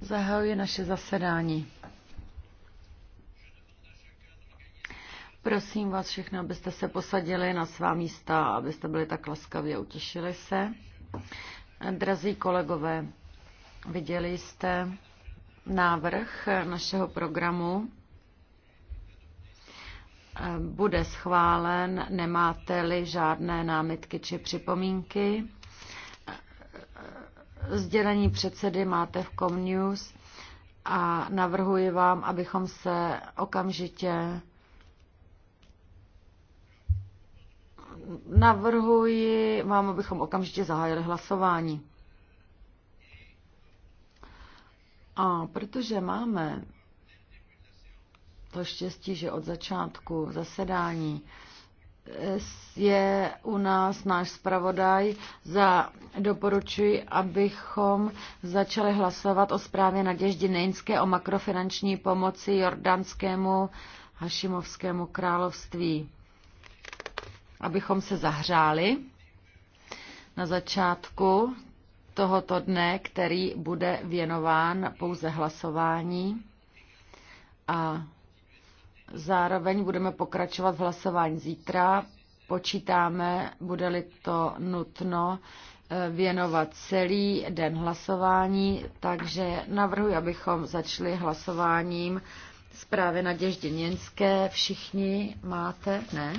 Zahajuji naše zasedání. Prosím vás všechny, abyste se posadili na svá místa, abyste byli tak laskavě a utěšili se. Drazí kolegové, viděli jste návrh našeho programu. Bude schválen, nemáte-li žádné námitky či připomínky. Sdělení předsedy máte v Comnews a navrhuji vám, abychom se okamžitě navrhuji vám, abychom okamžitě zahájili hlasování. A protože máme to štěstí, že od začátku zasedání je u nás náš zpravodaj za doporučuji, abychom začali hlasovat o zprávě Naděždy Nejnské o makrofinanční pomoci jordánskému Hašimovskému království. Abychom se zahřáli na začátku tohoto dne, který bude věnován pouze hlasování a Zároveň budeme pokračovat v hlasování zítra. Počítáme, bude-li to nutno, eh, věnovat celý den hlasování, takže navrhuji, abychom začali hlasováním zprávy Naděždě Něnské. Všichni máte, ne?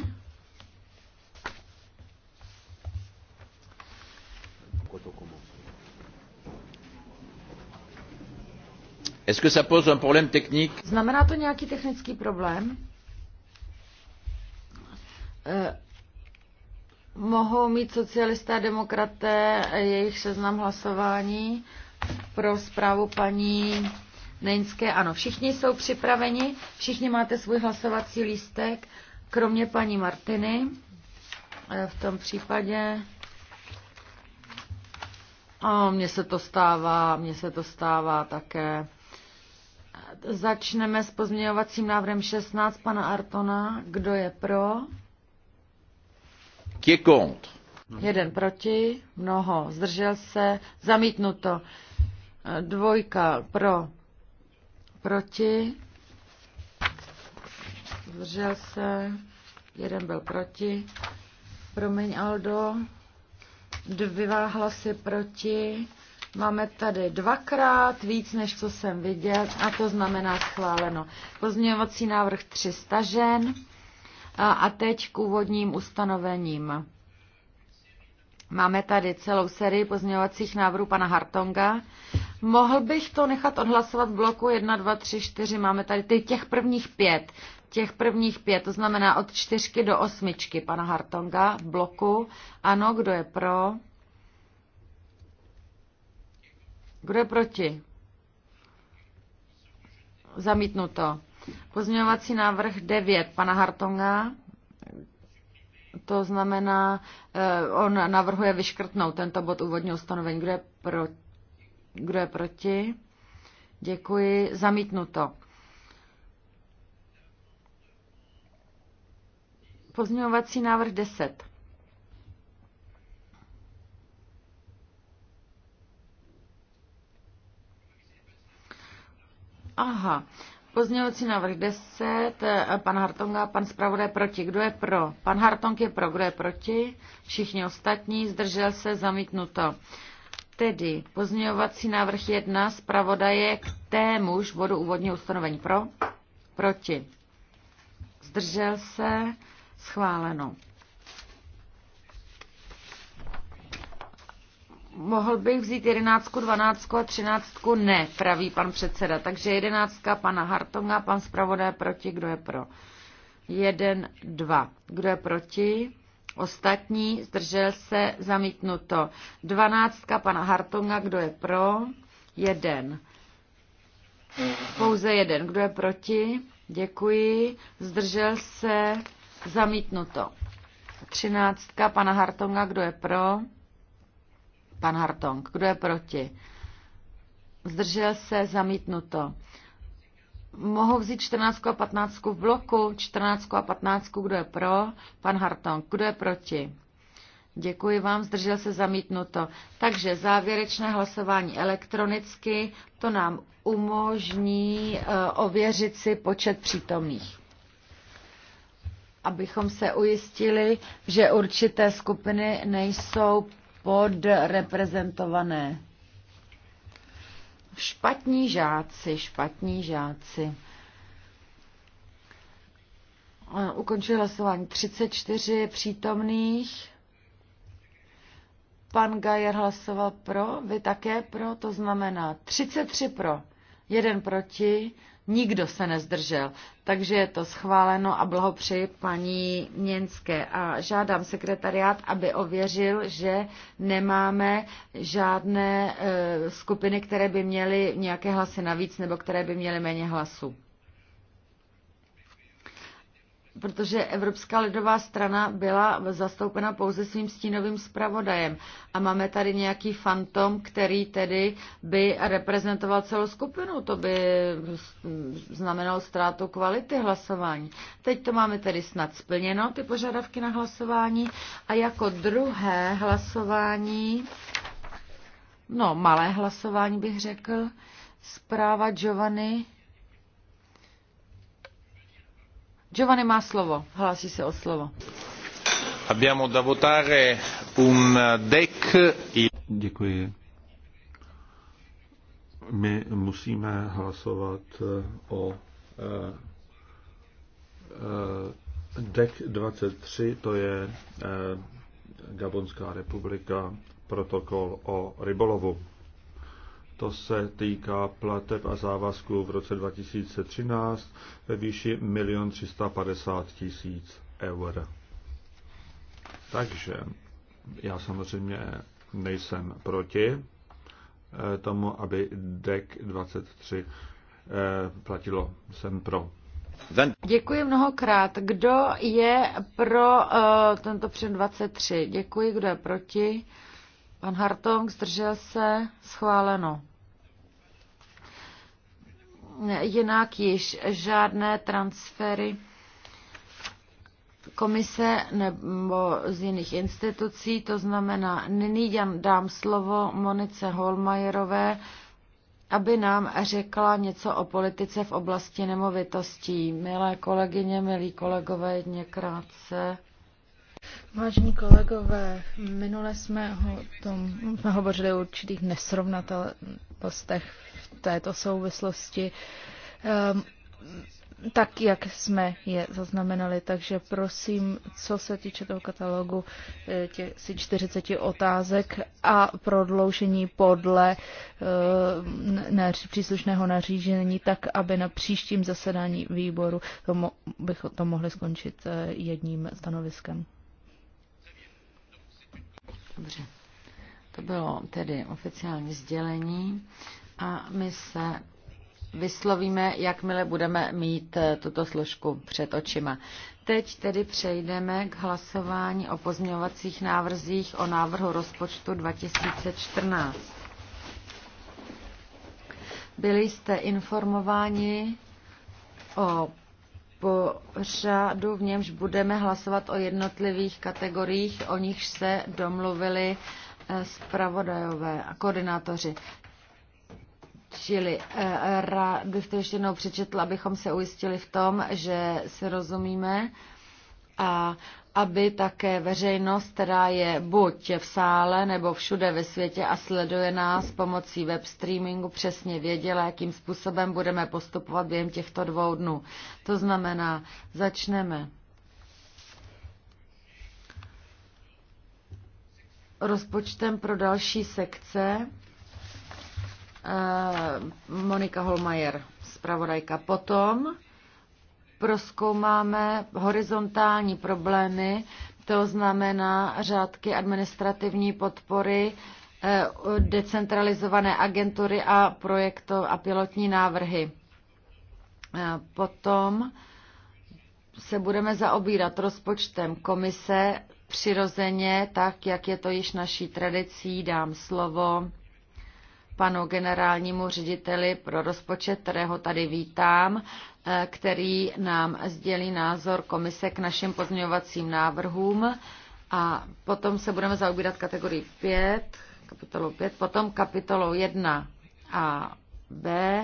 Kotokum. Est-ce que ça pose un problème technique? Znamená to nějaký technický problém? Eh, mohou mít socialisté a demokraté jejich seznam hlasování pro zprávu paní Nejnské. Ano, všichni jsou připraveni, všichni máte svůj hlasovací lístek, kromě paní Martiny. Eh, v tom případě a mně se to stává, mně se to stává také. Začneme s pozměňovacím návrhem 16 pana Artona. Kdo je pro? Qui est contre? Jeden proti, mnoho zdržel se, zamítnuto. Dvojka pro, proti, zdržel se, jeden byl proti. Promiň, Aldo, dva hlasy proti. Máme tady dvakrát víc, než co jsem viděl, a to znamená schváleno. Pozměňovací návrh 300 žen. A teď k úvodním ustanovením. Máme tady celou sérii pozměňovacích návrhů pana Hartonga. Mohl bych to nechat odhlasovat v bloku 1, 2, 3, 4. Máme tady ty těch prvních pět. Těch prvních pět, to znamená od čtyřky do osmičky pana Hartonga v bloku. Ano, kdo je pro? Kdo je proti? Zamítnuto. Pozměňovací návrh 9 pana Hartonga. To znamená, eh, on navrhuje vyškrtnout tento bod úvodního ustanovení. Kdo je, pro, kdo je proti? Děkuji. Zamítnuto. Pozměňovací návrh 10. Aha, Pozměňovací návrh 10, eh, pan Hartonga, pan zpravodaj proti. Kdo je pro? Pan Hartong je pro, kdo je proti? Všichni ostatní, zdržel se, zamítnuto. Tedy pozměňovací návrh 1, zpravodaje k témuž bodu úvodního ustanovení pro, proti. Zdržel se, schváleno. Mohl bych vzít jedenáctku, dvanáctku a třináctku? Ne, praví pan předseda. Takže jedenáctka pana Hartonga, pan zpravodaj proti, kdo je pro? Jeden, dva. Kdo je proti? Ostatní, zdržel se, zamítnuto. Dvanáctka pana Hartonga, kdo je pro? Jeden. Pouze jeden. Kdo je proti? Děkuji. Zdržel se, zamítnuto. Třináctka pana Hartonga, kdo je pro? Pan Hartong. Kdo je proti? Zdržel se zamítnuto. Mohu vzít 14 a 15 v bloku. 14 a 15, kdo je pro? Pan Hartong. Kdo je proti? Děkuji vám, zdržel se zamítnuto. Takže závěrečné hlasování elektronicky, to nám umožní eh, ověřit si počet přítomných. Abychom se ujistili, že určité skupiny nejsou podreprezentované. Špatní žáci, špatní žáci. Ukončuji hlasování. 34 přítomných. Pan Gajer hlasoval pro, vy také pro, to znamená 33 pro, jeden proti. Nikdo se nezdržel. Takže je to schváleno a blahopřeji paní Měnské. A žádám sekretariát, aby ověřil, že nemáme žádné e, skupiny, které by měly nějaké hlasy navíc nebo které by měly méně hlasů protože Evropská lidová strana byla zastoupena pouze svým stínovým zpravodajem. A máme tady nějaký fantom, který tedy by reprezentoval celou skupinu. To by znamenalo ztrátu kvality hlasování. Teď to máme tedy snad splněno, ty požadavky na hlasování. A jako druhé hlasování, no malé hlasování bych řekl, zpráva Giovanni Giovanni má slovo, hlásí se o slovo. Abbiamo da votare un deck. Děkuji. My musíme hlasovat eh, o eh, eh, DEC 23, to je Gabonská republika, protokol o rybolovu. To se týká plateb a závazků v roce 2013 ve výši 1 350 000 eur. Takže já samozřejmě nejsem proti eh, tomu, aby DEC 23 eh, platilo. Jsem pro. Děkuji mnohokrát. Kdo je pro uh, tento před 23? Děkuji. Kdo je proti? Pan Hartong zdržel se. Schváleno. Jinak již žádné transfery komise nebo z jiných institucí, to znamená, nyní dám slovo Monice Holmajerové, aby nám řekla něco o politice v oblasti nemovitostí. Milé kolegyně, milí kolegové, jedně krátce. Vážení kolegové, minule jsme o tom hovořili o určitých nesrovnatelnostech této souvislosti, ehm, tak jak jsme je zaznamenali. Takže prosím, co se týče toho katalogu eh, těch 40 otázek a prodloužení podle ehm, příslušného nařízení, tak aby na příštím zasedání výboru to mo- bych to mohli skončit eh, jedním stanoviskem. Dobře. To bylo tedy oficiální sdělení a my se vyslovíme, jakmile budeme mít eh, tuto složku před očima. Teď tedy přejdeme k hlasování o pozměňovacích návrzích o návrhu rozpočtu 2014. Byli jste informováni o pořadu, v němž budeme hlasovat o jednotlivých kategoriích, o nichž se domluvili eh, zpravodajové a koordinátoři. Čili eh, rád bych to ještě jednou přečetla, abychom se ujistili v tom, že si rozumíme a aby také veřejnost, která je buď v sále nebo všude ve světě a sleduje nás pomocí web streamingu, přesně věděla, jakým způsobem budeme postupovat během těchto dvou dnů. To znamená, začneme rozpočtem pro další sekce Eh, Monika Holmajer, zpravodajka. Potom proskoumáme horizontální problémy, to znamená řádky administrativní podpory, eh, decentralizované agentury a projekto a pilotní návrhy. Eh, potom se budeme zaobírat rozpočtem komise. Přirozeně, tak jak je to již naší tradicí, dám slovo panu generálnímu řediteli pro rozpočet, kterého tady vítám, eh, který nám sdělí názor komise k našim pozměňovacím návrhům. A potom se budeme zaobírat kategorii 5, kapitolu 5, potom kapitolou 1 a B.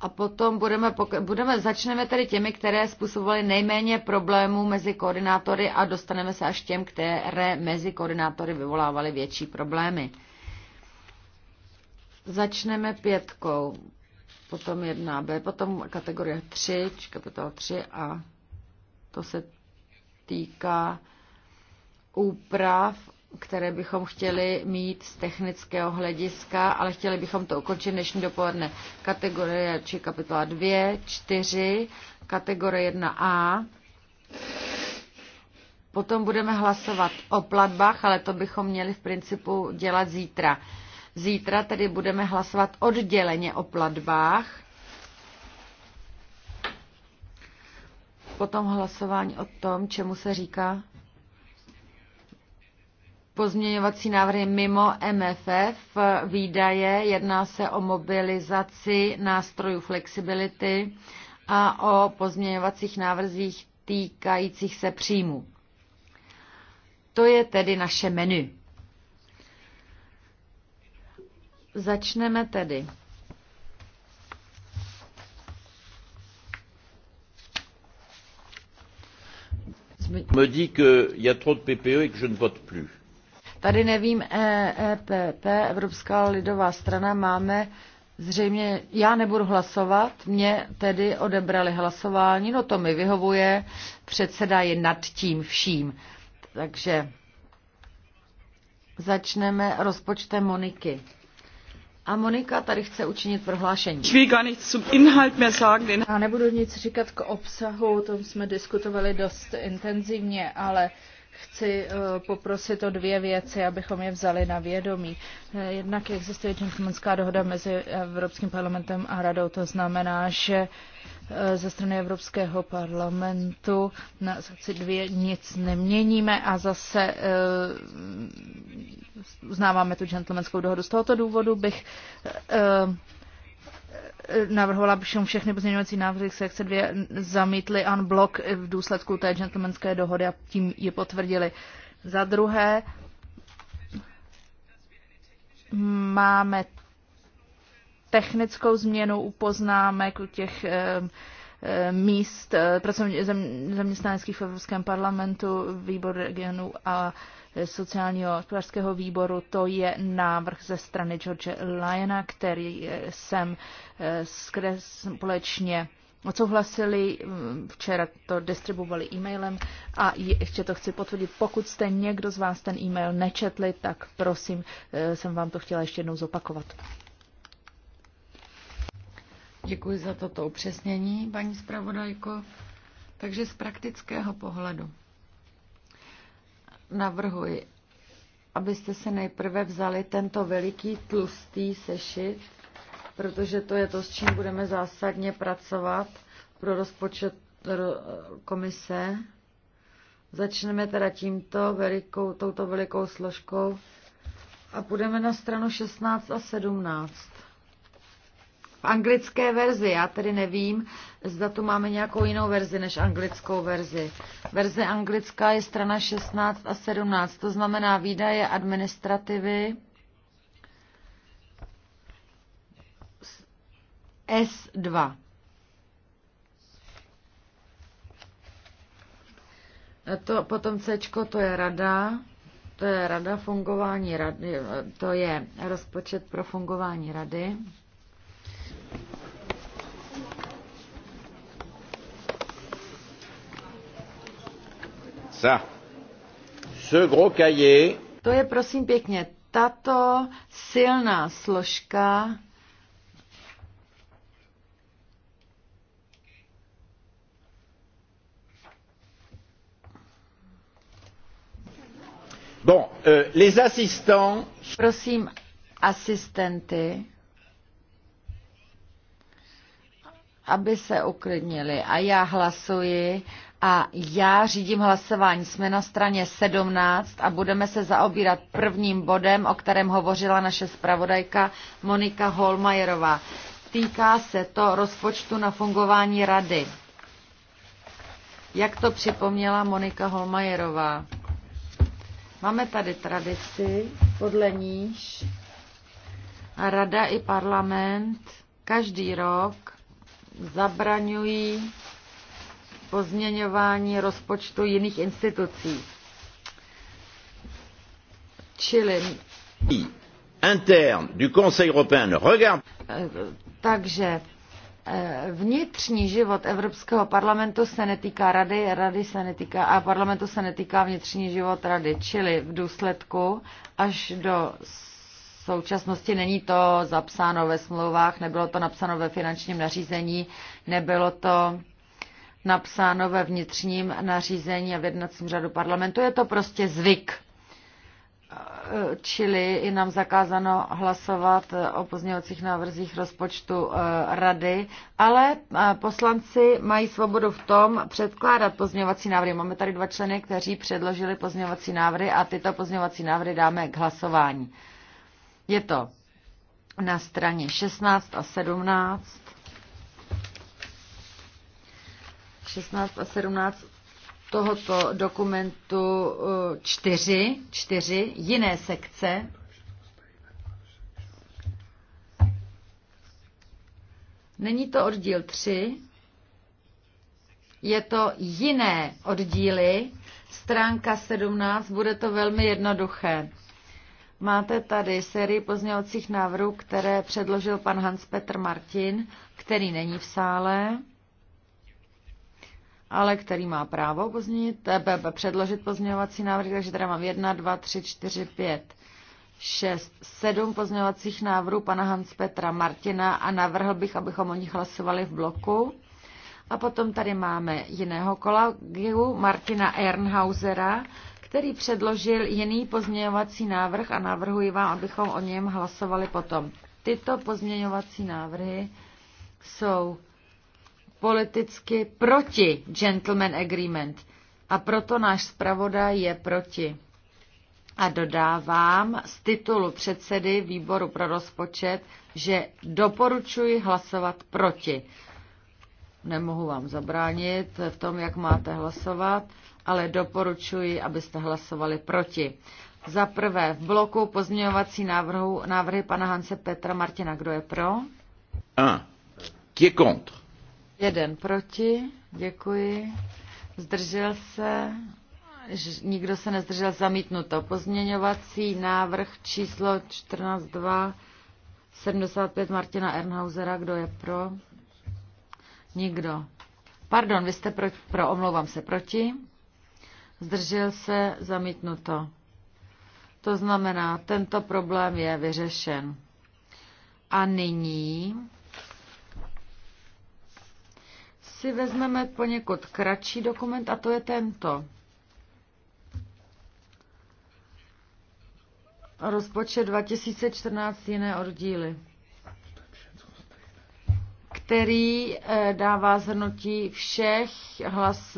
A potom budeme, budeme, začneme tedy těmi, které způsobovaly nejméně problémů mezi koordinátory a dostaneme se až těm, které mezi koordinátory vyvolávaly větší problémy. Začneme pětkou, potom 1B, potom kategorie 3, kapitola 3 a to se týká úprav, které bychom chtěli mít z technického hlediska, ale chtěli bychom to ukončit dnešní dopoledne. Kategorie či kapitola 2, 4, kategorie 1A. Potom budeme hlasovat o platbách, ale to bychom měli v principu dělat zítra. Zítra tedy budeme hlasovat odděleně o platbách. Potom hlasování o tom, čemu se říká pozměňovací návrhy mimo MFF, výdaje, jedná se o mobilizaci nástrojů flexibility a o pozměňovacích návrzích týkajících se příjmu. To je tedy naše menu. Začneme tedy. Me dit que y a trop de PPE et que je ne vote plus. Tady nevím, EPP, e, Evropská lidová strana, máme zřejmě, já nebudu hlasovat, mě tedy odebrali hlasování, no to mi vyhovuje, předseda je nad tím vším. Takže začneme rozpočtem Moniky. A Monika tady chce učinit prohlášení. Já nebudu nic říkat k obsahu, o tom jsme diskutovali dost intenzivně, ale chci eh, poprosit o dvě věci, abychom je vzali na vědomí. Eh, jednak existuje gentlemanská dohoda mezi Evropským parlamentem a radou, to znamená, že Eh, ze strany Evropského parlamentu. Na sekci dvě nic neměníme a zase eh, uznáváme tu gentlemanskou dohodu. Z tohoto důvodu bych eh, navrhovala, abychom všechny pozměňovací návrhy sekce dvě zamítli an blok v důsledku té gentlemanské dohody a tím je potvrdili. Za druhé, máme technickou změnu u poznámek, u těch eh, eh, míst eh, zaměstnaneckých v Evropském parlamentu, výbor regionu a sociálního hospodářského výboru. To je návrh ze strany George Lyona, který jsem společně odsouhlasili, mm, včera to distribuovali e-mailem a ještě to chci potvrdit, pokud jste někdo z vás ten e-mail nečetli, tak prosím, jsem vám to chtěla ještě jednou zopakovat. Děkuji za toto upřesnění, paní zpravodajko. Takže z praktického pohledu navrhuji, abyste se nejprve vzali tento veliký tlustý sešit, protože to je to, s čím budeme zásadně pracovat pro rozpočet komise. Začneme teda tímto velikou, touto velikou složkou a půjdeme na stranu 16 a 17 v anglické verzi. Já tedy nevím, zda tu máme nějakou jinou verzi než anglickou verzi. Verze anglická je strana 16 a 17, to znamená výdaje administrativy S2. To, potom C, to je rada, to je rada fungování rady, to je rozpočet pro fungování rady. Ça. Ce gros cahier. To je prosím pěkně tato silná složka Bon, euh, les assistants. Prosím asistenty. aby se uklidnili. A já hlasuji a já řídím hlasování. Jsme na straně 17 a budeme se zaobírat prvním bodem, o kterém hovořila naše zpravodajka Monika Holmajerová. Týká se to rozpočtu na fungování rady. Jak to připomněla Monika Holmajerová. Máme tady tradici, podle níž rada i parlament každý rok zabraňují pozměňování rozpočtu jiných institucí. Čili interne du Conseil européen regarde. Eh, takže eh, vnitřní život Evropského parlamentu se netýká rady, rady se netýká a parlamentu se netýká vnitřní život rady, čili v důsledku až do současnosti není to zapsáno ve smlouvách, nebylo to napsáno ve finančním nařízení, nebylo to napsáno ve vnitřním nařízení a v jednacím řadu parlamentu. Je to prostě zvyk. Čili je nám zakázáno hlasovat o pozdějovacích návrzích rozpočtu eh, rady, ale eh, poslanci mají svobodu v tom předkládat pozměňovací návrhy. Máme tady dva členy, kteří předložili pozměňovací návrhy a tyto pozměňovací návrhy dáme k hlasování. Je to na straně 16 a 17. 16 a 17 tohoto dokumentu eh, čtyři, čtyři jiné sekce. Není to oddíl 3, je to jiné oddíly, stránka 17, bude to velmi jednoduché. Máte tady sérii pozměňovacích návrhů, které předložil pan Hans-Petr Martin, který není v sále, ale který má právo poznit, eh, předložit pozměňovací návrh, takže tady mám 1, 2, 3, 4, 5, 6, 7 pozměňovacích návrhů pana Hans-Petra Martina a navrhl bych, abychom o nich hlasovali v bloku. A potom tady máme jiného kolegu, Martina Ernhausera, který předložil jiný pozměňovací návrh a navrhuji vám, abychom o něm hlasovali potom. Tyto pozměňovací návrhy jsou politicky proti gentleman agreement a proto náš zpravodaj je proti. A dodávám z titulu předsedy výboru pro rozpočet, že doporučuji hlasovat proti. Nemohu vám zabránit v tom, jak máte hlasovat ale doporučuji, abyste hlasovali proti. Za prvé, v bloku pozměňovací návrhu, návrhy pana Hanse Petra Martina. Kdo je pro? Un. Qui est contre? Jeden proti. Děkuji. Zdržel se. Nikdo se nezdržel zamítnuto. Pozměňovací návrh číslo 14.2.75 Martina Ernhausera. Kdo je pro? Nikdo. Pardon, vy jste pro, pro omlouvám se, proti zdržel se, zamítnuto. To znamená, tento problém je vyřešen. A nyní si vezmeme poněkud kratší dokument a to je tento. Rozpočet 2014 jiné oddíly, který eh, dává zhrnutí všech hlas,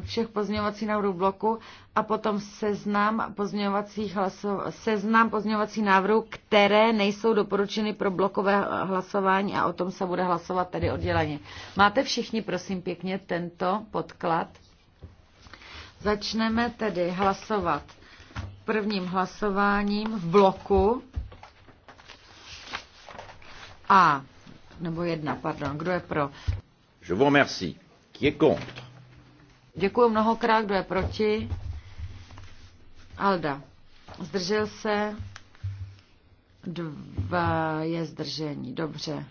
všech pozměňovacích návrhů bloku a potom seznam pozměňovacích, hlasov, seznam pozměňovacích návrhů, které nejsou doporučeny pro blokové hlasování a o tom se bude hlasovat tedy odděleně. Máte všichni, prosím pěkně, tento podklad? Začneme tedy hlasovat prvním hlasováním v bloku A, nebo jedna, pardon, kdo je pro? Je vous remercie. Qui est contre? Děkuji mnohokrát, kdo je proti. Alda. Zdržel se. Dva je zdržení. Dobře.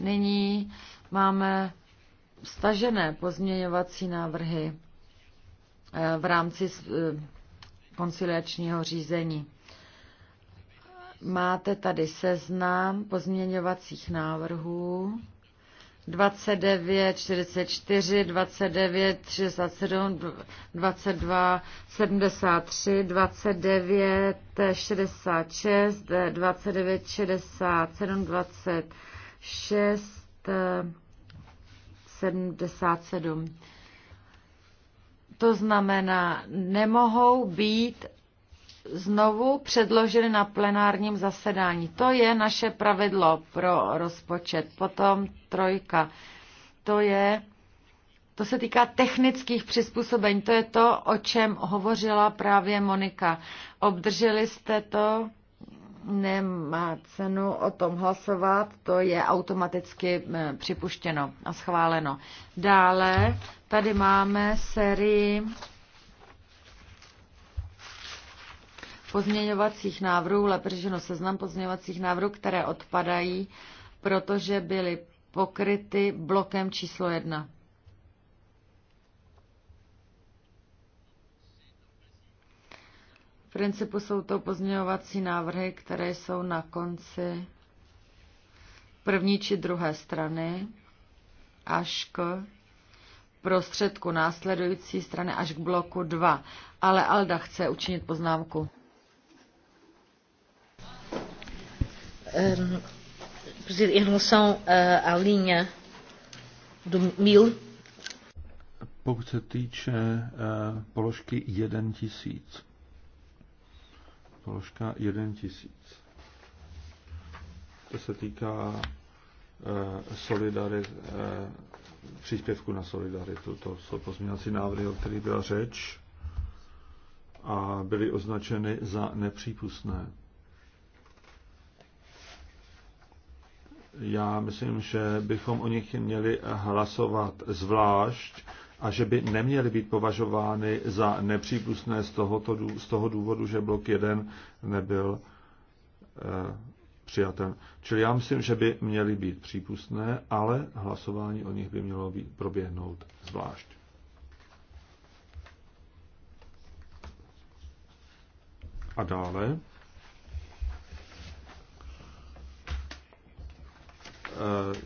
Nyní máme stažené pozměňovací návrhy eh, v rámci eh, konciliačního řízení. Máte tady seznam pozměňovacích návrhů. 29, 44, 29, 67, 22, 73, 29, 66, 29, 67, 26, 77. To znamená, nemohou být znovu předložili na plenárním zasedání. To je naše pravidlo pro rozpočet. Potom trojka. To je to se týká technických přizpůsobení. To je to, o čem hovořila právě Monika. Obdrželi jste to? Nemá cenu o tom hlasovat, to je automaticky eh, připuštěno a schváleno. Dále tady máme sérii pozměňovacích návrhů, lépe řečeno seznam pozměňovacích návrhů, které odpadají, protože byly pokryty blokem číslo jedna. V principu jsou to pozměňovací návrhy, které jsou na konci první či druhé strany až k prostředku následující strany až k bloku 2. Ale Alda chce učinit poznámku. em relação eh, à linha do mil. Pokud se týče uh, položky 1000, položka 1000, to se týká uh, solidarit, uh, příspěvku na solidaritu. To jsou pozměňovací návrhy, o kterých byla řeč a byly označeny za nepřípustné. já myslím, že bychom o nich měli hlasovat zvlášť a že by neměly být považovány za nepřípustné z, tohoto, z toho důvodu, že blok 1 nebyl e, přijaten. Čili já myslím, že by měly být přípustné, ale hlasování o nich by mělo být, proběhnout zvlášť. A dále. Eh,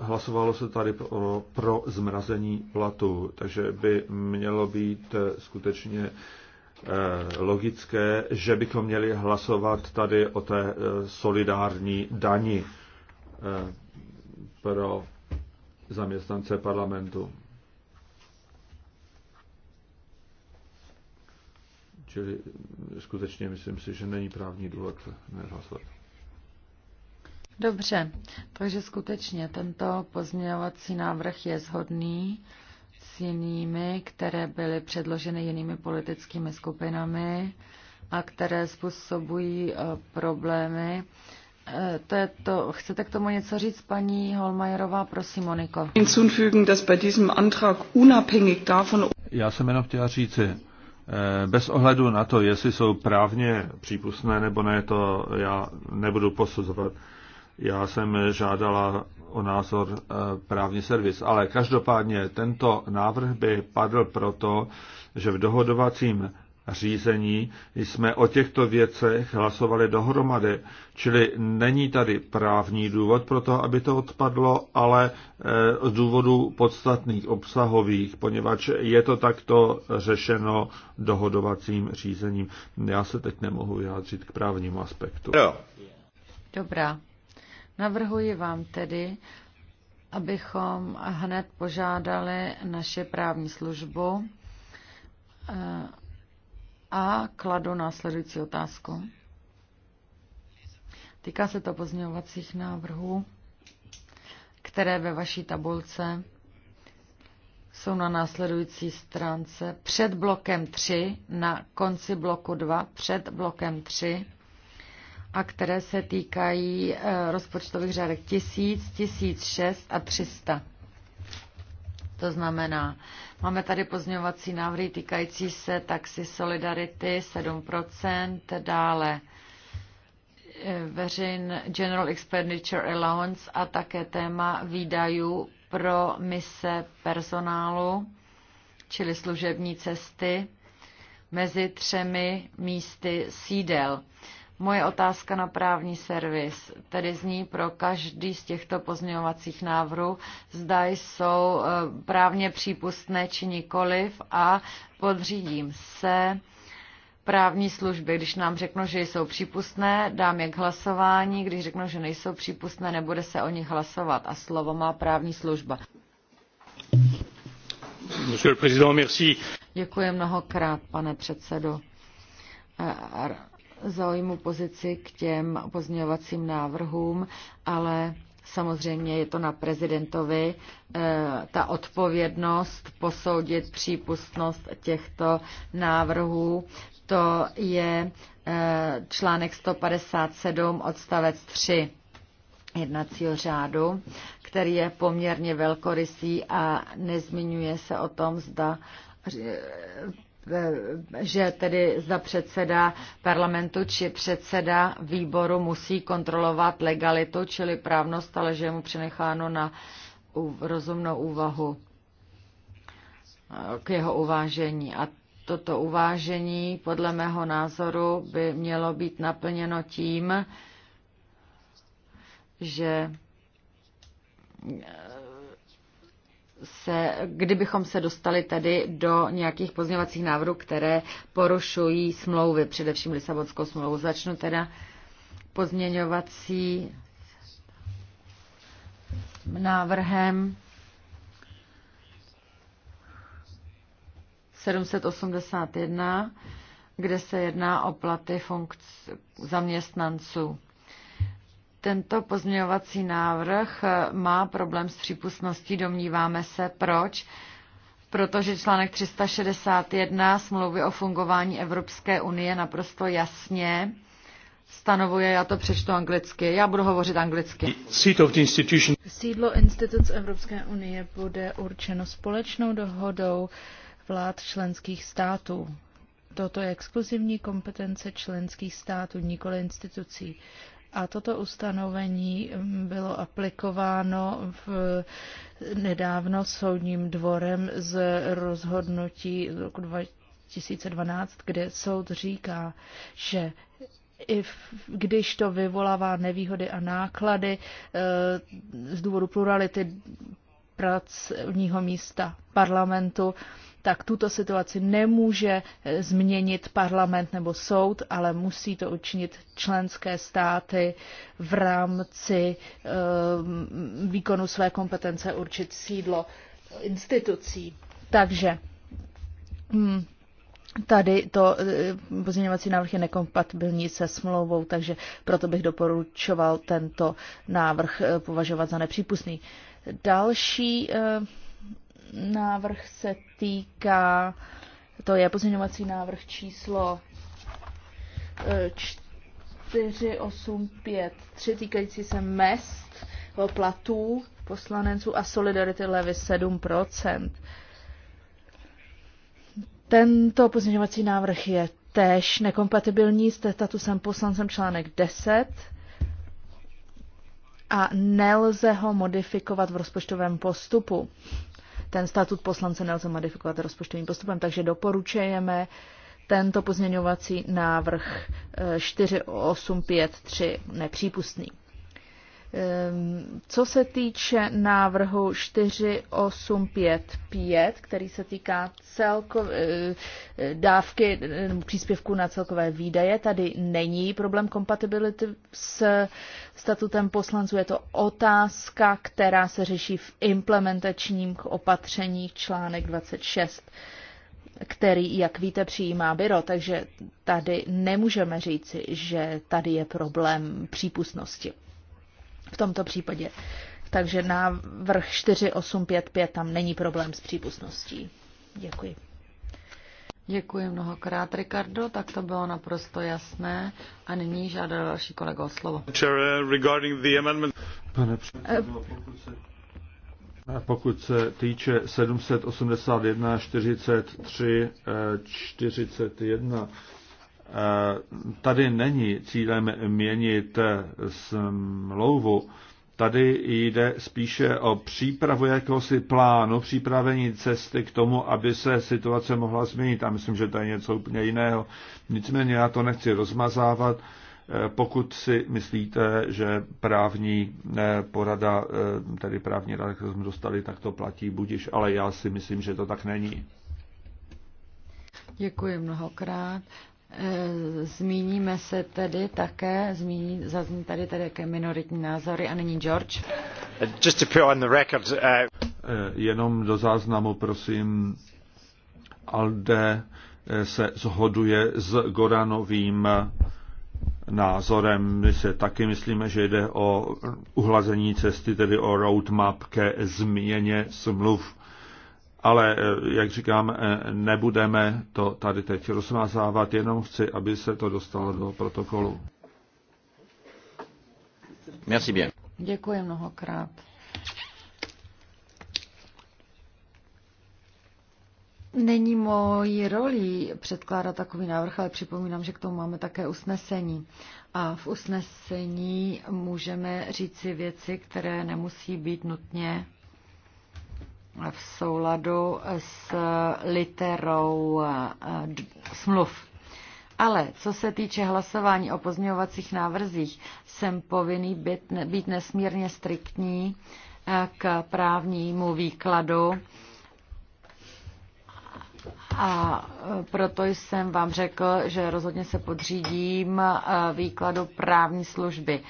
hlasovalo se tady pro, pro zmrazení platu, takže by mělo být eh, skutečně eh, logické, že bychom měli hlasovat tady o té solidární dani pro zaměstnance parlamentu. Čili skutečně myslím si, že není právní důvod nehlasovat. Dobře, takže skutečně tento pozměňovací návrh je shodný s jinými, které byly předloženy jinými politickými skupinami a které způsobují e, problémy. E, to je to. Chcete k tomu něco říct, paní Holmajerová? Prosím, Moniko. Já jsem jenom chtěla říct, e, bez ohledu na to, jestli jsou právně přípustné nebo ne, to já nebudu posuzovat. Já jsem žádala o názor eh, právní servis, ale každopádně tento návrh by padl proto, že v dohodovacím řízení jsme o těchto věcech hlasovali dohromady, čili není tady právní důvod pro to, aby to odpadlo, ale eh, z důvodů podstatných obsahových, poněvadž je to takto řešeno dohodovacím řízením. Já se teď nemohu vyjádřit k právnímu aspektu. Dobrá, Navrhuji vám tedy, abychom hned požádali naše právní službu eh, a kladu následující otázku. Týká se to pozměňovacích návrhů, které ve vaší tabulce jsou na následující stránce před blokem 3, na konci bloku 2, před blokem 3 a které se týkají eh, rozpočtových řádek 1000, 1006 a 300. To znamená, máme tady pozměňovací návrhy týkající se taxi Solidarity 7%, dále eh, veřejn General Expenditure Allowance a také téma výdajů pro mise personálu, čili služební cesty mezi třemi místy sídel. Moje otázka na právní servis tedy zní pro každý z těchto pozměňovacích návrhů, zda jsou eh, právně přípustné či nikoliv a podřídím se právní služby. Když nám řeknou, že jsou přípustné, dám je k hlasování. Když řeknou, že nejsou přípustné, nebude se o nich hlasovat. A slovo má právní služba. Děkuji mnohokrát, pane předsedo. Eh, zaujmu pozici k těm pozměňovacím návrhům, ale samozřejmě je to na prezidentovi eh, ta odpovědnost posoudit přípustnost těchto návrhů. To je eh, článek 157 odstavec 3 jednacího řádu, který je poměrně velkorysý a nezmiňuje se o tom, zda eh, že tedy zda předseda parlamentu či předseda výboru musí kontrolovat legalitu, čili právnost, ale že je mu přenecháno na rozumnou úvahu eh, k jeho uvážení. A toto uvážení podle mého názoru by mělo být naplněno tím, že se, kdybychom se dostali tedy do nějakých pozměvacích návrhů, které porušují smlouvy, především Lisabonskou smlouvu. Začnu teda pozměňovací návrhem 781, kde se jedná o platy funkc- zaměstnanců. Tento pozměňovací návrh eh, má problém s přípustností, domníváme se, proč? Protože článek 361 smlouvy o fungování Evropské unie naprosto jasně stanovuje, já to přečtu anglicky, já budu hovořit anglicky. Sídlo instituc Evropské unie bude určeno společnou dohodou vlád členských států. Toto je exkluzivní kompetence členských států, nikoli institucí. A toto ustanovení mm, bylo aplikováno v nedávno soudním dvorem z rozhodnutí z roku 2012, kde soud říká, že i v, když to vyvolává nevýhody a náklady eh, z důvodu plurality pracovního místa parlamentu, tak tuto situaci nemůže eh, změnit parlament nebo soud, ale musí to učinit členské státy v rámci eh, výkonu své kompetence určit sídlo institucí. Takže hm, tady to eh, pozměňovací návrh je nekompatibilní se smlouvou, takže proto bych doporučoval tento návrh považovat za nepřípustný. Další návrh se týká, to je pozměňovací návrh číslo 4853 e, týkající se mest, platů poslanenců a Solidarity Levy 7 Tento pozměňovací návrh je též nekompatibilní s statusem poslancem článek 10 a nelze ho modifikovat v rozpočtovém postupu ten statut poslance nelze modifikovat rozpočtovým postupem, takže doporučujeme tento pozměňovací návrh 4853 eh, nepřípustný. Ehm, co se týče návrhu 4855, který se týká celkov, eh, eh, dávky eh, příspěvku na celkové výdaje, tady není problém kompatibility s statutem poslanců. Je to otázka, která se řeší v implementačním opatření článek 26 který, jak víte, přijímá byro, takže tady nemůžeme říci, že tady je problém přípustnosti v tomto případě. Takže návrh 4855 tam není problém s přípustností. Děkuji. Děkuji mnohokrát, Ricardo, tak to bylo naprosto jasné. A nyní žádá další kolega o slovo. Uh, Pane eh, pokud se, pokud se týče 781, 43, 41, Eh, tady není cílem měnit smlouvu, Tady jde spíše o přípravu jakéhosi plánu, přípravení cesty k tomu, aby se situace mohla změnit. A myslím, že to je něco úplně jiného. Nicméně já to nechci rozmazávat. Eh, pokud si myslíte, že právní eh, porada, tedy právní rada, kterou jsme dostali, tak to platí budiš, ale já si myslím, že to tak není. Děkuji mnohokrát. Eh, zmíníme se tedy také, zmíní, zazní tady tedy také minoritní názory a nyní George. Just to put on the record, uh... Eh, jenom do záznamu, prosím, Alde eh, se zhoduje s Goranovým názorem. My se taky myslíme, že jde o uhlazení cesty, tedy o roadmap ke změně smluv ale, eh, jak říkám, eh, nebudeme to tady teď rozmazávat, jenom chci, aby se to dostalo do protokolu. Merci bien. Děkuji mnohokrát. Není mojí roli předkládat takový návrh, ale připomínám, že k tomu máme také usnesení. A v usnesení můžeme říci věci, které nemusí být nutně v souladu s literou eh, smluv. Ale co se týče hlasování o pozměňovacích návrzích, jsem povinný být, být nesmírně striktní eh, k právnímu výkladu. A eh, proto jsem vám řekl, že rozhodně se podřídím výkladu právní služby.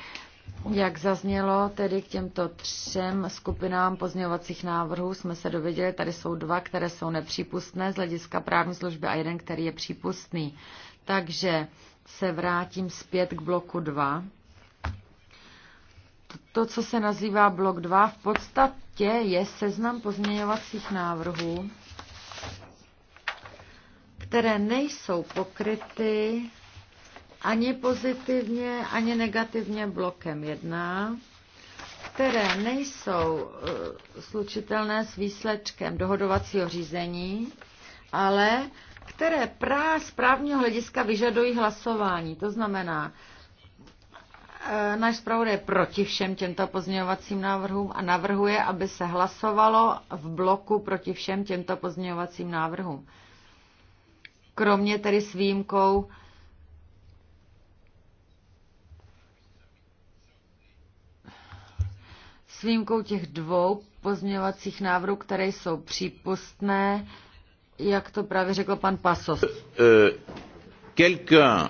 Jak zaznělo, tedy k těmto třem skupinám pozměňovacích návrhů jsme se dověděli, tady jsou dva, které jsou nepřípustné z hlediska právní služby a jeden, který je přípustný. Takže se vrátím zpět k bloku 2. To, co se nazývá blok 2, v podstatě je seznam pozměňovacích návrhů, které nejsou pokryty ani pozitivně, ani negativně blokem 1, které nejsou eh, slučitelné s výsledkem dohodovacího řízení, ale které prá z právního hlediska vyžadují hlasování. To znamená, eh, náš zpravod je proti všem těmto pozměňovacím návrhům a navrhuje, aby se hlasovalo v bloku proti všem těmto pozměňovacím návrhům. Kromě tedy s výjimkou výjimkou těch dvou pozměňovacích návrhů, které jsou přípustné, jak to právě řekl pan Pasos. Eh, eh,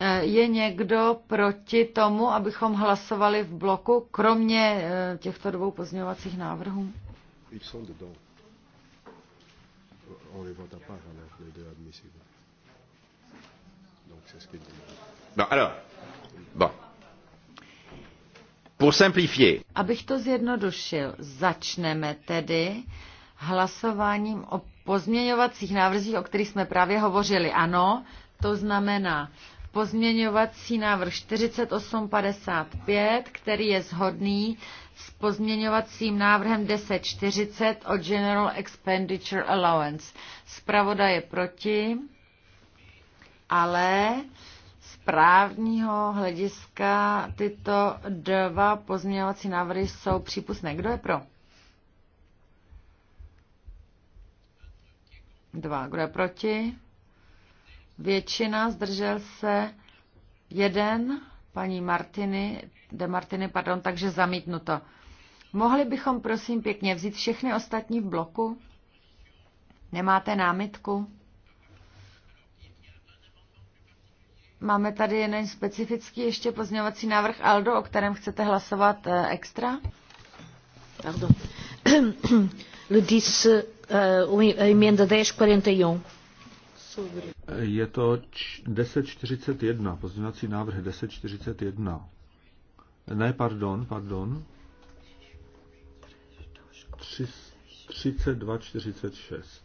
eh, je někdo proti tomu, abychom hlasovali v bloku, kromě těchto dvou pozměňovacích návrhů? Euh, bon, alors, bon. Pour simplifier. Abych to zjednodušil, začneme tedy hlasováním o pozměňovacích návrzích, o kterých jsme právě hovořili. Ano, to znamená pozměňovací návrh 4855, který je zhodný s pozměňovacím návrhem 1040 o General Expenditure Allowance. Zpravoda je proti, ale právního hlediska tyto dva pozměňovací návrhy jsou přípustné. Kdo je pro? Dva. Kdo je proti? Většina zdržel se jeden, paní Martiny, de Martiny, pardon, takže zamítnuto. Mohli bychom prosím pěkně vzít všechny ostatní v bloku? Nemáte námitku? Máme tady jeden specifický ještě pozměňovací návrh Aldo, o kterém chcete hlasovat eh, extra? Pardon. Le 10, 1041. Eh, Je to 1041, pozměňovací návrh 1041. Ne, pardon, pardon. 3246.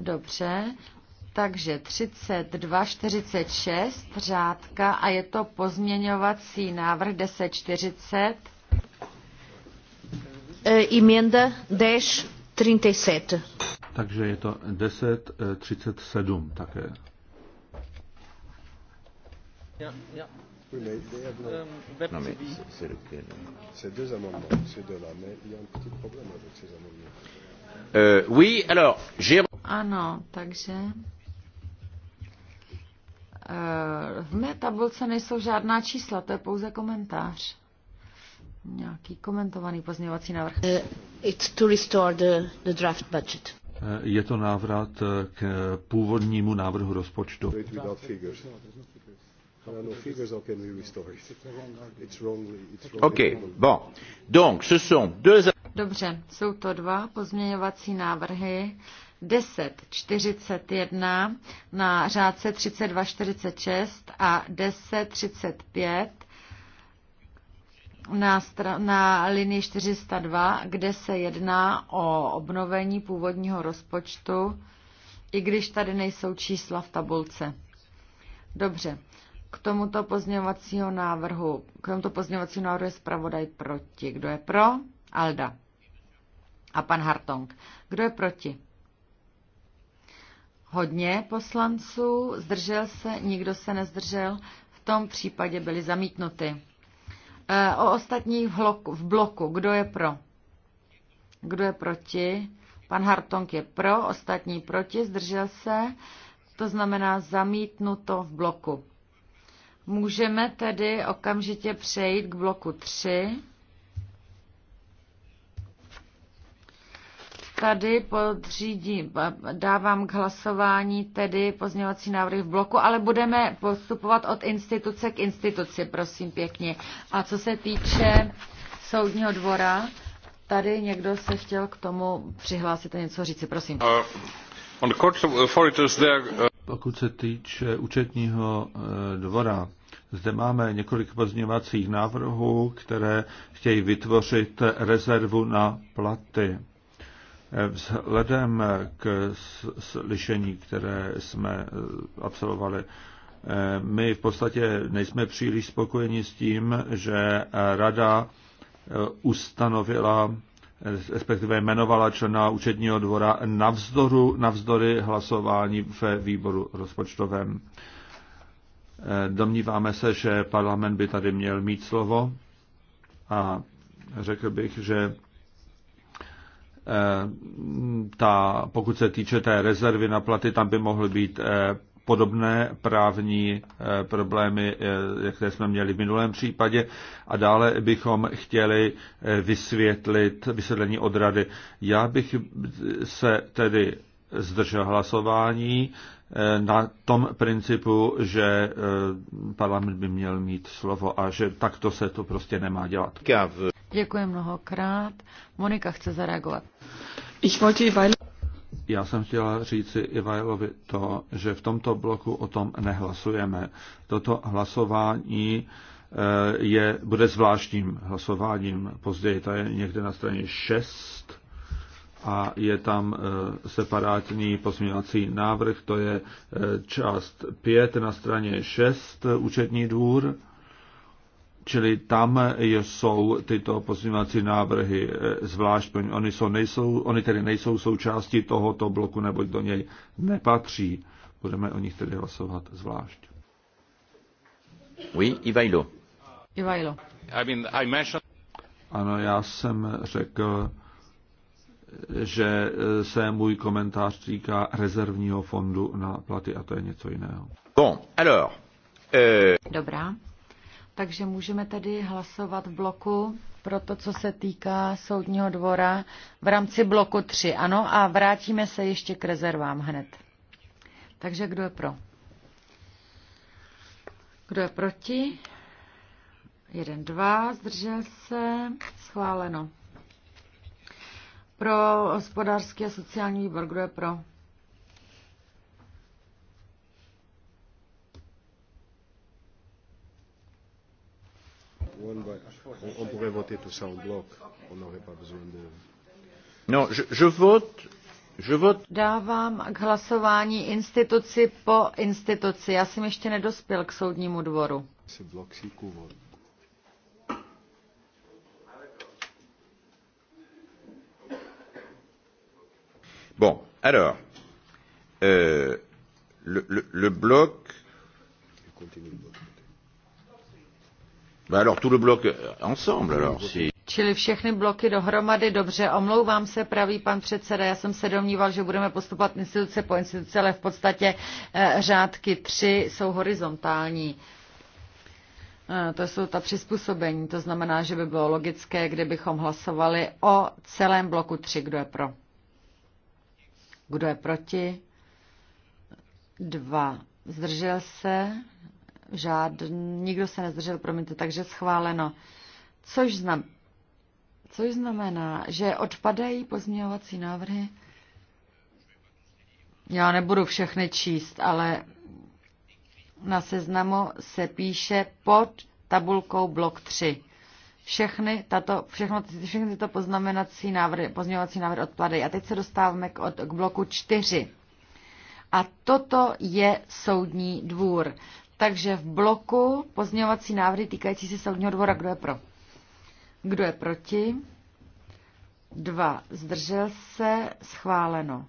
Dobře, takže 3246 řádka a je to pozměňovací návrh 1040. dash 1037. Takže je to 1037 také. Ano. takže... Eh, v mé tabulce nejsou žádná čísla, to je pouze komentář. Nějaký komentovaný pozměňovací návrh. Eh, it's to restore the, the draft budget. Eh, je to návrat k původnímu návrhu rozpočtu. Dobře, jsou to dva pozměňovací návrhy 1041 na řádce 3246 a 1035 na, na linii 402, kde se jedná o obnovení původního rozpočtu, i když tady nejsou čísla v tabulce. Dobře, k tomuto pozměňovacího návrhu, k tomuto pozměňovacího návrhu je zpravodaj proti. Kdo je pro? Alda. A pan Hartong. Kdo je proti? hodně poslanců, zdržel se, nikdo se nezdržel, v tom případě byly zamítnuty. E, o ostatních v, bloku, v bloku, kdo je pro? Kdo je proti? Pan Hartong je pro, ostatní proti, zdržel se, to znamená zamítnuto v bloku. Můžeme tedy okamžitě přejít k bloku 3. Tady podřídím, dávám k hlasování tedy pozměňovací návrhy v bloku, ale budeme postupovat od instituce k instituci, prosím pěkně. A co se týče soudního dvora, tady někdo se chtěl k tomu přihlásit a něco říci, prosím. Uh, uh, Pokud se týče účetního eh, dvora, zde máme několik pozměňovacích návrhů, které chtějí vytvořit rezervu na platy. Vzhledem k slyšení, které jsme eh, absolvovali, eh, my v podstatě nejsme příliš spokojeni s tím, že rada eh, ustanovila, respektive jmenovala člena účetního dvora navzdoru, navzdory hlasování ve výboru rozpočtovém. Domníváme se, že parlament by tady měl mít slovo a řekl bych, že Eh, ta, pokud se týče té rezervy na platy, tam by mohly být eh, podobné právní eh, problémy, jaké jsme měli v minulém případě. A dále bychom chtěli vysvětlit vysvětlení od rady. Já bych se tedy zdržel hlasování na tom principu, že parlament by měl mít slovo a že takto se to prostě nemá dělat. Děkuji mnohokrát. Monika chce zareagovat. Ich wollte Já jsem chtěla říci Ivailovi to, že v tomto bloku o tom nehlasujeme. Toto hlasování eh, je, bude zvláštním hlasováním později. To je někde na straně 6 a je tam eh, separátní pozměňovací návrh, to je eh, část 5 na straně 6 účetní dvůr Čili tam jsou tyto pozměňovací návrhy eh, zvlášť, oni, jsou, nejsou, oni tedy nejsou součástí tohoto bloku, neboť do něj nepatří. Budeme o nich tedy hlasovat zvlášť. Oui, Ivailo. Ivailo. I mean, I mentioned... Ano, já jsem řekl, že eh, se můj komentář týká rezervního fondu na platy a to je něco jiného. Bon, alors, euh... Dobrá. Takže můžeme tedy hlasovat v bloku pro to, co se týká soudního dvora v rámci bloku 3, ano, a vrátíme se ještě k rezervám hned. Takže kdo je pro? Kdo je proti? Jeden, dva, zdržel se, schváleno. Pro hospodářský a sociální výbor, kdo je pro? One by... on, on pourrait voter tout ça en bloc. On n'aurait pas besoin de... Non, je, je vote Život. Dávám k hlasování instituci po instituci. Já jsem ještě nedospěl k soudnímu dvoru. Bon, alors, euh, le, le, le bloc. Continue le bloc Bah alors tout le bloc euh, ensemble alors si... Čili všechny bloky dohromady, dobře, omlouvám se, pravý pan předseda, já jsem se domníval, že budeme postupovat instituce po instituce, ale v podstatě eh, řádky tři jsou horizontální. Eh, to jsou ta přizpůsobení, to znamená, že by bylo logické, kdybychom hlasovali o celém bloku 3, kdo je pro. Kdo je proti? Dva. Zdržel se? žádný, nikdo se nezdržel, promiňte, takže schváleno. Což, znam, což znamená, že odpadají pozměňovací návrhy. Já nebudu všechny číst, ale na seznamu se píše pod tabulkou blok 3. Všechny, tato, všechno, všechny tyto poznamenací návrhy, pozměňovací návrhy odpadají. A teď se dostáváme k, od, k bloku 4. A toto je soudní dvůr. Takže v bloku pozměňovací návrhy týkající se soudního dvora, kdo je pro? Kdo je proti? Dva. Zdržel se? Schváleno.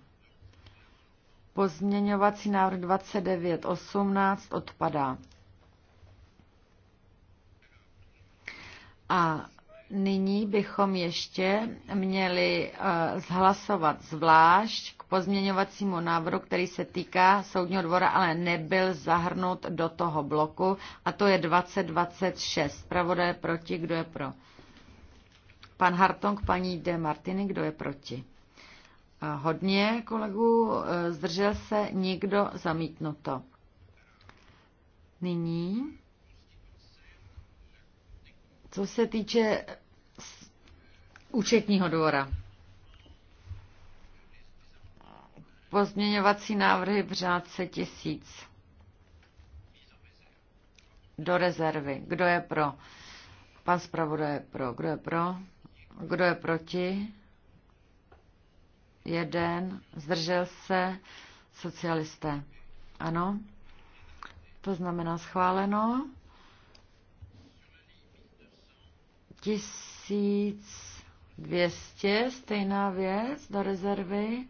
Pozměňovací návrh 29.18 odpadá. A nyní bychom ještě měli eh, zhlasovat zvlášť pozměňovacímu návrhu, který se týká soudního dvora, ale nebyl zahrnut do toho bloku, a to je 2026. Pravoda je proti, kdo je pro? Pan Hartong, paní De Martiny, kdo je proti? Hodně kolegů, e, zdržel se nikdo zamítnuto. Nyní, co se týče účetního dvora. Pozměňovací návrhy v řádce tisíc. Do rezervy. Kdo je pro? Pan zpravodaj je pro. Kdo je pro? Kdo je proti? Jeden. Zdržel se. Socialisté. Ano. To znamená schváleno. Tisíc dvěstě. stejná věc do rezervy.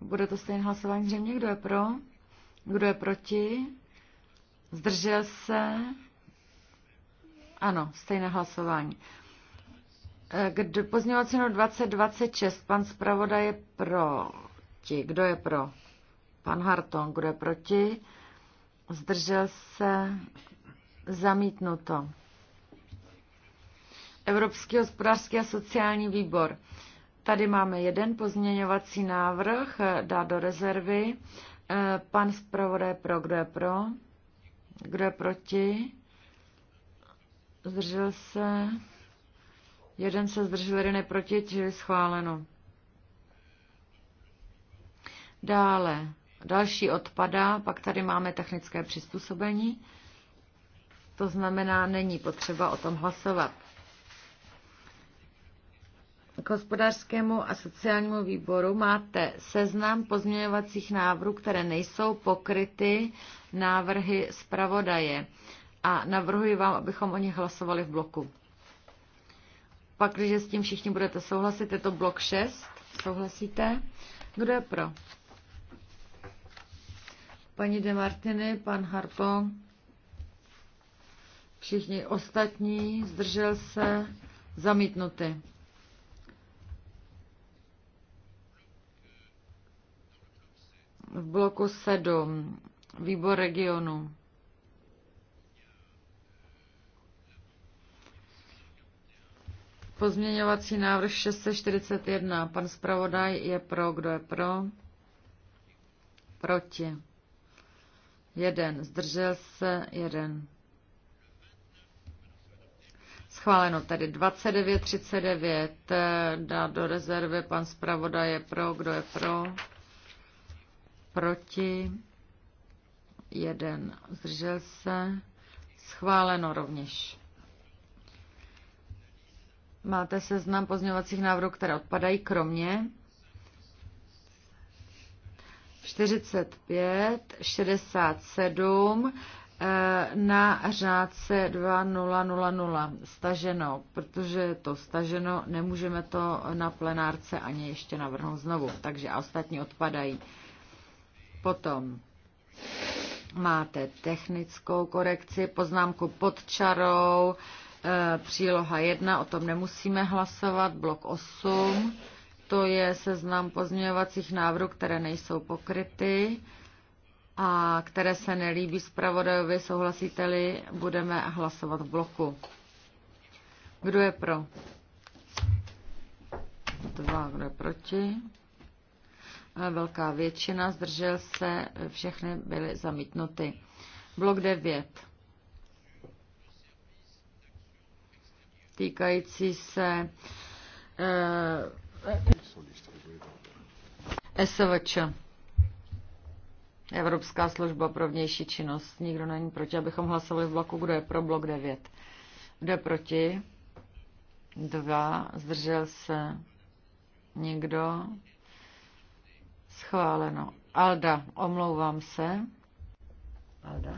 Bude to stejné hlasování zřejmě, kdo je pro, kdo je proti, zdržel se, ano, stejné hlasování. E, kdo, pozměňovací no 2026, pan zpravodaj je proti. Kdo je pro? Pan Harton, kdo je proti? Zdržel se? Zamítnuto. Evropský hospodářský a sociální výbor. Tady máme jeden pozměňovací návrh, eh, dá do rezervy. Eh, pan zpravodaj pro, kdo je pro? Kdo je proti? Zdržel se? Jeden se zdržel, jeden je proti, čili schváleno. Dále, další odpadá, pak tady máme technické přizpůsobení, to znamená, není potřeba o tom hlasovat k hospodářskému a sociálnímu výboru máte seznam pozměňovacích návrhů, které nejsou pokryty návrhy zpravodaje. A navrhuji vám, abychom o nich hlasovali v bloku. Pak, když s tím všichni budete souhlasit, je to blok 6. Souhlasíte? Kdo je pro? Paní de Martiny, pan Harpo, všichni ostatní, zdržel se, zamítnuty. V bloku 7. Výbor regionu. Pozměňovací návrh 641. Pan zpravodaj je pro. Kdo je pro? Proti. Jeden. Zdržel se. Jeden. Schváleno tedy 29.39. Dá do rezervy pan zpravodaj je pro. Kdo je pro? proti, jeden zdržel se, schváleno rovněž. Máte seznam pozměňovacích návrhů, které odpadají, kromě 45, 67, eh, na řádce 2000 staženo, protože je to staženo, nemůžeme to na plenárce ani ještě navrhnout znovu, takže a ostatní odpadají. Potom máte technickou korekci, poznámku pod čarou, e, příloha 1, o tom nemusíme hlasovat, blok 8, to je seznam pozměňovacích návrhů, které nejsou pokryty a které se nelíbí zpravodajovi, souhlasíte-li, budeme hlasovat v bloku. Kdo je pro? Dva, kdo je proti? velká většina, zdržel se, všechny byly zamítnuty. Blok 9. Týkající se eh, SVČ. Evropská služba pro vnější činnost. Nikdo není proti, abychom hlasovali v bloku, kdo je pro blok 9. Kdo je proti? Dva. Zdržel se. Někdo. Schváleno. Alda, omlouvám se. Alda.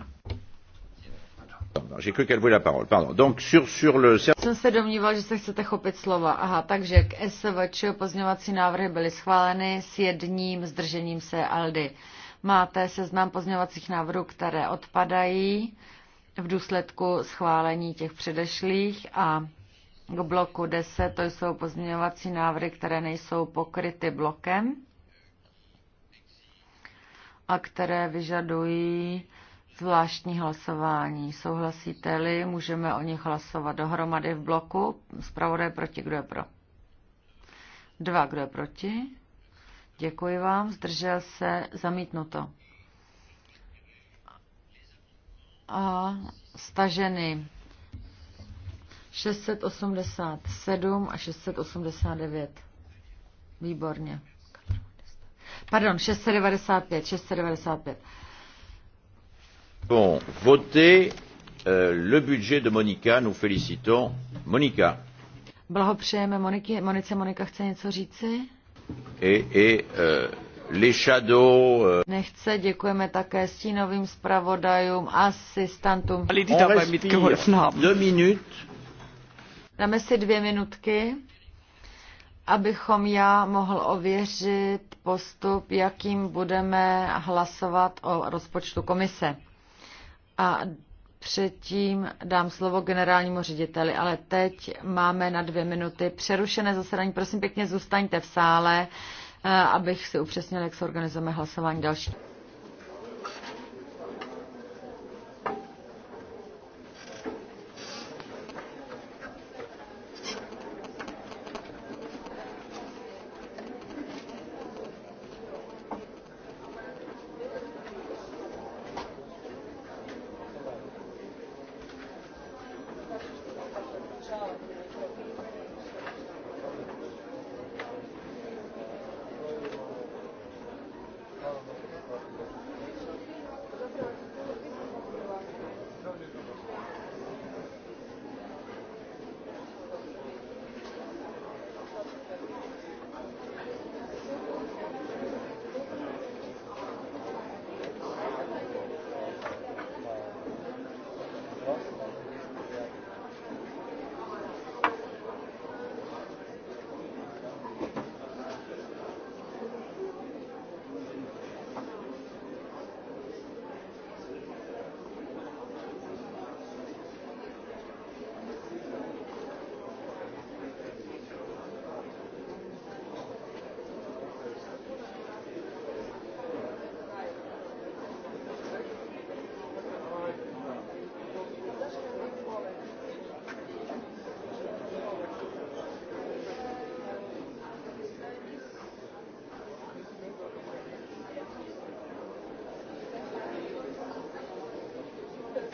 J'ai cru qu'elle voulait la parole. Pardon. Donc sur, sur le... Jsem se domníval, že se chcete chopit slova. Aha, takže k SVČ pozměňovací návrhy byly schváleny s jedním zdržením se Aldy. Máte seznam pozměňovacích návrhů, které odpadají v důsledku schválení těch předešlých a k bloku 10 to jsou pozměňovací návrhy, které nejsou pokryty blokem a které vyžadují zvláštní hlasování. Souhlasíte-li, můžeme o nich hlasovat dohromady v bloku. Zpravodaj proti, kdo je pro? Dva, kdo je proti? Děkuji vám, zdržel se, zamítnuto. A staženy 687 a 689. Výborně. Pardon, 695, 695. Bon, voté euh, le budget de Monika, nous félicitons Monika. Blahopřejeme Moniky. Monice, Monika chce něco říci? Et, et, euh, les shadows, euh... Nechce, děkujeme také stínovým zpravodajům, asistantům. Alle, die dabei mitgeholfen haben. Deux minutes. Dáme si dvě minutky abychom já mohl ověřit postup, jakým budeme hlasovat o rozpočtu komise. A předtím dám slovo generálnímu řediteli, ale teď máme na dvě minuty přerušené zasedání. Prosím pěkně, zůstaňte v sále, eh, abych si upřesnil, jak se organizujeme hlasování další.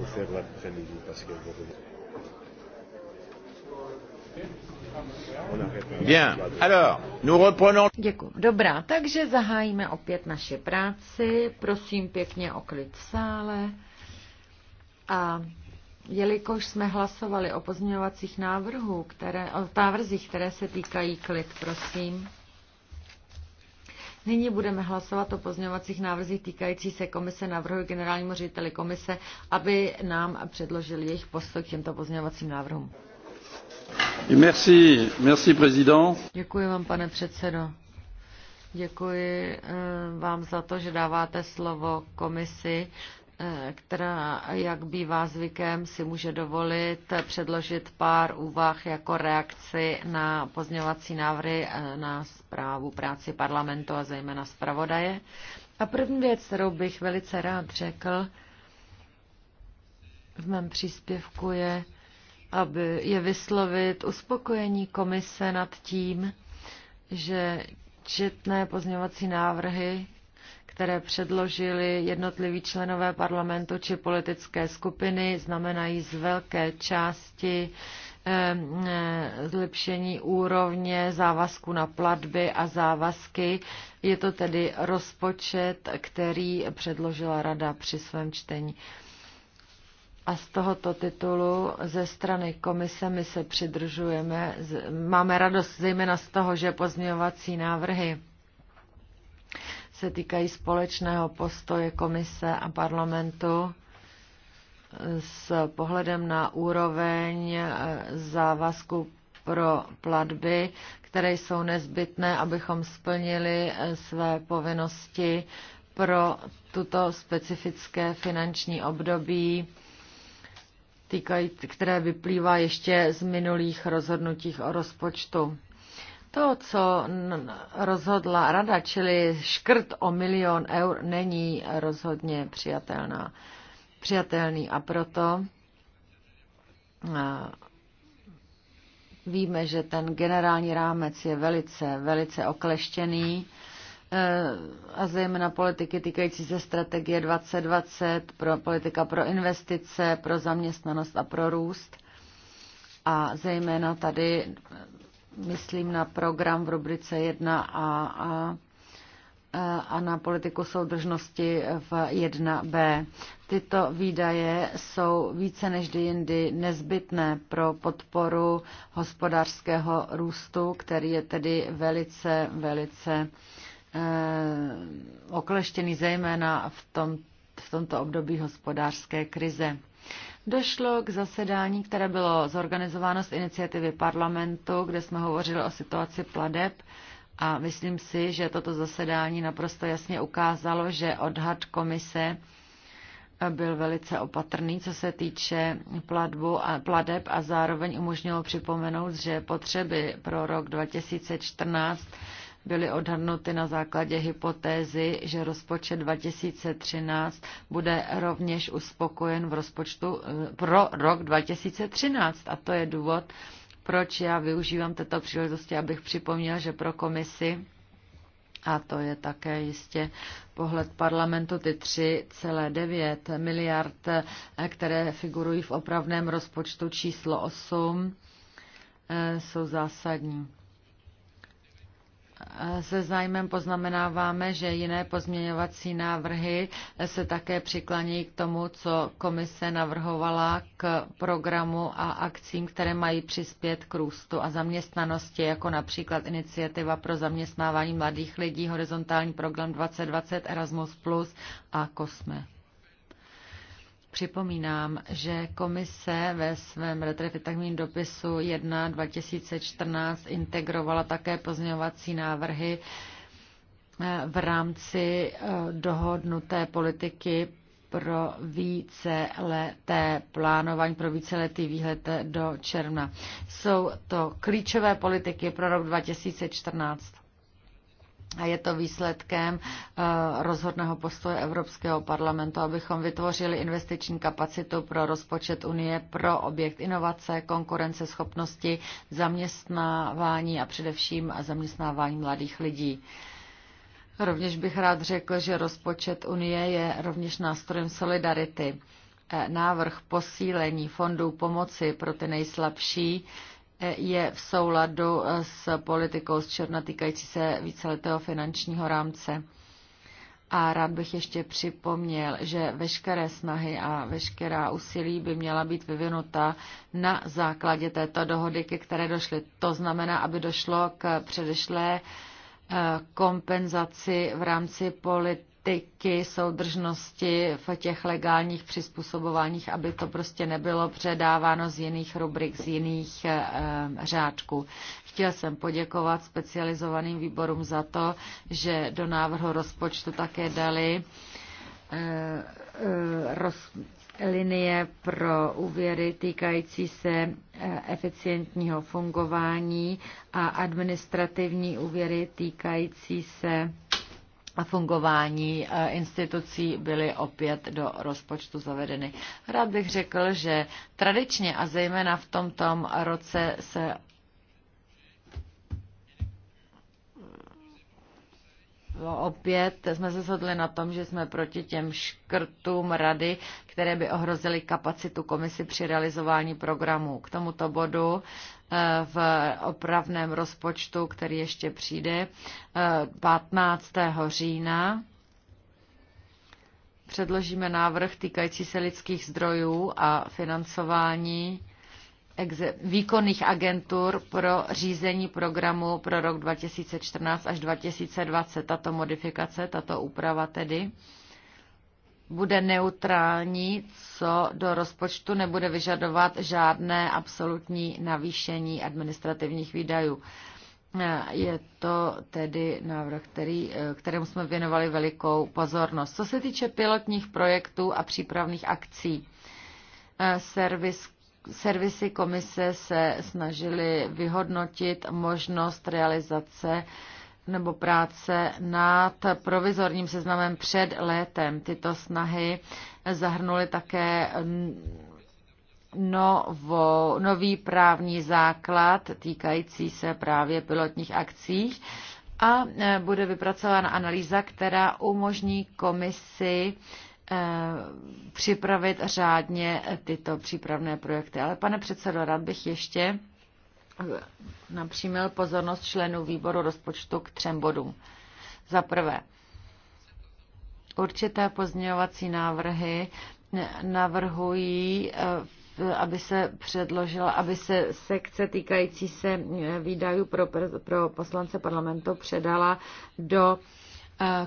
faut faire l'après-midi parce Bien, alors, nous reprenons... Děkuji. Dobrá, takže zahájíme opět naše práci. Prosím pěkně o klid v sále. A jelikož jsme hlasovali o pozměňovacích návrhů, které, o návrzích, které se týkají klid, prosím. Nyní budeme hlasovat o pozměňovacích návrzích týkající se komise navrhuji generálnímu řediteli komise, aby nám předložil jejich postoj k těmto pozměňovacím návrhům. Merci, merci, Děkuji vám, pane předsedo. Děkuji eh, vám za to, že dáváte slovo komisi Eh, která, jak bývá zvykem, si může dovolit předložit pár úvah jako reakci na pozměňovací návrhy eh, na zprávu práci parlamentu a zejména zpravodaje. A první věc, kterou bych velice rád řekl v mém příspěvku, je, aby je vyslovit uspokojení komise nad tím, že četné pozměňovací návrhy které předložili jednotliví členové parlamentu či politické skupiny, znamenají z velké části eh, eh, zlepšení úrovně závazku na platby a závazky. Je to tedy rozpočet, který předložila Rada při svém čtení. A z tohoto titulu ze strany komise my se přidržujeme. Máme radost zejména z toho, že pozměňovací návrhy se týkají společného postoje komise a parlamentu s pohledem na úroveň eh, závazku pro platby, které jsou nezbytné, abychom splnili eh, své povinnosti pro tuto specifické finanční období, které vyplývá ještě z minulých rozhodnutích o rozpočtu. To, co rozhodla rada, čili škrt o milion eur, není rozhodně přijatelná, přijatelný a proto eh, víme, že ten generální rámec je velice, velice okleštěný eh, a zejména politiky týkající se strategie 2020, pro politika pro investice, pro zaměstnanost a pro růst. A zejména tady myslím na program v rubrice 1a a, e, a na politiku soudržnosti v 1b. Tyto výdaje jsou více než jindy nezbytné pro podporu hospodářského růstu, který je tedy velice, velice e, okleštěný, zejména v, tom, v tomto období hospodářské krize. Došlo k zasedání, které bylo zorganizováno z iniciativy parlamentu, kde jsme hovořili o situaci pladeb a myslím si, že toto zasedání naprosto jasně ukázalo, že odhad komise byl velice opatrný, co se týče platbu a pladeb a zároveň umožnilo připomenout, že potřeby pro rok 2014 byly odhadnuty na základě hypotézy, že rozpočet 2013 bude rovněž uspokojen v rozpočtu eh, pro rok 2013. A to je důvod, proč já využívám této příležitosti, abych připomněl, že pro komisi a to je také jistě pohled parlamentu, ty 3,9 miliard, eh, které figurují v opravném rozpočtu číslo 8, eh, jsou zásadní se zájmem poznamenáváme, že jiné pozměňovací návrhy se také přiklaní k tomu, co komise navrhovala k programu a akcím, které mají přispět k růstu a zaměstnanosti, jako například iniciativa pro zaměstnávání mladých lidí, horizontální program 2020, Erasmus Plus a COSME. Připomínám, že komise ve svém retrefitagním dopisu 1 2014 integrovala také pozměňovací návrhy eh, v rámci eh, dohodnuté politiky pro víceleté plánování, pro víceletý výhled do června. Jsou to klíčové politiky pro rok 2014. A je to výsledkem eh, rozhodného postoje Evropského parlamentu, abychom vytvořili investiční kapacitu pro rozpočet Unie pro objekt inovace, konkurenceschopnosti, zaměstnávání a především zaměstnávání mladých lidí. Rovněž bych rád řekl, že rozpočet Unie je rovněž nástrojem solidarity. Eh, návrh posílení fondů pomoci pro ty nejslabší je v souladu s politikou z června týkající se víceletého finančního rámce. A rád bych ještě připomněl, že veškeré snahy a veškerá úsilí by měla být vyvinuta na základě této dohody, ke které došly. To znamená, aby došlo k předešlé eh, kompenzaci v rámci polit politiky soudržnosti v těch legálních přizpůsobováních, aby to prostě nebylo předáváno z jiných rubrik, z jiných e, řádků. Chtěl jsem poděkovat specializovaným výborům za to, že do návrhu rozpočtu také dali e, e, roz, linie pro úvěry týkající se eficientního fungování a administrativní úvěry týkající se a fungování eh, institucí byly opět do rozpočtu zavedeny. Rád bych řekl, že tradičně a zejména v tomto roce se opět jsme se shodli na tom, že jsme proti těm škrtům rady, které by ohrozily kapacitu komisy při realizování programů. K tomuto bodu v opravném rozpočtu, který ještě přijde 15. Eh, října. Předložíme návrh týkající se lidských zdrojů a financování výkonných agentur pro řízení programu pro rok 2014 až 2020. Tato modifikace, tato úprava tedy bude neutrální, co do rozpočtu nebude vyžadovat žádné absolutní navýšení administrativních výdajů. Je to tedy návrh, který, kterému jsme věnovali velikou pozornost. Co se týče pilotních projektů a přípravných akcí, servis, servisy komise se snažili vyhodnotit možnost realizace nebo práce nad provizorním seznamem před létem. Tyto snahy zahrnuly také novo, nový právní základ týkající se právě pilotních akcí a e, bude vypracována analýza, která umožní komisi e, připravit řádně tyto přípravné projekty. Ale pane předsedo, rád bych ještě napřímil pozornost členů výboru rozpočtu k třem bodům. Za prvé, určité pozměňovací návrhy navrhují eh, aby se předložila, aby se sekce týkající se eh, výdajů pro, pro poslance parlamentu předala do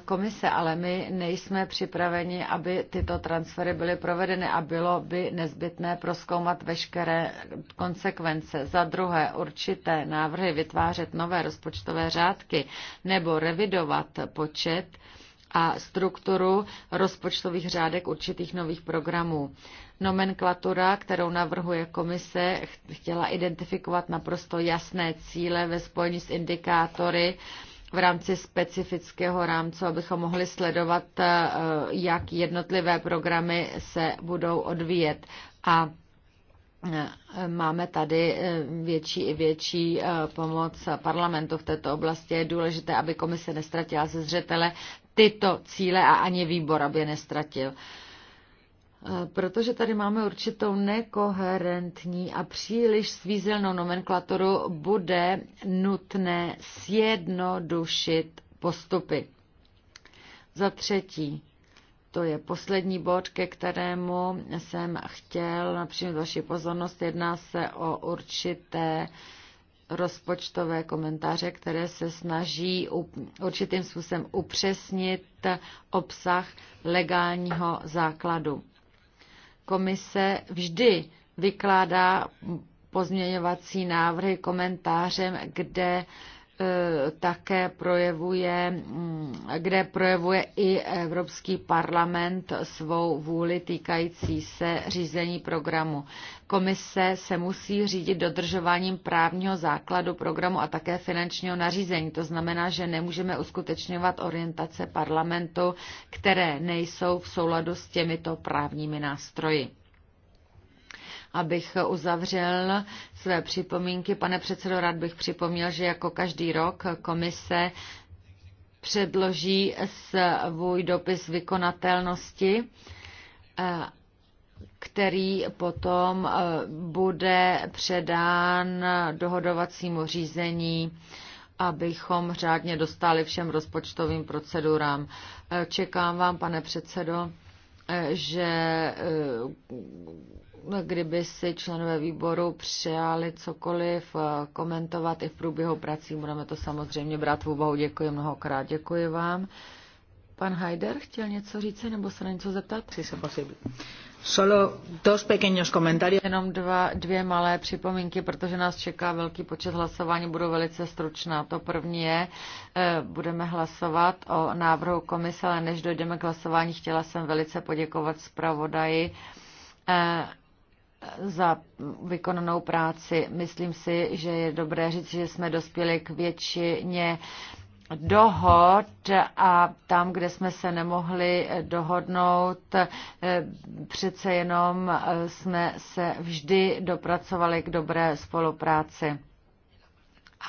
komise, ale my nejsme připraveni, aby tyto transfery byly provedeny a bylo by nezbytné proskoumat veškeré konsekvence. Za druhé, určité návrhy vytvářet nové rozpočtové řádky nebo revidovat počet a strukturu rozpočtových řádek určitých nových programů. Nomenklatura, kterou navrhuje komise, chtěla identifikovat naprosto jasné cíle ve spojení s indikátory, v rámci specifického rámce, abychom mohli sledovat, eh, jak jednotlivé programy se budou odvíjet. A eh, Máme tady eh, větší i větší pomoc parlamentu v této oblasti. Je důležité, aby komise nestratila ze zřetele tyto cíle a ani výbor, aby je nestratil. Protože tady máme určitou nekoherentní a příliš svízelnou nomenklaturu, bude nutné sjednodušit postupy. Za třetí, to je poslední bod, ke kterému jsem chtěl například vaši pozornost. Jedná se o určité rozpočtové komentáře, které se snaží určitým způsobem upřesnit obsah legálního základu komise vždy vykládá pozměňovací návrhy komentářem, kde E, také projevuje, mm, kde projevuje i Evropský parlament svou vůli týkající se řízení programu. Komise se musí řídit dodržováním právního základu programu a také finančního nařízení. To znamená, že nemůžeme uskutečňovat orientace parlamentu, které nejsou v souladu s těmito právními nástroji abych uzavřel své připomínky. Pane předsedo, rád bych připomněl, že jako každý rok komise předloží svůj dopis vykonatelnosti který potom eh, bude předán dohodovacímu řízení, abychom řádně dostali všem rozpočtovým procedurám. Eh, čekám vám, pane předsedo, eh, že kdyby si členové výboru přijali cokoliv eh, komentovat i v průběhu prací, budeme to samozřejmě brát v úvahu. Děkuji mnohokrát, děkuji vám. Pan Haider chtěl něco říct nebo se na něco zeptat? Si se possible. Solo dos pequeños comentarios. Jenom dva, dvě malé připomínky, protože nás čeká velký počet hlasování, budou velice stručná. To první je, eh, budeme hlasovat o návrhu komise, ale než dojdeme k hlasování, chtěla jsem velice poděkovat zpravodaji eh, za vykonanou práci. Myslím si, že je dobré říct, že jsme dospěli k většině dohod a tam, kde jsme se nemohli dohodnout, eh, přece jenom eh, jsme se vždy dopracovali k dobré spolupráci.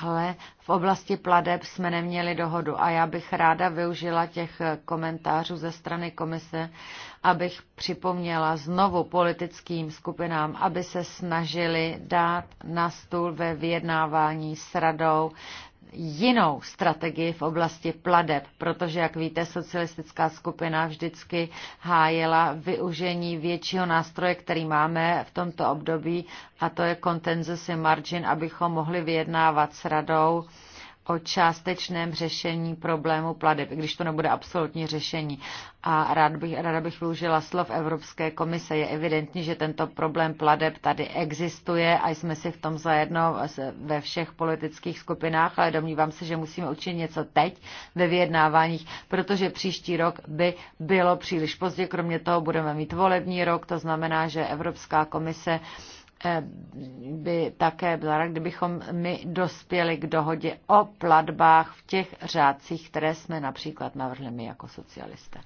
Ale v oblasti pladeb jsme neměli dohodu a já bych ráda využila těch komentářů ze strany komise, abych připomněla znovu politickým skupinám, aby se snažili dát na stůl ve vyjednávání s radou jinou strategii v oblasti pladeb, protože, jak víte, socialistická skupina vždycky hájela využení většího nástroje, který máme v tomto období, a to je kontenzus margin, abychom mohli vyjednávat s radou o částečném řešení problému pladeb, když to nebude absolutní řešení. A rád bych, ráda bych využila slov Evropské komise. Je evidentní, že tento problém pladeb tady existuje a jsme si v tom zajedno ve všech politických skupinách, ale domnívám se, že musíme učinit něco teď ve vyjednáváních, protože příští rok by bylo příliš pozdě. Kromě toho budeme mít volební rok, to znamená, že Evropská komise uh, Eh, by také byla kdybychom my dospěli k dohodě o platbách v těch řádcích, které jsme například navrhli my jako socialisté.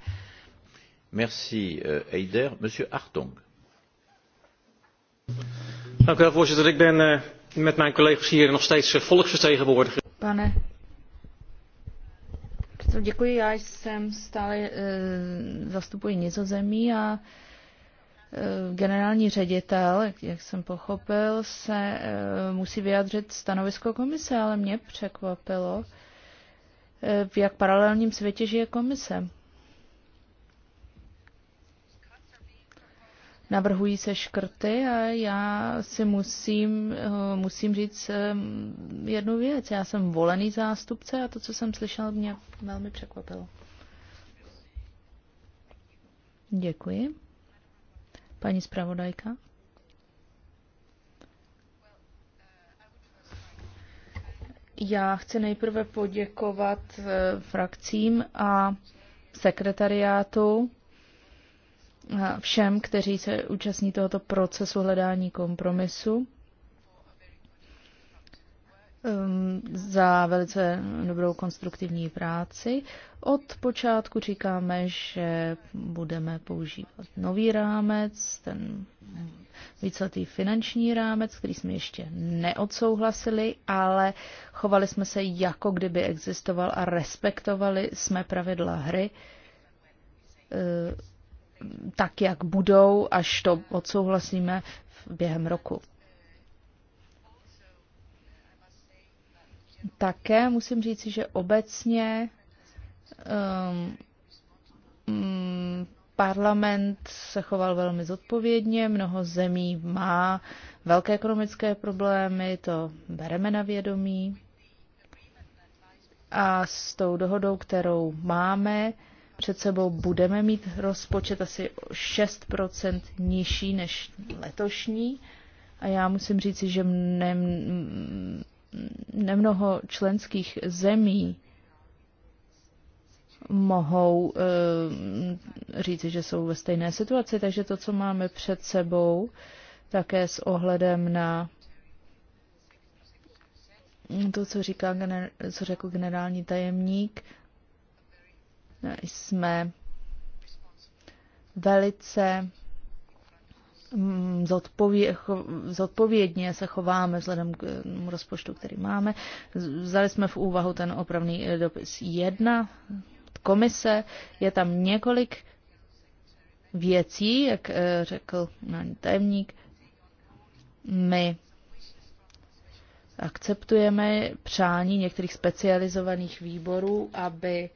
Merci, eh, Eider. Monsieur Artung. Dank u wel, voorzitter. Ik ben uh, met mijn collega's hier nog steeds uh, volksvertegenwoordiger. Pane. Děkuji, já jsem stále e, zastupuji Nizozemí a e, Eh, generální ředitel, jak, jsem pochopil, se eh, musí vyjádřit stanovisko komise, ale mě překvapilo, eh, v jak paralelním světě žije komise. Navrhují se škrty a já si musím, musím říct jednu věc. Já jsem volený zástupce a to, co jsem slyšel, mě velmi překvapilo. Děkuji. Paní zpravodajka. Já chci nejprve poděkovat eh, frakcím a sekretariátu a eh, všem, kteří se účastní tohoto procesu hledání kompromisu. Um, za velice dobrou konstruktivní práci. Od počátku říkáme, že budeme používat nový rámec, ten víceletý finanční rámec, který jsme ještě neodsouhlasili, ale chovali jsme se jako kdyby existoval a respektovali jsme pravidla hry eh, tak, jak budou, až to odsouhlasíme během roku. Také musím říci, že obecně um, mm, parlament se choval velmi zodpovědně, mnoho zemí má velké ekonomické problémy, to bereme na vědomí. A s tou dohodou, kterou máme, před sebou budeme mít rozpočet asi 6% nižší než letošní. A já musím říci, že mne, nemnoho členských zemí mohou e, říci, že jsou ve stejné situaci, takže to, co máme před sebou, také s ohledem na to, co, říká, co řekl generální tajemník, eh, jsme velice Mm, zodpovědně se chováme vzhledem k mm, rozpočtu, který máme. Vzali jsme v úvahu ten opravný eh, dopis Jedna komise. Je tam několik věcí, jak eh, řekl náš tajemník. My akceptujeme přání některých specializovaných výborů, aby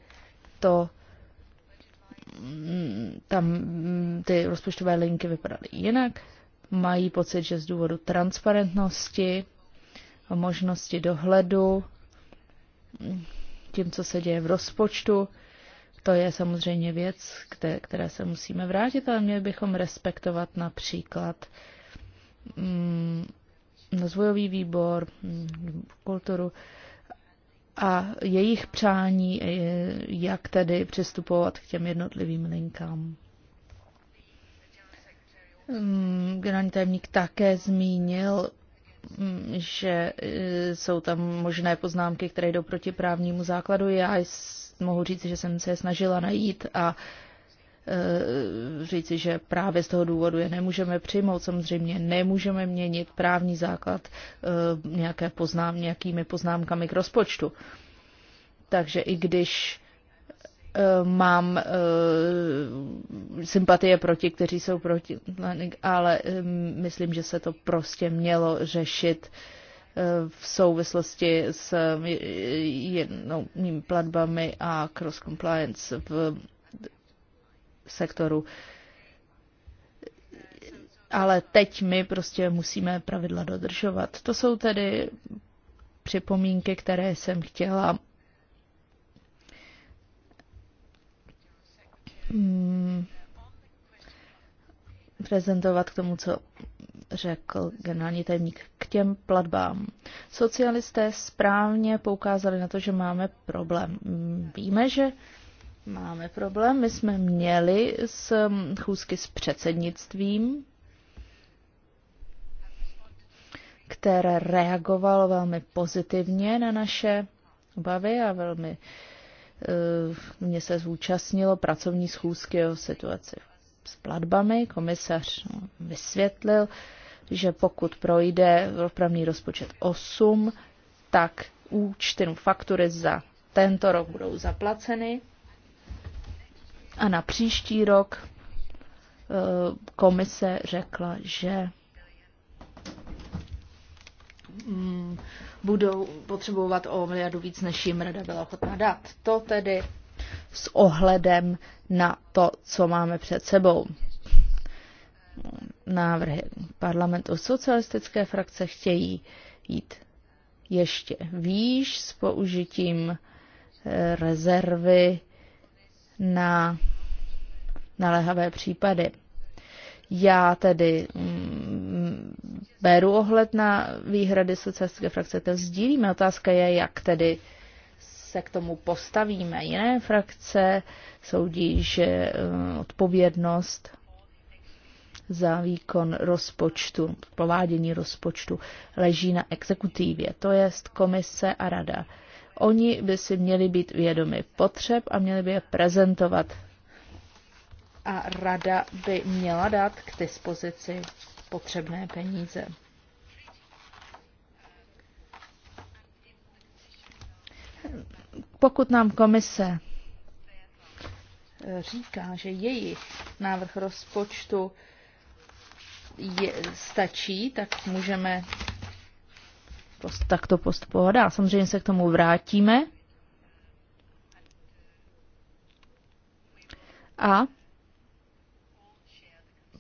to Mm, tam mm, ty rozpočtové linky vypadaly jinak. Mají pocit, že z důvodu transparentnosti a možnosti dohledu mm, tím, co se děje v rozpočtu, to je samozřejmě věc, které, se musíme vrátit, ale měli bychom respektovat například rozvojový výbor, kulturu, a jejich přání, eh, jak tedy přistupovat k těm jednotlivým linkám. Mm, generální tajemník také zmínil, mm, že eh, jsou tam možné poznámky, které jdou proti právnímu základu. Já mohu říct, že jsem se je snažila najít a Eh, říci, že právě z toho důvodu je nemůžeme přijmout. Samozřejmě nemůžeme měnit právní základ eh, nějaké poznám, nějakými poznámkami k rozpočtu. Takže i když eh, mám sympatie proti, kteří jsou proti, ale myslím, že se to prostě mělo řešit v souvislosti s jednou platbami a cross compliance v sektoru. Ale teď my prostě musíme pravidla dodržovat. To jsou tedy připomínky, které jsem chtěla hmm. prezentovat k tomu, co řekl generální tajemník k těm platbám. Socialisté správně poukázali na to, že máme problém. Víme, že máme problém. My jsme měli s hm, chůzky s předsednictvím, které reagovalo velmi pozitivně na naše obavy a velmi eh, mě se zúčastnilo pracovní schůzky o situaci s platbami. Komisař no, vysvětlil, že pokud projde opravný rozpočet 8, tak účty, no, faktury za tento rok budou zaplaceny a na příští rok eh, komise řekla, že mm, budou potřebovat o miliardu víc, než jim rada byla ochotná dát. To tedy s ohledem na to, co máme před sebou. Návrhy parlamentu socialistické frakce chtějí jít ještě výš s použitím eh, rezervy na naléhavé případy. Já tedy mm, beru ohled na výhrady socialistické frakce, to sdílíme. Otázka je, jak tedy se k tomu postavíme. Jiné frakce soudí, že mm, odpovědnost za výkon rozpočtu, provádění rozpočtu leží na exekutivě, to jest komise a rada. Oni by si měli být vědomi potřeb a měli by je prezentovat. A rada by měla dát k dispozici potřebné peníze. Pokud nám komise eh, říká, že jejich návrh rozpočtu je, stačí, tak můžeme post, takto post pohoda. A samozřejmě se k tomu vrátíme. A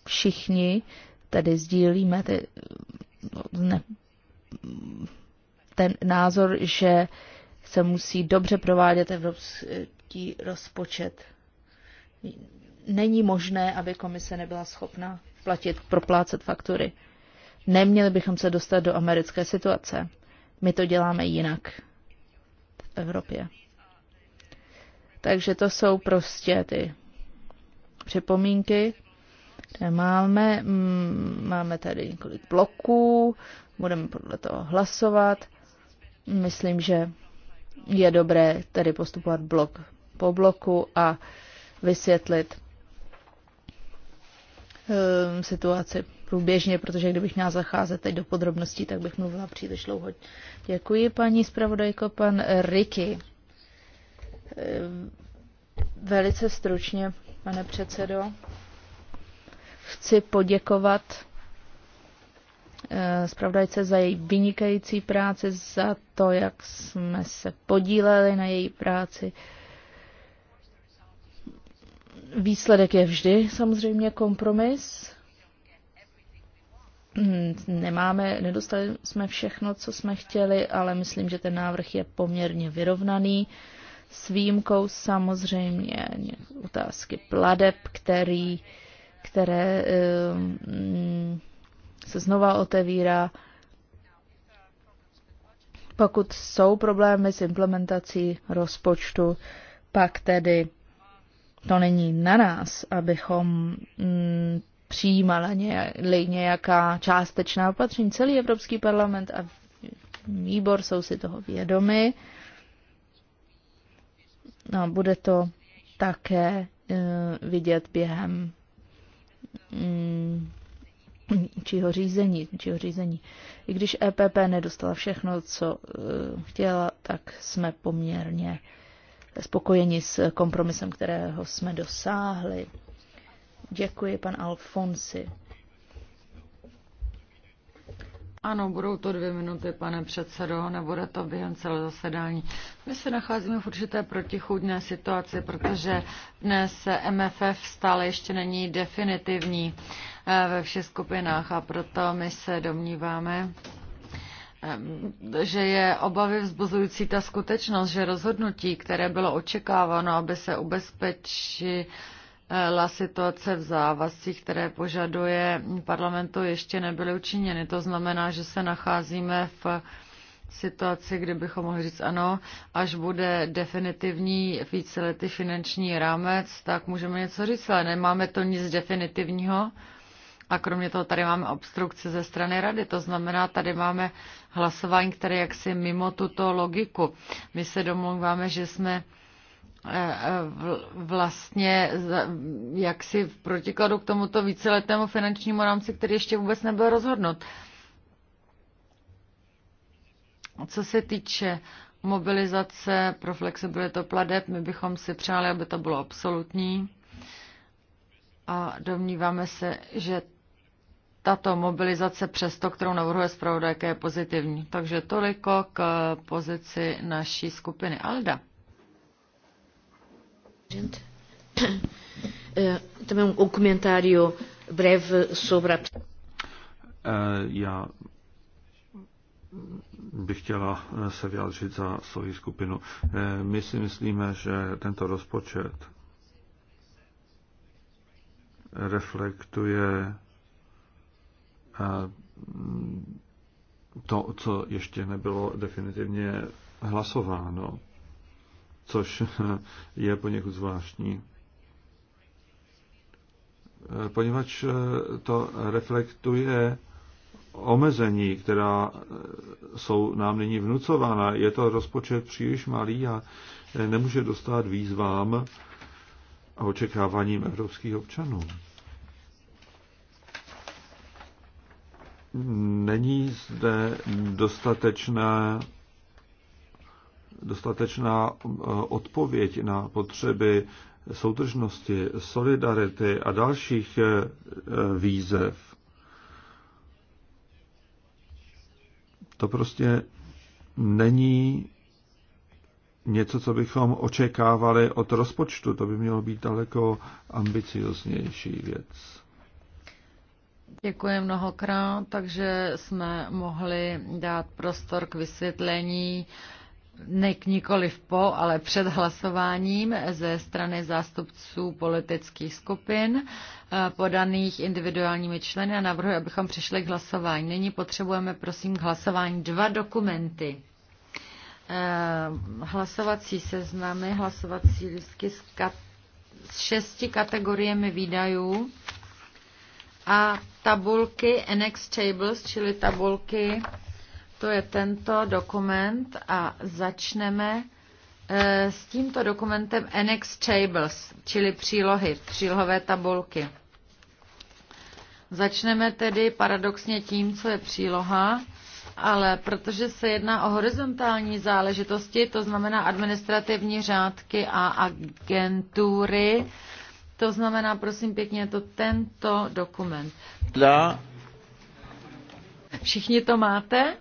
všichni tedy sdílíme ty, ne, ten názor, že se musí dobře provádět evropský rozpočet. Není možné, aby komise nebyla schopna platit, proplácet faktury. Neměli bychom se dostat do americké situace. My to děláme jinak v Evropě. Takže to jsou prostě ty připomínky, které máme. Mm, máme tady několik bloků, budeme podle toho hlasovat. Myslím, že je dobré tedy postupovat blok po bloku a vysvětlit eh, situaci průběžně, protože kdybych měla zacházet teď do podrobností, tak bych mluvila příliš dlouho. Děkuji, paní zpravodajko, pan Riky. Ehm, velice stručně, pane předsedo, chci poděkovat ehm, zpravodajce za její vynikající práci, za to, jak jsme se podíleli na její práci. Výsledek je vždy samozřejmě kompromis Hmm, nemáme, nedostali jsme všechno, co jsme chtěli, ale myslím, že ten návrh je poměrně vyrovnaný. S výjimkou samozřejmě otázky pladeb, který, které um, se znova otevírá. Pokud jsou problémy s implementací rozpočtu, pak tedy to není na nás, abychom um, přijímala nějak, nějaká částečná opatření. Celý Evropský parlament a výbor jsou si toho vědomi. No, bude to také e, vidět během mm, čího řízení, čího řízení. I když EPP nedostala všechno, co e, chtěla, tak jsme poměrně spokojeni s kompromisem, kterého jsme dosáhli. Děkuji, pan Alfonsi. Ano, budou to dvě minuty, pane předsedo, nebude to během celé zasedání. My se nacházíme v určité protichůdné situaci, protože dnes MFF stále ještě není definitivní eh, ve všech skupinách a proto my se domníváme, eh, že je obavy vzbuzující ta skutečnost, že rozhodnutí, které bylo očekáváno, aby se ubezpečili, la situace v závazcích, které požaduje parlamentu, ještě nebyly učiněny. To znamená, že se nacházíme v situaci, kdy bychom mohli říct ano, až bude definitivní víceletý finanční rámec, tak můžeme něco říct, ale nemáme to nic definitivního. A kromě toho tady máme obstrukce ze strany rady, to znamená, tady máme hlasování, které jaksi mimo tuto logiku. My se domluváme, že jsme Eh, eh, vlastně jaksi v protikladu k tomuto víceletému finančnímu rámci, který ještě vůbec nebyl rozhodnut. Co se týče mobilizace pro flexibilitu pladeb, my bychom si přáli, aby to bylo absolutní a domníváme se, že tato mobilizace přesto, kterou navrhuje zpravodajka, je pozitivní. Takže toliko k pozici naší skupiny ALDA. Uh, Também um comentário breve sobre a... Eh, já bych chtěla eh, se vyjádřit za svoji skupinu. My si myslíme, že tento rozpočet reflektuje to, co ještě nebylo definitivně hlasováno což je poněkud zvláštní. Poněvadž to reflektuje omezení, která jsou nám nyní vnucována. Je to rozpočet příliš malý a nemůže dostat výzvám a očekáváním evropských občanů. Není zde dostatečná dostatečná eh, odpověď na potřeby soudržnosti, solidarity a dalších eh, eh, výzev. To prostě není něco, co bychom očekávali od rozpočtu. To by mělo být daleko ambicioznější věc. Děkuji mnohokrát, takže jsme mohli dát prostor k vysvětlení Nik nikoliv po, ale před hlasováním ze strany zástupců politických skupin eh, podaných individuálními členy a navrhuji, abychom přešli k hlasování. Nyní potřebujeme, prosím, k hlasování dva dokumenty. Eh, hlasovací seznamy, hlasovací listky s, s šesti kategoriemi výdajů a tabulky Annex Tables, čili tabulky to je tento dokument a začneme eh, s tímto dokumentem Annex Tables, čili přílohy, přílohové tabulky. Začneme tedy paradoxně tím, co je příloha, ale protože se jedná o horizontální záležitosti, to znamená administrativní řádky a agentury, to znamená, prosím pěkně, to tento dokument. Všichni to máte?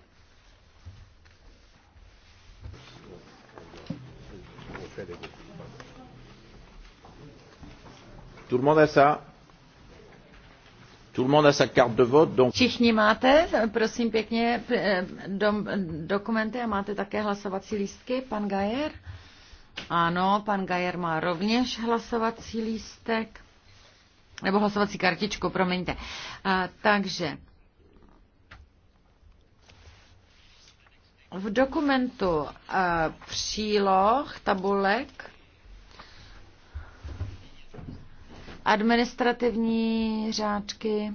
Tout le monde a ça? Tout le monde a sa carte de vote, donc... Všichni máte, prosím pěkně, eh, do, dokumenty a máte také hlasovací lístky, pan Gajer? Ano, pan Gajer má rovněž hlasovací lístek, nebo hlasovací kartičku, promiňte. A, eh, takže v dokumentu a, eh, příloh, tabulek, administrativní řádky.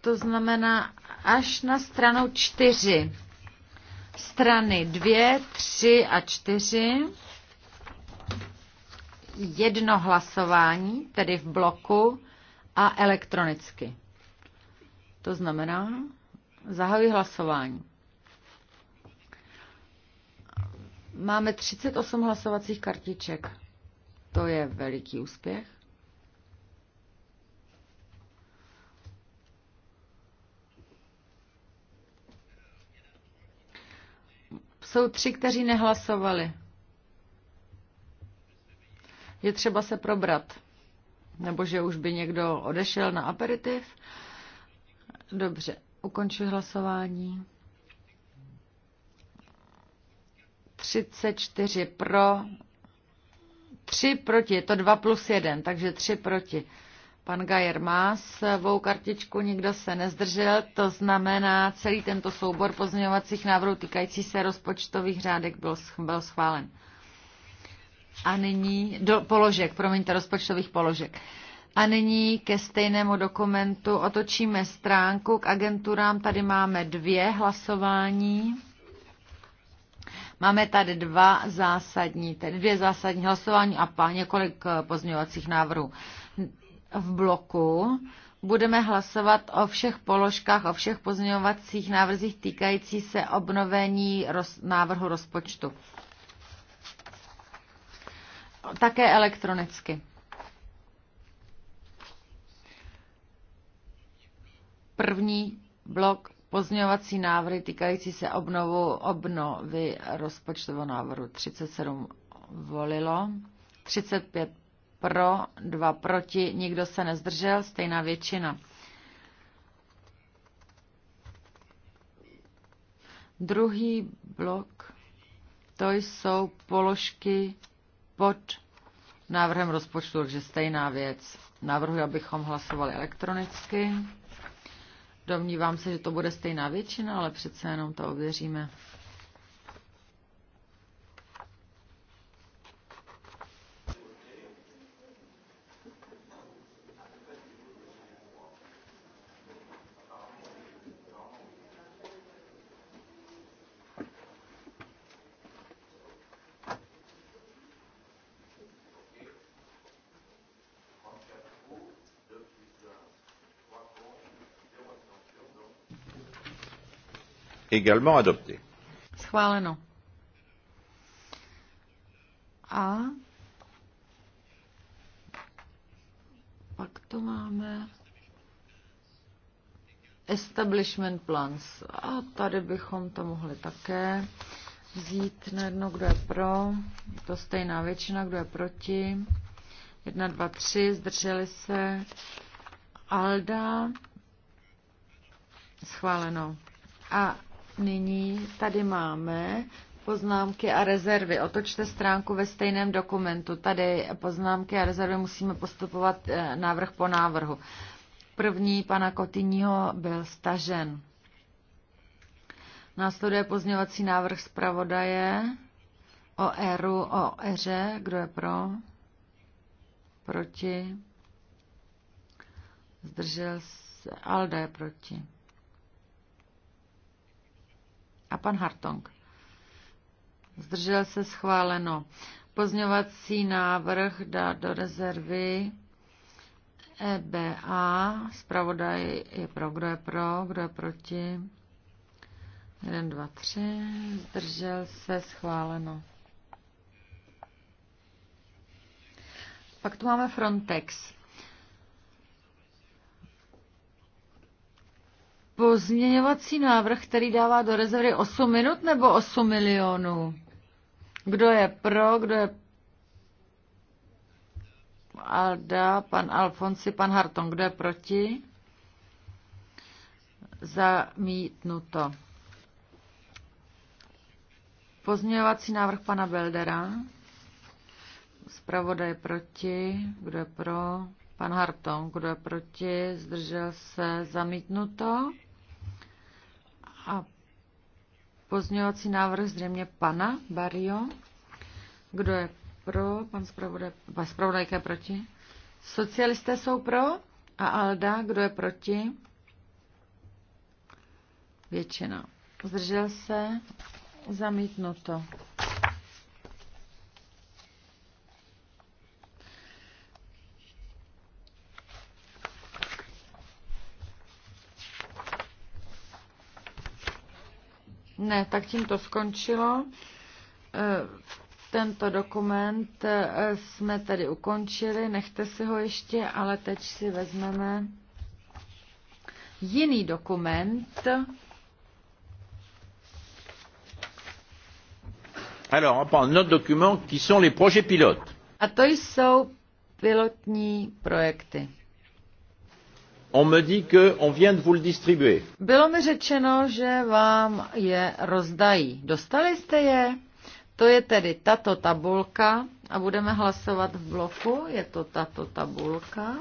To znamená až na stranu čtyři. Strany dvě, tři a čtyři. Jedno hlasování, tedy v bloku a elektronicky. To znamená, zahajuji hlasování. Máme 38 hlasovacích kartiček. To je veliký úspěch. Jsou tři, kteří nehlasovali. Je třeba se probrat. Nebo že už by někdo odešel na aperitiv. Dobře, ukončuji hlasování. 34 pro, Tři proti, je to dva plus jeden, takže tři proti. Pan Gajer má svou kartičku, nikdo se nezdržel, to znamená, celý tento soubor pozměňovacích návrhů týkající se rozpočtových řádek byl, byl schválen. A nyní, do položek, promiňte, rozpočtových položek. A nyní ke stejnému dokumentu otočíme stránku k agenturám. Tady máme dvě hlasování. Máme tady dva zásadní, tedy dvě zásadní hlasování a pár několik eh, pozměňovacích návrhů. V bloku budeme hlasovat o všech položkách, o všech pozměňovacích návrzích týkající se obnovení roz, návrhu rozpočtu. Také elektronicky. První blok Pozměňovací návrhy týkající se obnovu obnovy rozpočtového návrhu 37 volilo, 35 pro, 2 proti, nikdo se nezdržel, stejná většina. Druhý blok, to jsou položky pod návrhem rozpočtu, takže stejná věc. Navrhuji, abychom hlasovali elektronicky. Domnívám se, že to bude stejná většina, ale přece jenom to ověříme. également adopté. Schváleno. A pak to máme establishment plans. A tady bychom to mohli také vzít jedno, kdo je pro. Je to stejná většina, kdo je proti. jedna, dva, tři zdrželi se. Alda, schváleno. A Nyní tady máme poznámky a rezervy. Otočte stránku ve stejném dokumentu. Tady poznámky a rezervy musíme postupovat eh, návrh po návrhu. První pana Kotyního byl stažen. Následuje pozměňovací návrh zpravodaje o Eru, o eře. Kdo je pro? Proti? Zdržel se. Alda je proti a pan Hartong. Zdržel se schváleno. Pozňovací návrh dá do rezervy EBA. Zpravodaj je pro, kdo je pro, kdo je proti. 1, 2, 3. Zdržel se schváleno. Pak tu máme Frontex. pozměňovací návrh, který dává do rezervy 8 minut nebo 8 milionů? Kdo je pro, kdo je Alda, pan Alfonsi, pan Harton, kdo je proti? Zamítnuto. Pozměňovací návrh pana Beldera. Zpravoda je proti. Kdo je pro? Pan Harton, kdo je proti? Zdržel se. Zamítnuto. A pozměňovací návrh zřejmě pana Barrio. Kdo je pro? Pan zpravodaj, pan zpravodajka je proti. Socialisté jsou pro a Alda, kdo je proti? Většina. Zdržel se? Zamítnuto. Ne, tak tím to skončilo. E, tento dokument e, jsme tady ukončili, nechte si ho ještě, ale teď si vezmeme jiný dokument. Alors, on parle notre document qui sont les projets pilotes. A to jsou pilotní projekty. On me dit que on vient de vous le distribuer. Bylo mi řečeno, že vám je rozdají. Dostali jste je? To je tedy tato tabulka a budeme hlasovat v bloku. Je to tato tabulka.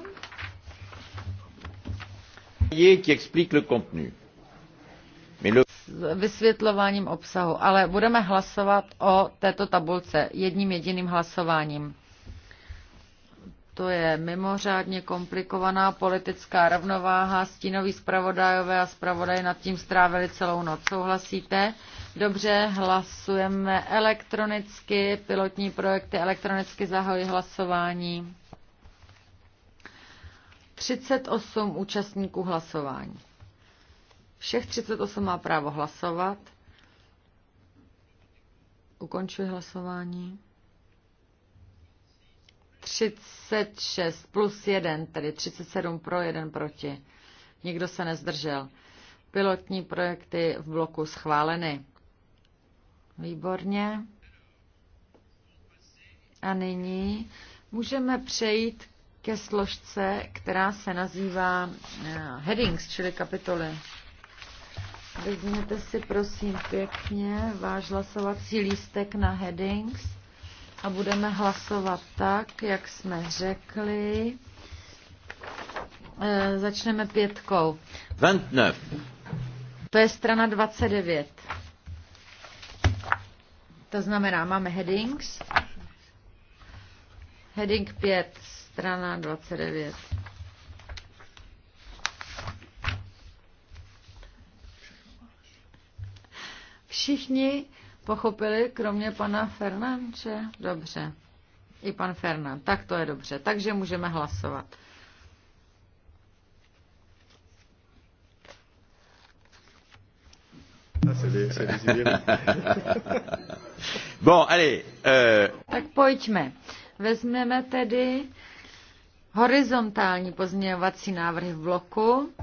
Qui explique le contenu. Mais le... S vysvětlováním obsahu, ale budeme hlasovat o této tabulce jedním jediným hlasováním. To je mimořádně komplikovaná politická rovnováha. Stínový zpravodajové a zpravodaj nad tím strávili celou noc. Souhlasíte? Dobře, hlasujeme elektronicky. Pilotní projekty elektronicky zahojí hlasování. 38 účastníků hlasování. Všech 38 má právo hlasovat. Ukončuji hlasování. 36 plus 1, tedy 37 pro, 1 proti. Nikdo se nezdržel. Pilotní projekty v bloku schváleny. Výborně. A nyní můžeme přejít ke složce, která se nazývá eh, headings, čili kapitoly. Vezměte si prosím pěkně váš hlasovací lístek na headings a budeme hlasovat tak, jak jsme řekli. E, začneme pětkou. 29. To je strana 29. To znamená, máme headings. Heading 5, strana 29. Všichni pochopili, kromě pana Fernanče? Dobře. I pan Fernan. Tak to je dobře. Takže můžeme hlasovat. bon, allez, euh... Tak pojďme. Vezmeme tedy horizontální pozměňovací návrh v bloku.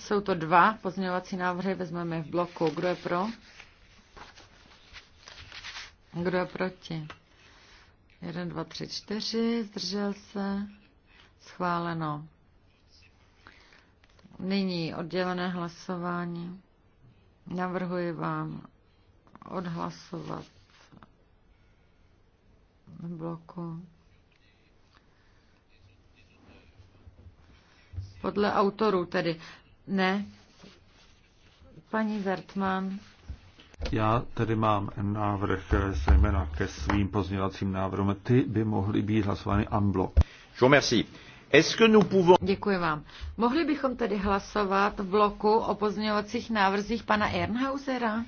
Jsou to dva pozměňovací návrhy, vezmeme je v bloku. Kdo je pro? Kdo je proti? 1, 2, 3, 4, zdržel se, schváleno. Nyní oddělené hlasování. Navrhuji vám odhlasovat v bloku. Podle autorů tedy ne. Paní Wertmann. Já tedy mám návrh zejména ke svým pozměňovacím návrhům. Ty by mohly být hlasovány amblo. Děkuji vám. Mohli bychom tedy hlasovat v bloku o pozměňovacích návrzích pana Ernhausera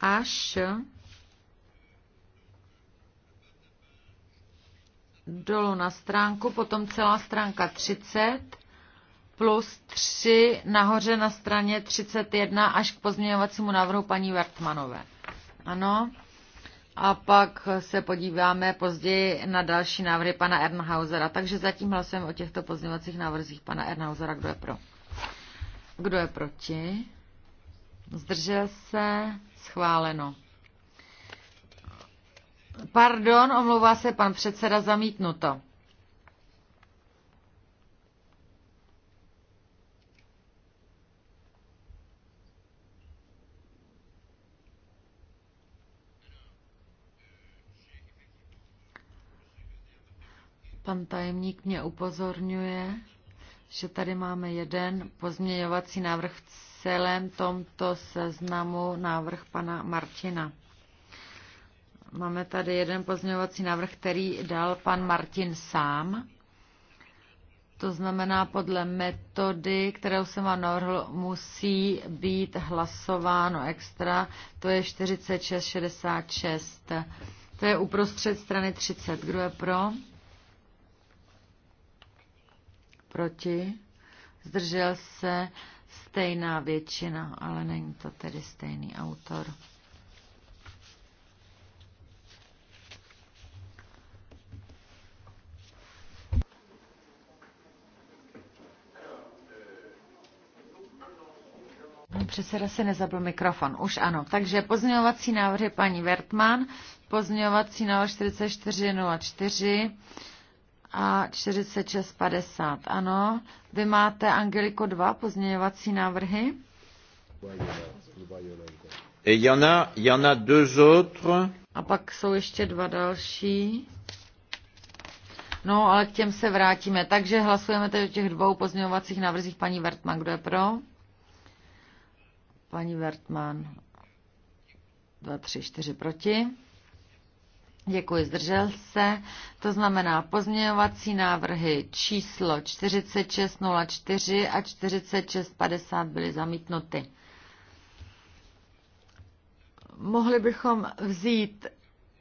až dolů na stránku, potom celá stránka 30 plus 3 nahoře na straně 31 až k pozměňovacímu návrhu paní Wertmanové. Ano. A pak se podíváme později na další návrhy pana Ernhausera. Takže zatím hlasujeme o těchto pozměňovacích návrzích pana Ernhausera. Kdo je pro? Kdo je proti? Zdržel se? Schváleno. Pardon, omlouvá se pan předseda zamítnuto. Pan tajemník mě upozorňuje, že tady máme jeden pozměňovací návrh v celém tomto seznamu, návrh pana Martina. Máme tady jeden pozměňovací návrh, který dal pan Martin sám. To znamená, podle metody, kterou jsem vám navrhl, musí být hlasováno extra. To je 46,66. To je uprostřed strany 30. Kdo je pro? proti, zdržel se stejná většina, ale není to tedy stejný autor. Předseda se nezabl mikrofon. Už ano. Takže pozměňovací návrhy paní Vertman, pozměňovací návrh 4404, a 4650. Ano, vy máte, Angeliko, 2 pozměňovací návrhy? Et y en a, y en a deux autres. A pak jsou ještě dva další. No, ale k těm se vrátíme. Takže hlasujeme teď o těch dvou pozměňovacích návrzích paní Vertman. Kdo je pro? Paní Vertman. Dva, tři, čtyři proti. Děkuji, zdržel se. To znamená pozměňovací návrhy číslo 4604 a 4650 byly zamítnuty. Mohli bychom vzít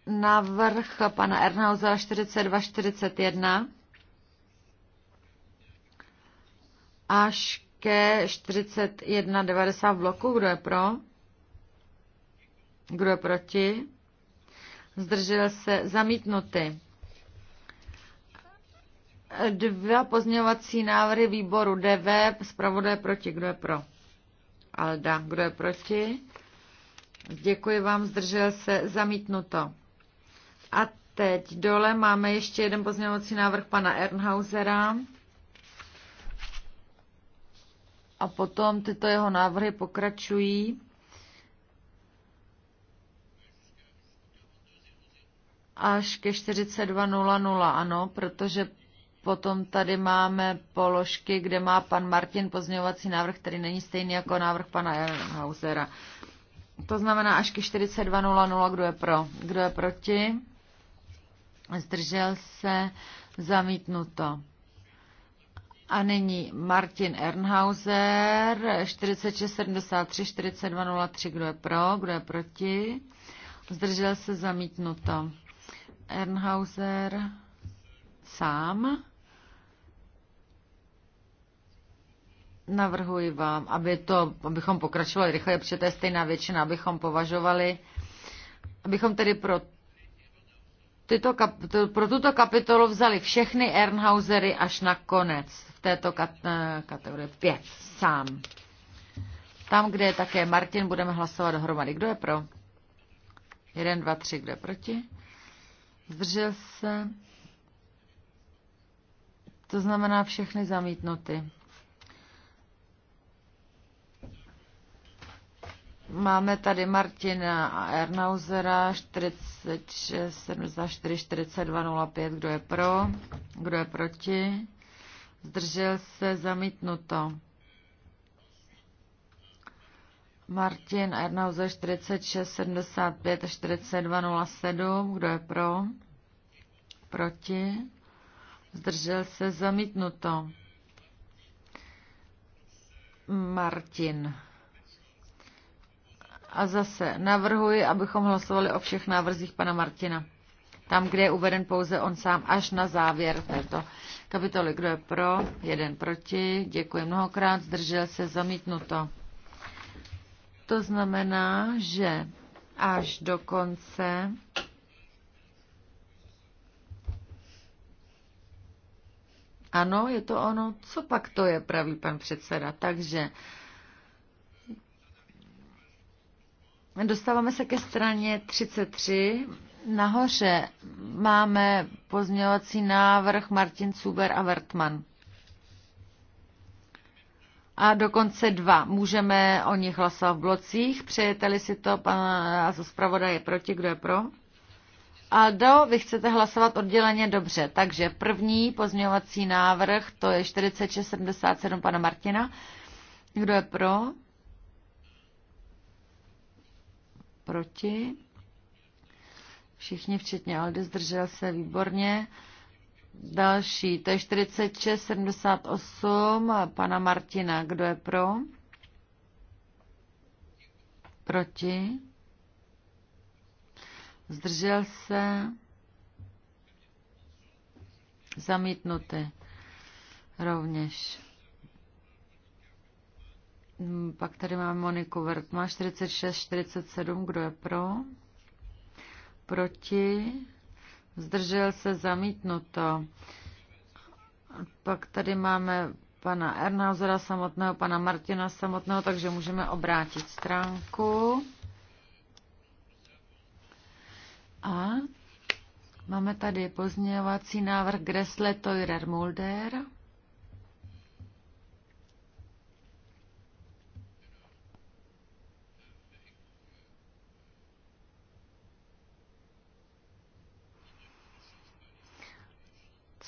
návrh pana Ernauza 4241 až ke 4190 bloku. Kdo je pro? Kdo je proti? zdržel se, zamítnuty. Dva pozměňovací návrhy výboru DV, zpravodaj proti, kdo je pro? Alda, kdo je proti? Děkuji vám, zdržel se, zamítnuto. A teď dole máme ještě jeden pozměňovací návrh pana Ernhausera. A potom tyto jeho návrhy pokračují. až ke 42.00, ano, protože potom tady máme položky, kde má pan Martin pozměňovací návrh, který není stejný jako návrh pana Hausera. To znamená až ke 42.00, kdo je pro, kdo je proti. Zdržel se zamítnuto. A nyní Martin Ernhauser, 4673, 4203, kdo je pro, kdo je proti. Zdržel se zamítnuto. Ernhauser sám. Navrhuji vám, aby to, abychom pokračovali rychle, protože to je stejná většina, abychom považovali, abychom tedy pro, tyto, pro tuto kapitolu vzali všechny Ernhausery až na konec, v této kat, eh, kategorii 5, sám. Tam, kde je také Martin, budeme hlasovat dohromady. Kdo je pro? 1, 2, 3, kdo je proti? zdržel se, to znamená všechny zamítnuty. Máme tady Martina a Ernauzera 46, 74, 42, 05. Kdo je pro? Kdo je proti? Zdržel se zamítnuto. Martin Ernauze 46, 75, 42, 07. Kdo je pro? Proti? Zdržel se zamítnuto. Martin. A zase navrhuji, abychom hlasovali o všech návrzích pana Martina. Tam, kde je uveden pouze on sám, až na závěr této kapitoly. Kdo je pro? Jeden proti. Děkuji mnohokrát. Zdržel se zamítnuto. To znamená, že až do konce Ano, je to ono. Co pak to je, pravý pan předseda. Takže dostáváme se ke straně 33. Nahoře máme pozměňovací návrh Martin Cuber a Wertmann a dokonce dva. Můžeme o nich hlasovat v blocích. Přejete-li si to, pan Zospravoda je proti, kdo je pro? Aldo, vy chcete hlasovat odděleně dobře. Takže první pozměňovací návrh, to je 4677 pana Martina. Kdo je pro? Proti? Všichni, včetně Aldo, zdržel se výborně. Další, to je 4678. pana Martina, kdo je pro? Proti? Zdržel se? Zamítnuty rovněž. Pak tady máme Moniku Má 46, 47, kdo je pro? Proti? zdržel se zamítnuto. Pak tady máme pana Ernauzera samotného, pana Martina samotného, takže můžeme obrátit stránku. A máme tady pozměňovací návrh Gressle Toirer Mulder.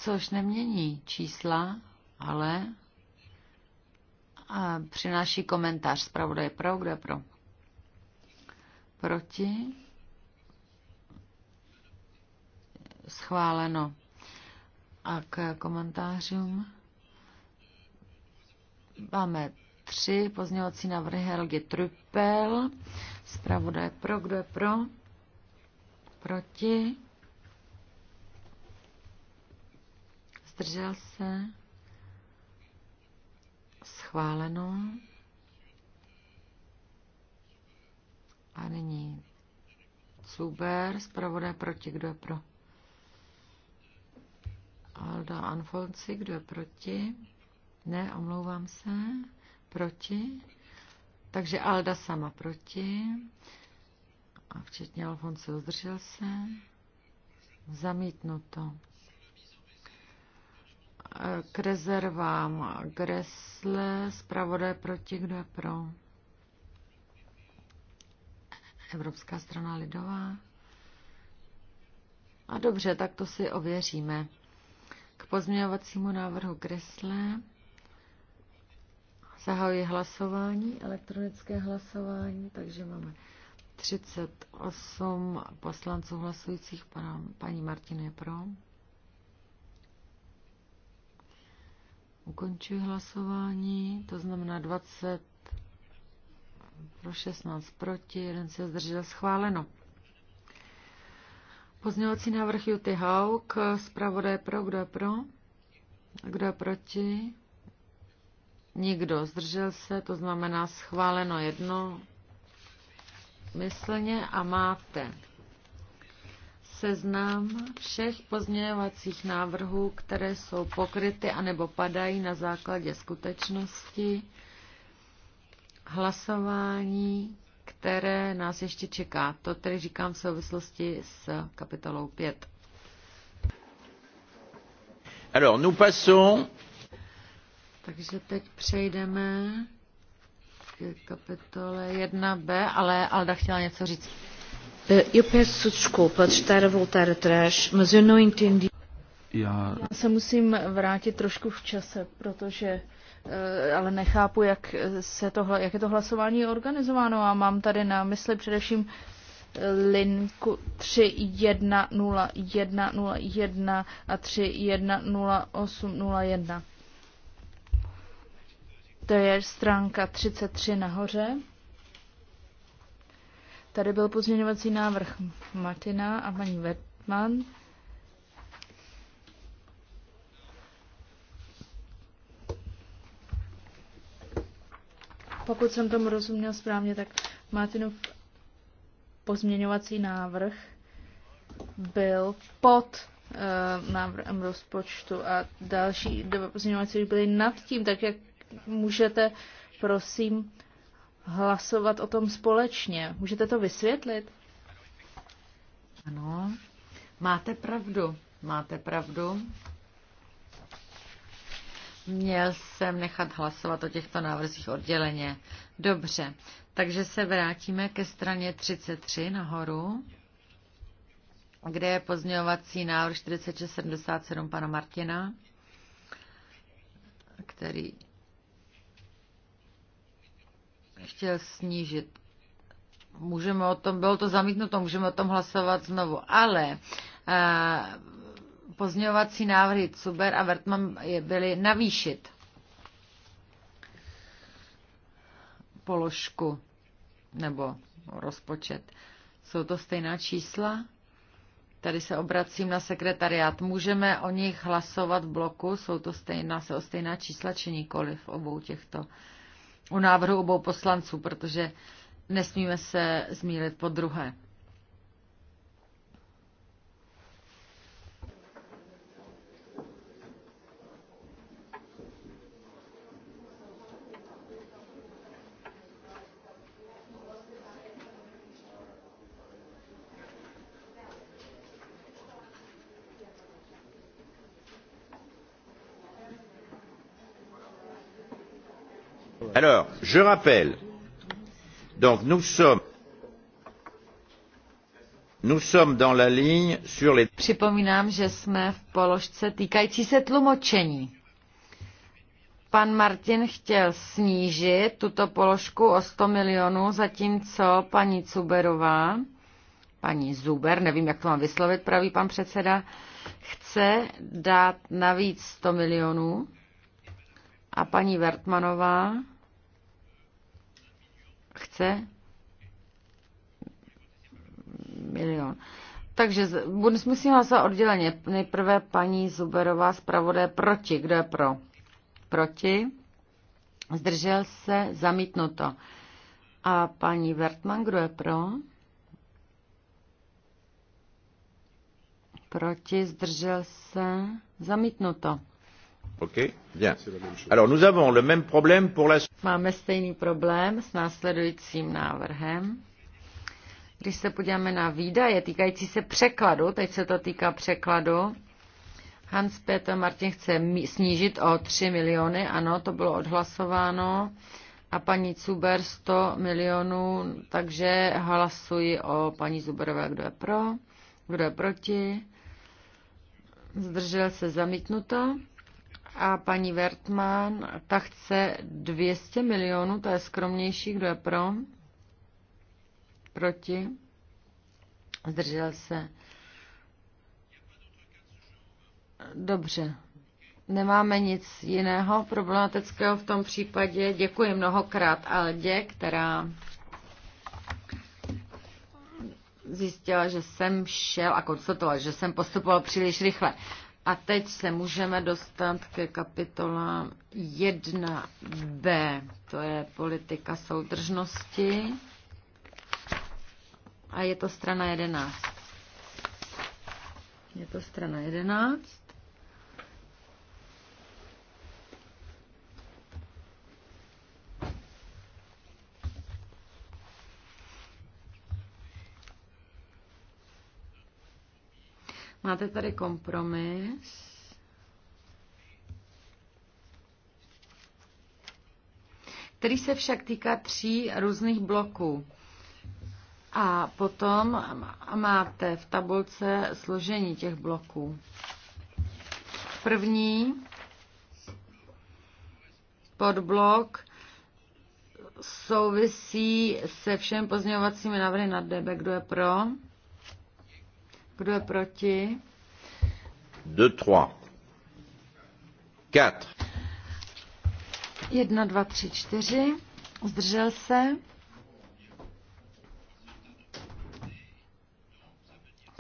což nemění čísla, ale a přináší komentář zpravodaje pro, kdo je pro. Proti. Schváleno. A k komentářům máme tři pozněvací návrhy Helgi Trupel. Zpravodaj pro, kdo je pro? Proti. zdržel se, schváleno. A nyní Cuber, zpravodaj proti, kdo je pro? Alda Anfonci, kdo je proti? Ne, omlouvám se, proti. Takže Alda sama proti. A včetně Alfonso zdržel se. Zamítnuto k rezervám. Gresle, zpravodaj proti, kdo je pro? Evropská strana lidová. A dobře, tak to si ověříme. K pozměňovacímu návrhu Gresle zahajuji hlasování, elektronické hlasování, takže máme 38 poslanců hlasujících. Paní Martine je pro. Ukončuji hlasování, to znamená 20 pro 16 proti, jeden se zdržel schváleno. Pozměňovací návrh Juty Hauk, zpravodaj pro, kdo je pro? Kdo je proti? Nikdo zdržel se, to znamená schváleno jedno myslně a máte seznam všech pozměňovacích návrhů, které jsou pokryty anebo padají na základě skutečnosti hlasování, které nás ještě čeká. To tedy říkám v souvislosti s kapitolou 5. Alors, nous passons... Takže teď přejdeme k kapitole 1b, ale Alda chtěla něco říct. Eh, eu peço desculpa de estar a voltar atrás, mas eu não entendi. Já, Já se musím vrátit trošku v čase, protože eh, ale nechápu, jak, eh, se to, jak je to hlasování organizováno a mám tady na mysli především linku 310101 a 310801. To je stránka 33 nahoře. Tady byl pozměňovací návrh Martina a paní Vertman. Pokud jsem tomu rozuměl správně, tak Martinův pozměňovací návrh byl pod uh, návrhem rozpočtu a další dva pozměňovací byly nad tím, tak jak můžete, prosím, hlasovat o tom společně. Můžete to vysvětlit? Ano, máte pravdu, máte pravdu. Měl jsem nechat hlasovat o těchto návrzích odděleně. Dobře, takže se vrátíme ke straně 33 nahoru, kde je pozměňovací návrh 4677 pana Martina, který chtěl snížit. Můžeme o tom, bylo to zamítnuto, můžeme o tom hlasovat znovu, ale a, eh, pozměňovací návrhy Cuber a Vertman je byly navýšit položku nebo rozpočet. Jsou to stejná čísla? Tady se obracím na sekretariát. Můžeme o nich hlasovat v bloku? Jsou to stejná, se o stejná čísla či nikoli v obou těchto u návrhu obou poslanců, protože nesmíme se zmílit po druhé. Alors, je rappelle, donc nous sommes, nous sommes dans la ligne sur les... Připomínám, že jsme v položce týkající se tlumočení. Pan Martin chtěl snížit tuto položku o 100 milionů, zatímco paní Cuberová, paní Zuber, nevím, jak to mám vyslovit, pravý pan předseda, chce dát navíc 100 milionů a paní Vertmanová chce milion. Takže musím hlasovat odděleně. Nejprve paní Zuberová zpravodaj proti. Kdo je pro? Proti. Zdržel se zamítnuto. A paní Vertman, kdo je pro? Proti, zdržel se, zamítnuto. Máme stejný problém s následujícím návrhem. Když se podíváme na výdaje týkající se překladu, teď se to týká překladu, Hans Peter Martin chce snížit o 3 miliony, ano, to bylo odhlasováno, a paní Zuber 100 milionů, takže hlasuji o paní Zuberové, kdo je pro, kdo je proti. Zdržel se zamítnuto. A paní Wertmann, ta chce 200 milionů, to je skromnější, kdo je pro? Proti? Zdržel se. Dobře. Nemáme nic jiného problematického v tom případě. Děkuji mnohokrát Aldě, která zjistila, že jsem šel a konstatovala, že jsem postupoval příliš rychle. A teď se můžeme dostat ke kapitolám 1b, to je politika soudržnosti. A je to strana 11. Je to strana 11. Máte tady kompromis. který se však týká tří různých bloků. A potom máte v tabulce složení těch bloků. První podblok souvisí se všemi pozměňovacími návrhy na DB. Kdo je pro? Kdo je proti? 2, 3, 4. 1, 2, 3, 4. Zdržel se.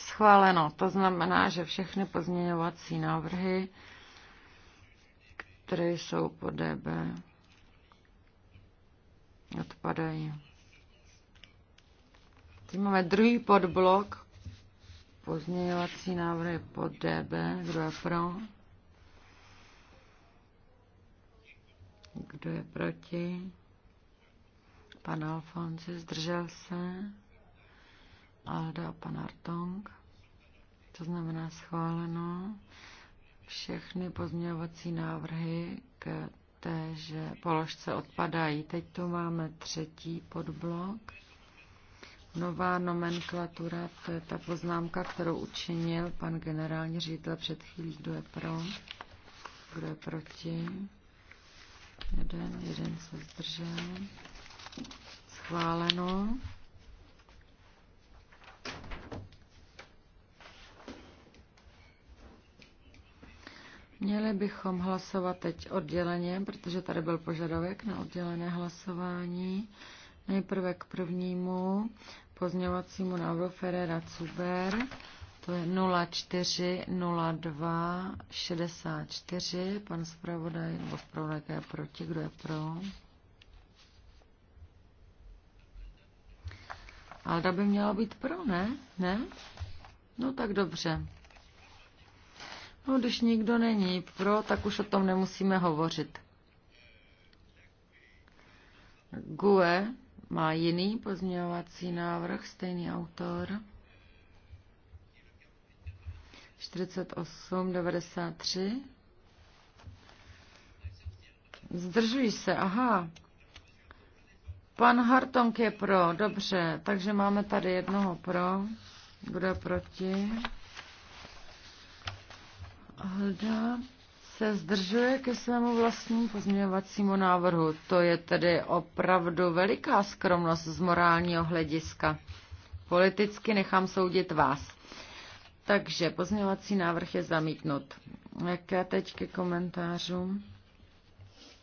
Schváleno. To znamená, že všechny pozměňovací návrhy, které jsou po DB, odpadají. Teď máme druhý podblok pozměňovací návrhy pod DB. Kdo je pro? Kdo je proti? Pan Alfonsi zdržel se. Alda a pan Artong. To znamená schváleno. Všechny pozměňovací návrhy k téže položce odpadají. Teď tu máme třetí podblok nová nomenklatura, to je ta poznámka, kterou učinil pan generální ředitel před chvílí, kdo je pro, kdo je proti. Jeden, jeden se zdržel. Schváleno. Měli bychom hlasovat teď odděleně, protože tady byl požadavek na oddělené hlasování. Nejprve k prvnímu pozměňovacímu návrhu Ferrera Cuber. To je 040264. Pan zpravodaj, nebo zpravodaj, je proti, kdo je pro? Alda by měla být pro, ne? Ne? No tak dobře. No, když nikdo není pro, tak už o tom nemusíme hovořit. GUE má jiný pozměňovací návrh, stejný autor. 4893. Zdržují se, aha. Pan Hartong je pro, dobře, takže máme tady jednoho pro. Kdo je proti? Hledat se zdržuje ke svému vlastnímu pozměňovacímu návrhu. To je tedy opravdu veliká skromnost z morálního hlediska. Politicky nechám soudit vás. Takže pozměňovací návrh je zamítnut. Jaké teď ke komentářům?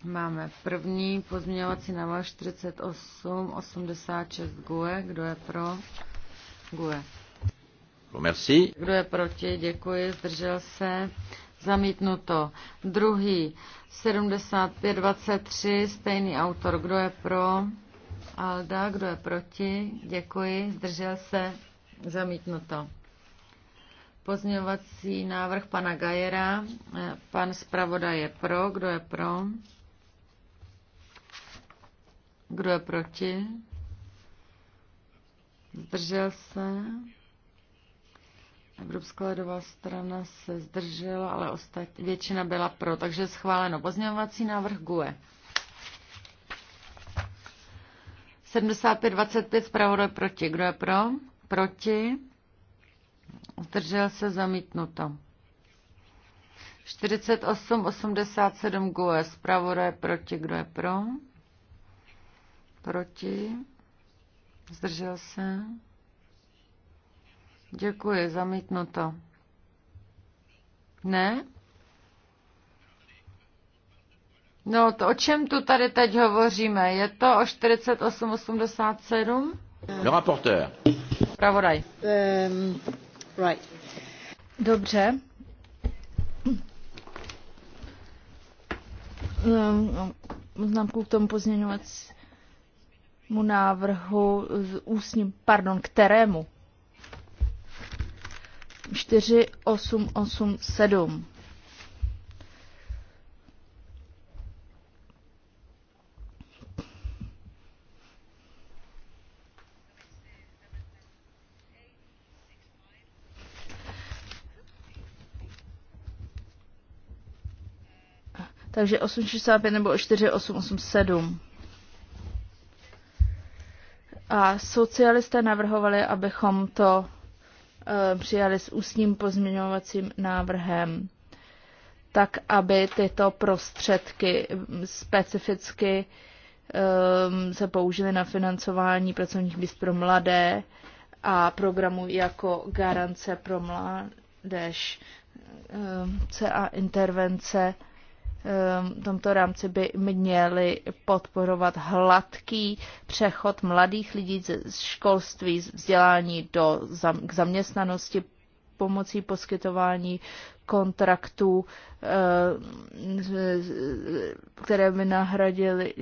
Máme první pozměňovací návrh 4886 GUE. Kdo je pro? GUE. Merci. Kdo je proti? Děkuji. Zdržel se. Zamítnuto. Druhý 7523, stejný autor. Kdo je pro? Alda, kdo je proti? Děkuji. Zdržel se? Zamítnuto. Pozměňovací návrh pana Gajera. Pan zpravodaj je pro. Kdo je pro? Kdo je proti? Zdržel se? Evropská lidová strana se zdržela, ale ostat... většina byla pro, takže schváleno. Pozměňovací návrh GUE. 75-25 zpravodaj proti. Kdo je pro? Proti. Zdržel se zamítnuto. 48-87 GUE. Zpravodaj proti. Kdo je pro? Proti. Zdržel se. Děkuji, to. Ne? No, to o čem tu tady teď hovoříme? Je to o 4887? Le rapporteur. Pravodaj. Um, right. Dobře. Ehm, Známku k tomu pozměňovacímu návrhu ústním, pardon, kterému 4887. Takže 865 nebo 4887. A socialisté navrhovali, abychom to Eh, přijali s ústním pozměňovacím návrhem, tak aby tyto prostředky specificky ehm, se použily na financování pracovních míst pro mladé a programu jako garance pro mládež, ehm, CA intervence Ehm, tomto rámci by měli podporovat hladký přechod mladých lidí z školství, z vzdělání do, k zaměstnanosti, pomocí poskytování kontraktů, eh, které by nahradily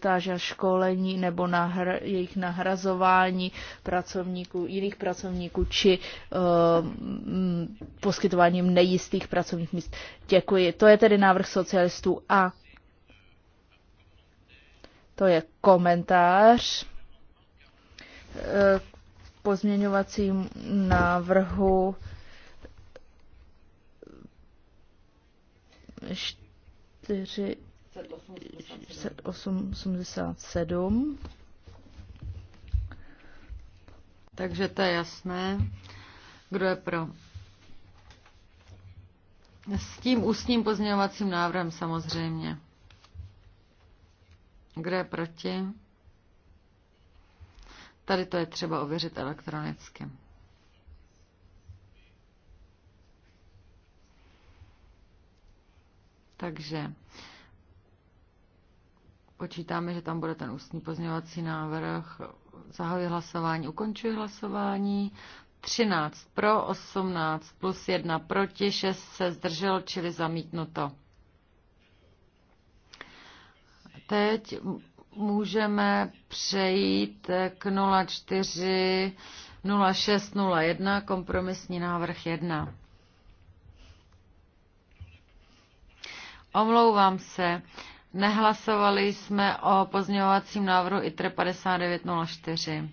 táža školení nebo nahra, jejich nahrazování pracovníků, jiných pracovníků či eh, mm, poskytováním nejistých pracovních míst. Děkuji. To je tedy návrh socialistů a to je komentář eh, k pozměňovacím návrhu 4, 87. Takže to je jasné. Kdo je pro? S tím ústním pozměňovacím návrhem samozřejmě. Kdo je proti? Tady to je třeba ověřit elektronicky. Takže počítáme, že tam bude ten ústní pozměňovací návrh. Zahajuji hlasování, ukončuji hlasování. 13 pro, 18 plus 1 proti, 6 se zdržel, čili zamítnuto. Teď můžeme přejít k 04 0601, kompromisní návrh 1. Omlouvám se, nehlasovali jsme o pozměňovacím návrhu ITRE 5904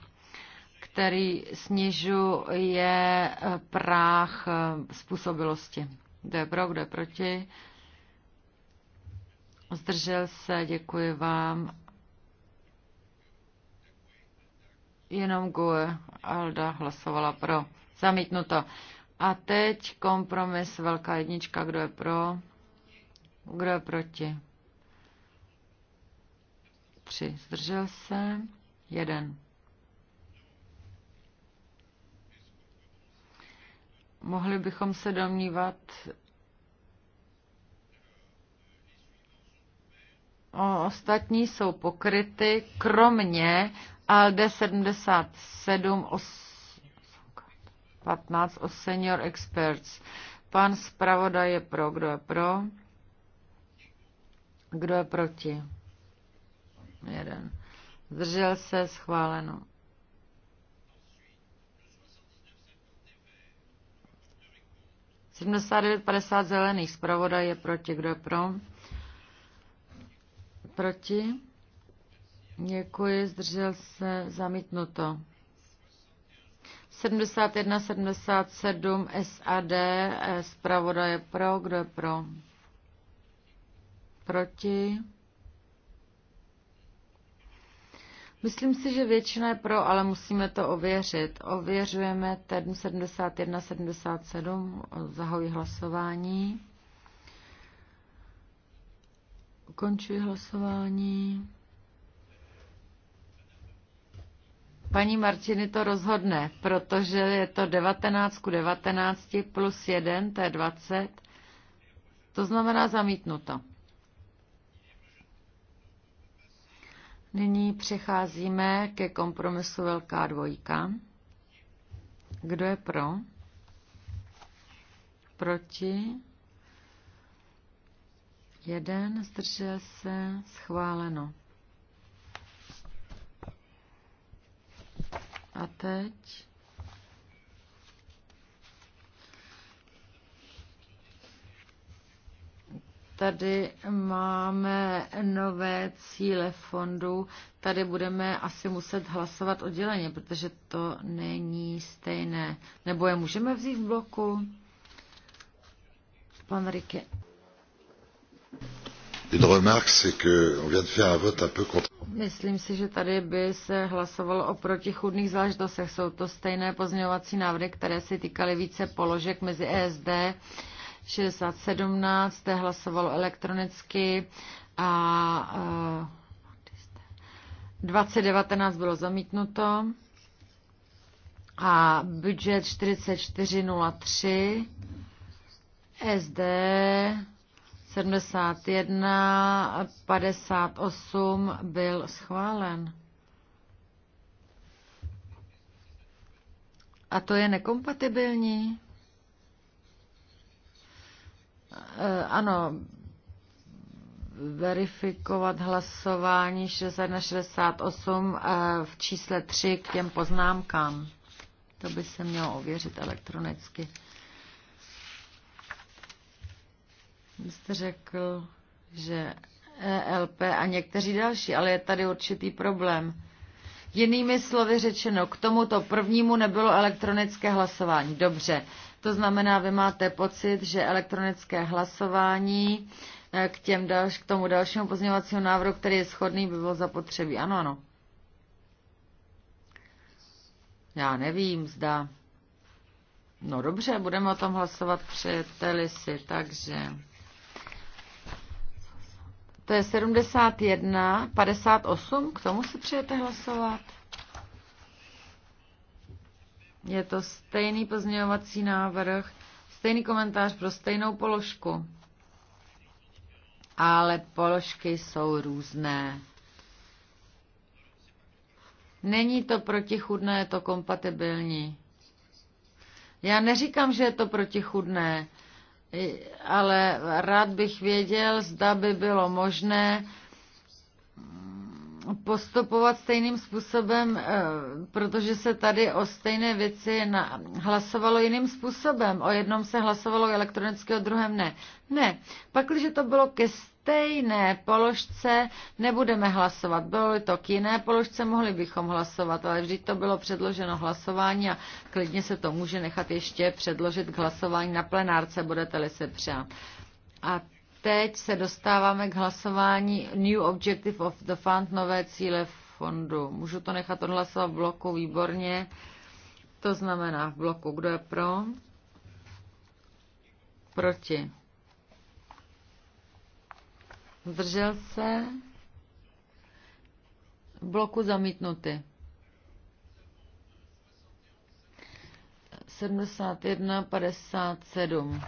který snižuje eh, práh eh, způsobilosti. Kdo je pro, kdo je proti? Zdržel se, děkuji vám. Jenom GUE Alda hlasovala pro. Zamítnuto. A teď kompromis velká jednička, kdo je pro? Kdo je proti? Tři. Zdržel se. Jeden. Mohli bychom se domnívat o, ostatní jsou pokryty, kromě ALD 77 os, 15 o Senior Experts. Pan zpravodaj je pro, kdo je pro? Kdo je proti? Jeden. Zdržel se, schváleno. padesát zelených. zpravoda je proti. Kdo je pro? Proti. Děkuji, zdržel se, zamítnuto. 71, 77 SAD, je pro, kdo je pro? Proti? Myslím si, že většina je pro, ale musíme to ověřit. Ověřujeme 71, 77, zahoji hlasování. Ukončuji hlasování. Paní Martiny to rozhodne, protože je to 19 ku 19 plus 1, to je 20. To znamená zamítnuto. Nyní přecházíme ke kompromisu velká dvojka. Kdo je pro? Proti? Jeden zdržel se schváleno. A teď Tady máme nové cíle fondu. Tady budeme asi muset hlasovat odděleně, protože to není stejné. Nebo je můžeme vzít v bloku? Pan Rike. Myslím si, že tady by se hlasovalo o protichudných záležitostech. Jsou to stejné pozměňovací návrhy, které se týkaly více položek mezi ESD 6017 hlasovalo elektronicky a 2019 eh, bylo zamítnuto a budget 4403 SD 7158 byl schválen. A to je nekompatibilní? Eh, ano, verifikovat hlasování 6168 eh, v čísle 3 k těm poznámkám. To by se mělo ověřit elektronicky. Vy jste řekl, že ELP a někteří další, ale je tady určitý problém. Jinými slovy řečeno, k tomuto prvnímu nebylo elektronické hlasování. Dobře, to znamená, vy máte pocit, že elektronické hlasování eh, k, těm dalš, k tomu dalšímu pozměňovacímu návrhu, který je schodný, by bylo zapotřebí. Ano, ano. Já nevím, zda. No dobře, budeme o tom hlasovat, přijete si, takže... To je 71, 58, k tomu si přijete hlasovat. Je to stejný pozměňovací návrh, stejný komentář pro stejnou položku. Ale položky jsou různé. Není to protichudné, je to kompatibilní. Já neříkám, že je to protichudné ale rád bych věděl, zda by bylo možné postupovat stejným způsobem, eh, protože se tady o stejné věci hlasovalo jiným způsobem. O jednom se hlasovalo elektronicky, o druhém ne. Ne. Pak, když to bylo ke stejné položce nebudeme hlasovat. Bylo to k jiné položce, mohli bychom hlasovat, ale vždyť to bylo předloženo hlasování a klidně se to může nechat ještě předložit k hlasování na plenárce, budete-li se přát. A teď se dostáváme k hlasování New Objective of the Fund, nové cíle fondu. Můžu to nechat odhlasovat v bloku, výborně. To znamená v bloku, kdo je pro? Proti zdržel se, v bloku zamítnuty. 71,57.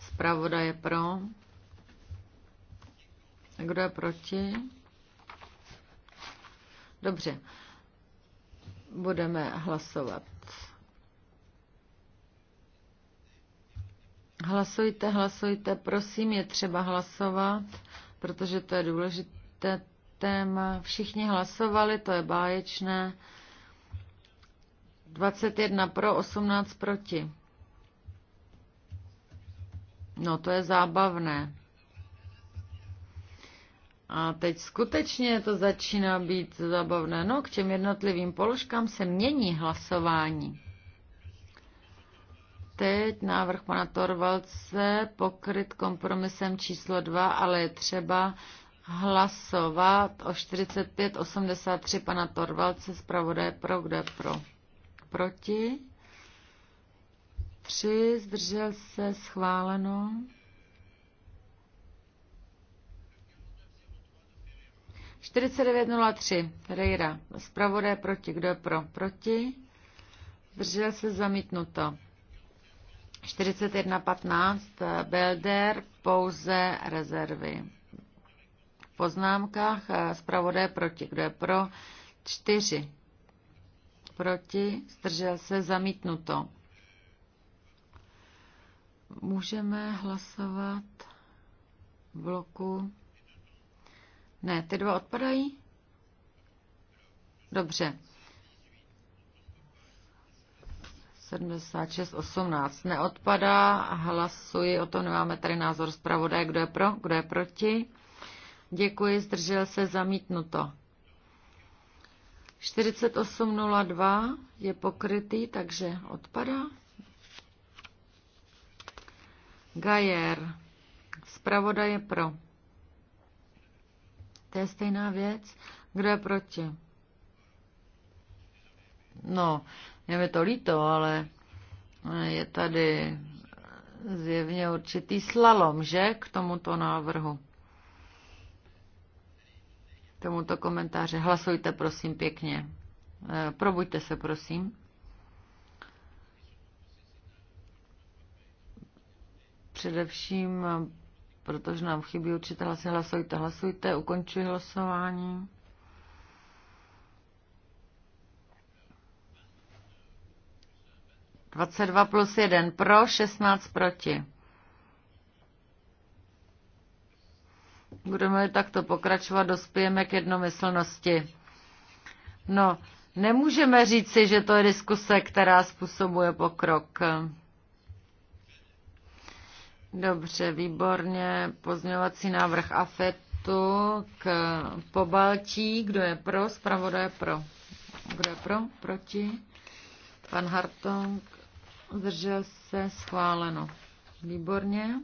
Zpravoda je pro. Kdo je proti? Dobře. Budeme hlasovat. Hlasujte, hlasujte, prosím, je třeba hlasovat, protože to je důležité téma. Všichni hlasovali, to je báječné. 21 pro, 18 proti. No to je zábavné. A teď skutečně to začíná být zábavné. No, k těm jednotlivým položkám se mění hlasování teď návrh pana Torvalce pokryt kompromisem číslo 2, ale je třeba hlasovat o 4583 pana Torvalce, zpravodaje pro, kde pro, proti. 3, zdržel se, schváleno. 49.03. Rejra. Zpravodaj proti. Kdo je pro? Proti. Zdržel se zamítnuto. 41.15 eh, Belder pouze rezervy. V poznámkách eh, zpravodé proti. Kdo je pro? 4. Proti. Zdržel se zamítnuto. Můžeme hlasovat v bloku. Ne, ty dva odpadají? Dobře. 76.18 neodpadá. Hlasuji, o tom nemáme tady názor zpravodaje, kdo je pro, kdo je proti. Děkuji, zdržel se zamítnuto. 48.02 je pokrytý, takže odpadá. Gajer. Zpravodaj je pro. To je stejná věc. Kdo je proti? No, je mi to líto, ale je tady zjevně určitý slalom, že, k tomuto návrhu. K tomuto komentáře. Hlasujte, prosím, pěkně. E, probuďte se, prosím. Především, protože nám chybí určité hlasy, hlasujte, hlasujte, ukončuji hlasování. 22 plus 1 pro, 16 proti. Budeme takto pokračovat, dospějeme k jednomyslnosti. No, nemůžeme říci, že to je diskuse, která způsobuje pokrok. Dobře, výborně. Pozměňovací návrh AFETu k pobaltí. Kdo je pro? Zpravodaj pro. Kdo je pro? Proti? Pan Hartong Zdržel se schváleno. Výborně.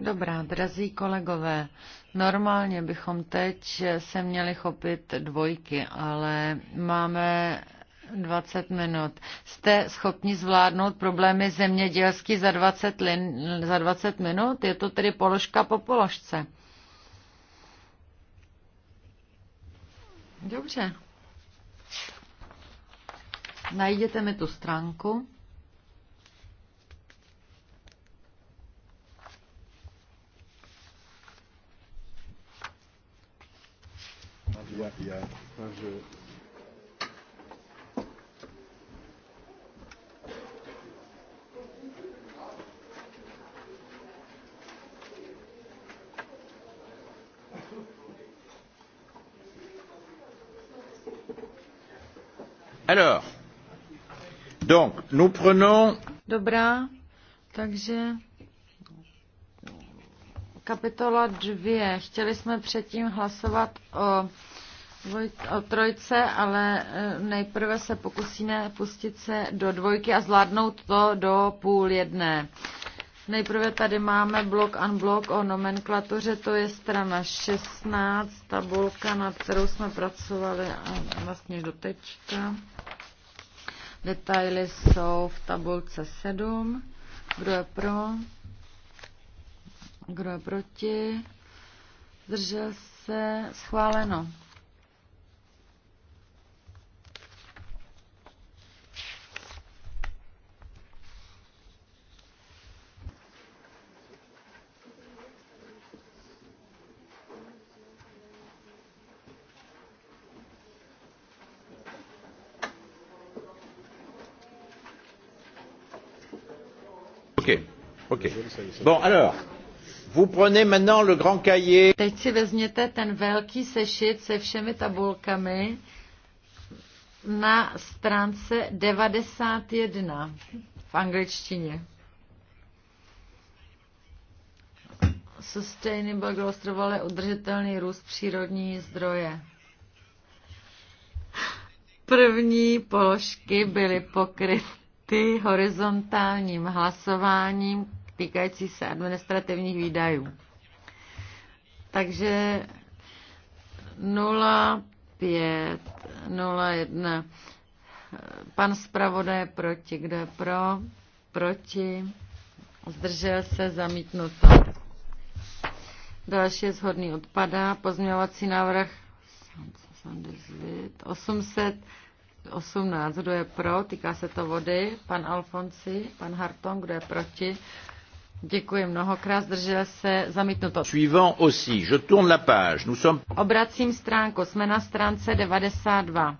Dobrá, drazí kolegové, normálně bychom teď se měli chopit dvojky, ale máme 20 minut. Jste schopni zvládnout problémy zemědělský za 20, lin, za 20 minut? Je to tedy položka po položce. Dobře. Najděte mi tu stránku. Alors, donc, nous prenons... Dobrá, takže kapitola 2. Chtěli jsme předtím hlasovat o o trojce, ale eh, nejprve se pokusíme pustit se do dvojky a zvládnout to do půl jedné. Nejprve tady máme blok blok o nomenklatuře, to je strana 16, tabulka, nad kterou jsme pracovali a vlastně do tečka. Detaily jsou v tabulce 7. Kdo je pro? Kdo je proti? Zdržel se? Schváleno. Bon, alors, vous prenez maintenant le grand cahier. Teď si vezměte ten velký sešit se všemi tabulkami na stránce 91 v angličtině. Sustainable growth trvalé udržitelný růst přírodní zdroje. První položky byly pokryty horizontálním hlasováním týkající se administrativních výdajů. Takže 05, 01. Pan zpravodaj proti, kdo je pro? Proti. Zdržel se zamítnuto. Další zhodný odpadá. Pozměňovací návrh 818. Kdo je pro? Týká se to vody. Pan Alfonsi, pan Harton, kdo je proti? Děkuji mnohokrát, zdržel se zamítnuto. Suivant aussi, je tourne la page. Nous sommes... Obracím stránku, jsme na stránce 92.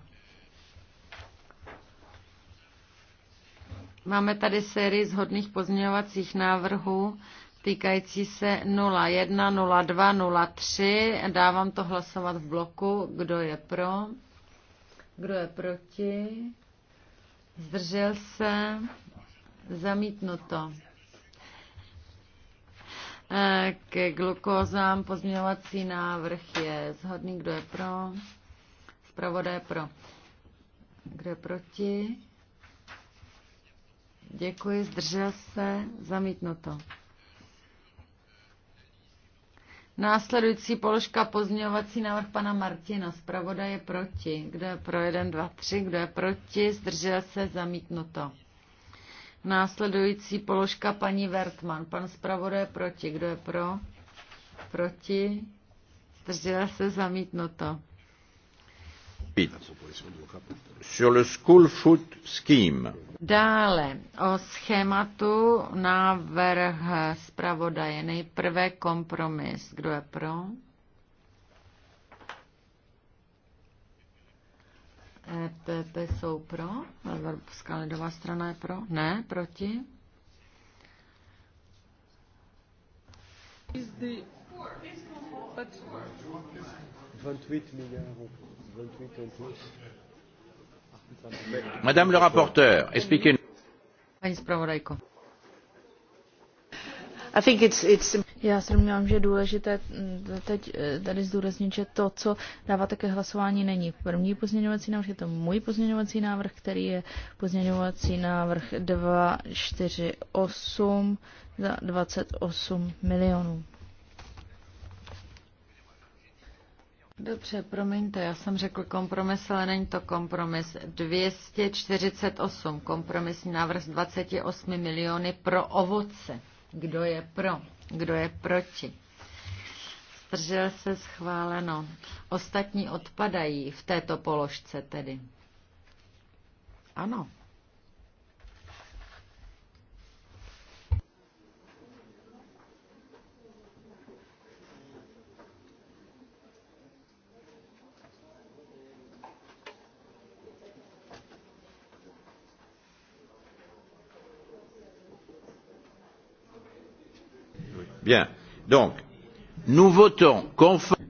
Máme tady sérii zhodných pozměňovacích návrhů týkající se 01, 02, 03. Dávám to hlasovat v bloku. Kdo je pro? Kdo je proti? Zdržel se? Zamítnuto. E, k glukózám pozměňovací návrh je zhodný. Kdo je pro? Zpravodaj pro. Kdo je proti? Děkuji, zdržel se, zamítnuto. Následující položka pozměňovací návrh pana Martina. Zpravoda je proti. Kdo je pro 1, 2, 3? Kdo je proti? Zdržel se, zamítnuto. Následující položka paní Vertman. Pan zpravodaj proti. Kdo je pro? Proti. Zdržela se zamítnuto. Sur le school food scheme. Dále o schématu návrh zpravodaje. Nejprve kompromis. Kdo je pro? EPP jsou pro, Evropská lidová strana je pro, ne, proti. Is the, but, 28 Madame le rapporteur, expliquez-nous. I think it's, it's... Já se domnívám, že je důležité mm, teď eh, tady zdůraznit, že to, co dává také hlasování, není první pozměňovací návrh, je to můj pozměňovací návrh, který je pozměňovací návrh 248 za 28 milionů. Dobře, promiňte, já jsem řekl kompromis, ale není to kompromis. 248, kompromisní návrh z 28 miliony pro ovoce. Kdo je pro? Kdo je proti? Zdržel se schváleno. Ostatní odpadají v této položce tedy. Ano.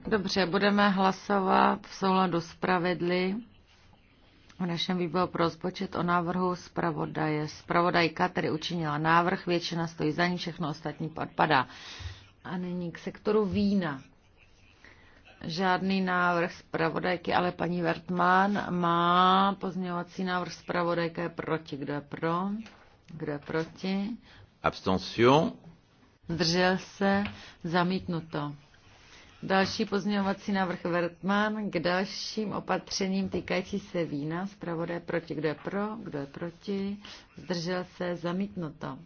Dobře, budeme hlasovat v souladu s pravidly v našem výboru pro rozpočet o návrhu zpravodaje. Zpravodajka tedy učinila návrh, většina stojí za ní, všechno ostatní odpadá. A nyní k sektoru vína. Žádný návrh zpravodajky, ale paní Vertman má pozměňovací návrh zpravodajka je proti. Kdo je pro? Kdo je proti? Abstention zdržel se, zamítnuto. Další pozměňovací návrh Vertman k dalším opatřením týkající se vína. Zpravodaj proti. Kdo je pro? Kdo je proti? Zdržel se? Zamítnuto.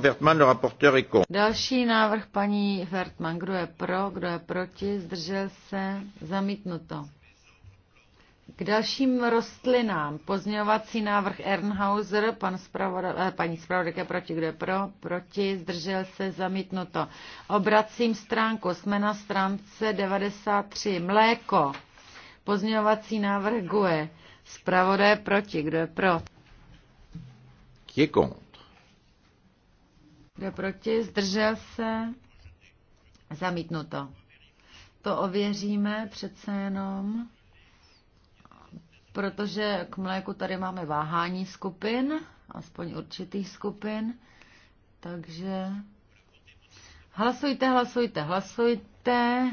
Vertman, rapporteur Další návrh paní Vertman. Kdo je pro? Kdo je proti? Zdržel se? Zamítnuto. K dalším rostlinám. Pozměňovací návrh Ernhauser, pan spravodaj, eh, paní zpravodajka proti, je pro, proti, zdržel se, zamítnuto. Obracím stránku, jsme na stránce 93. Mléko. Pozměňovací návrh GUE. Zpravodaj proti, kdo je pro? Qui Kdo proti, zdržel se, zamítnuto. To ověříme přece jenom protože k mléku tady máme váhání skupin, aspoň určitých skupin, takže hlasujte, hlasujte, hlasujte.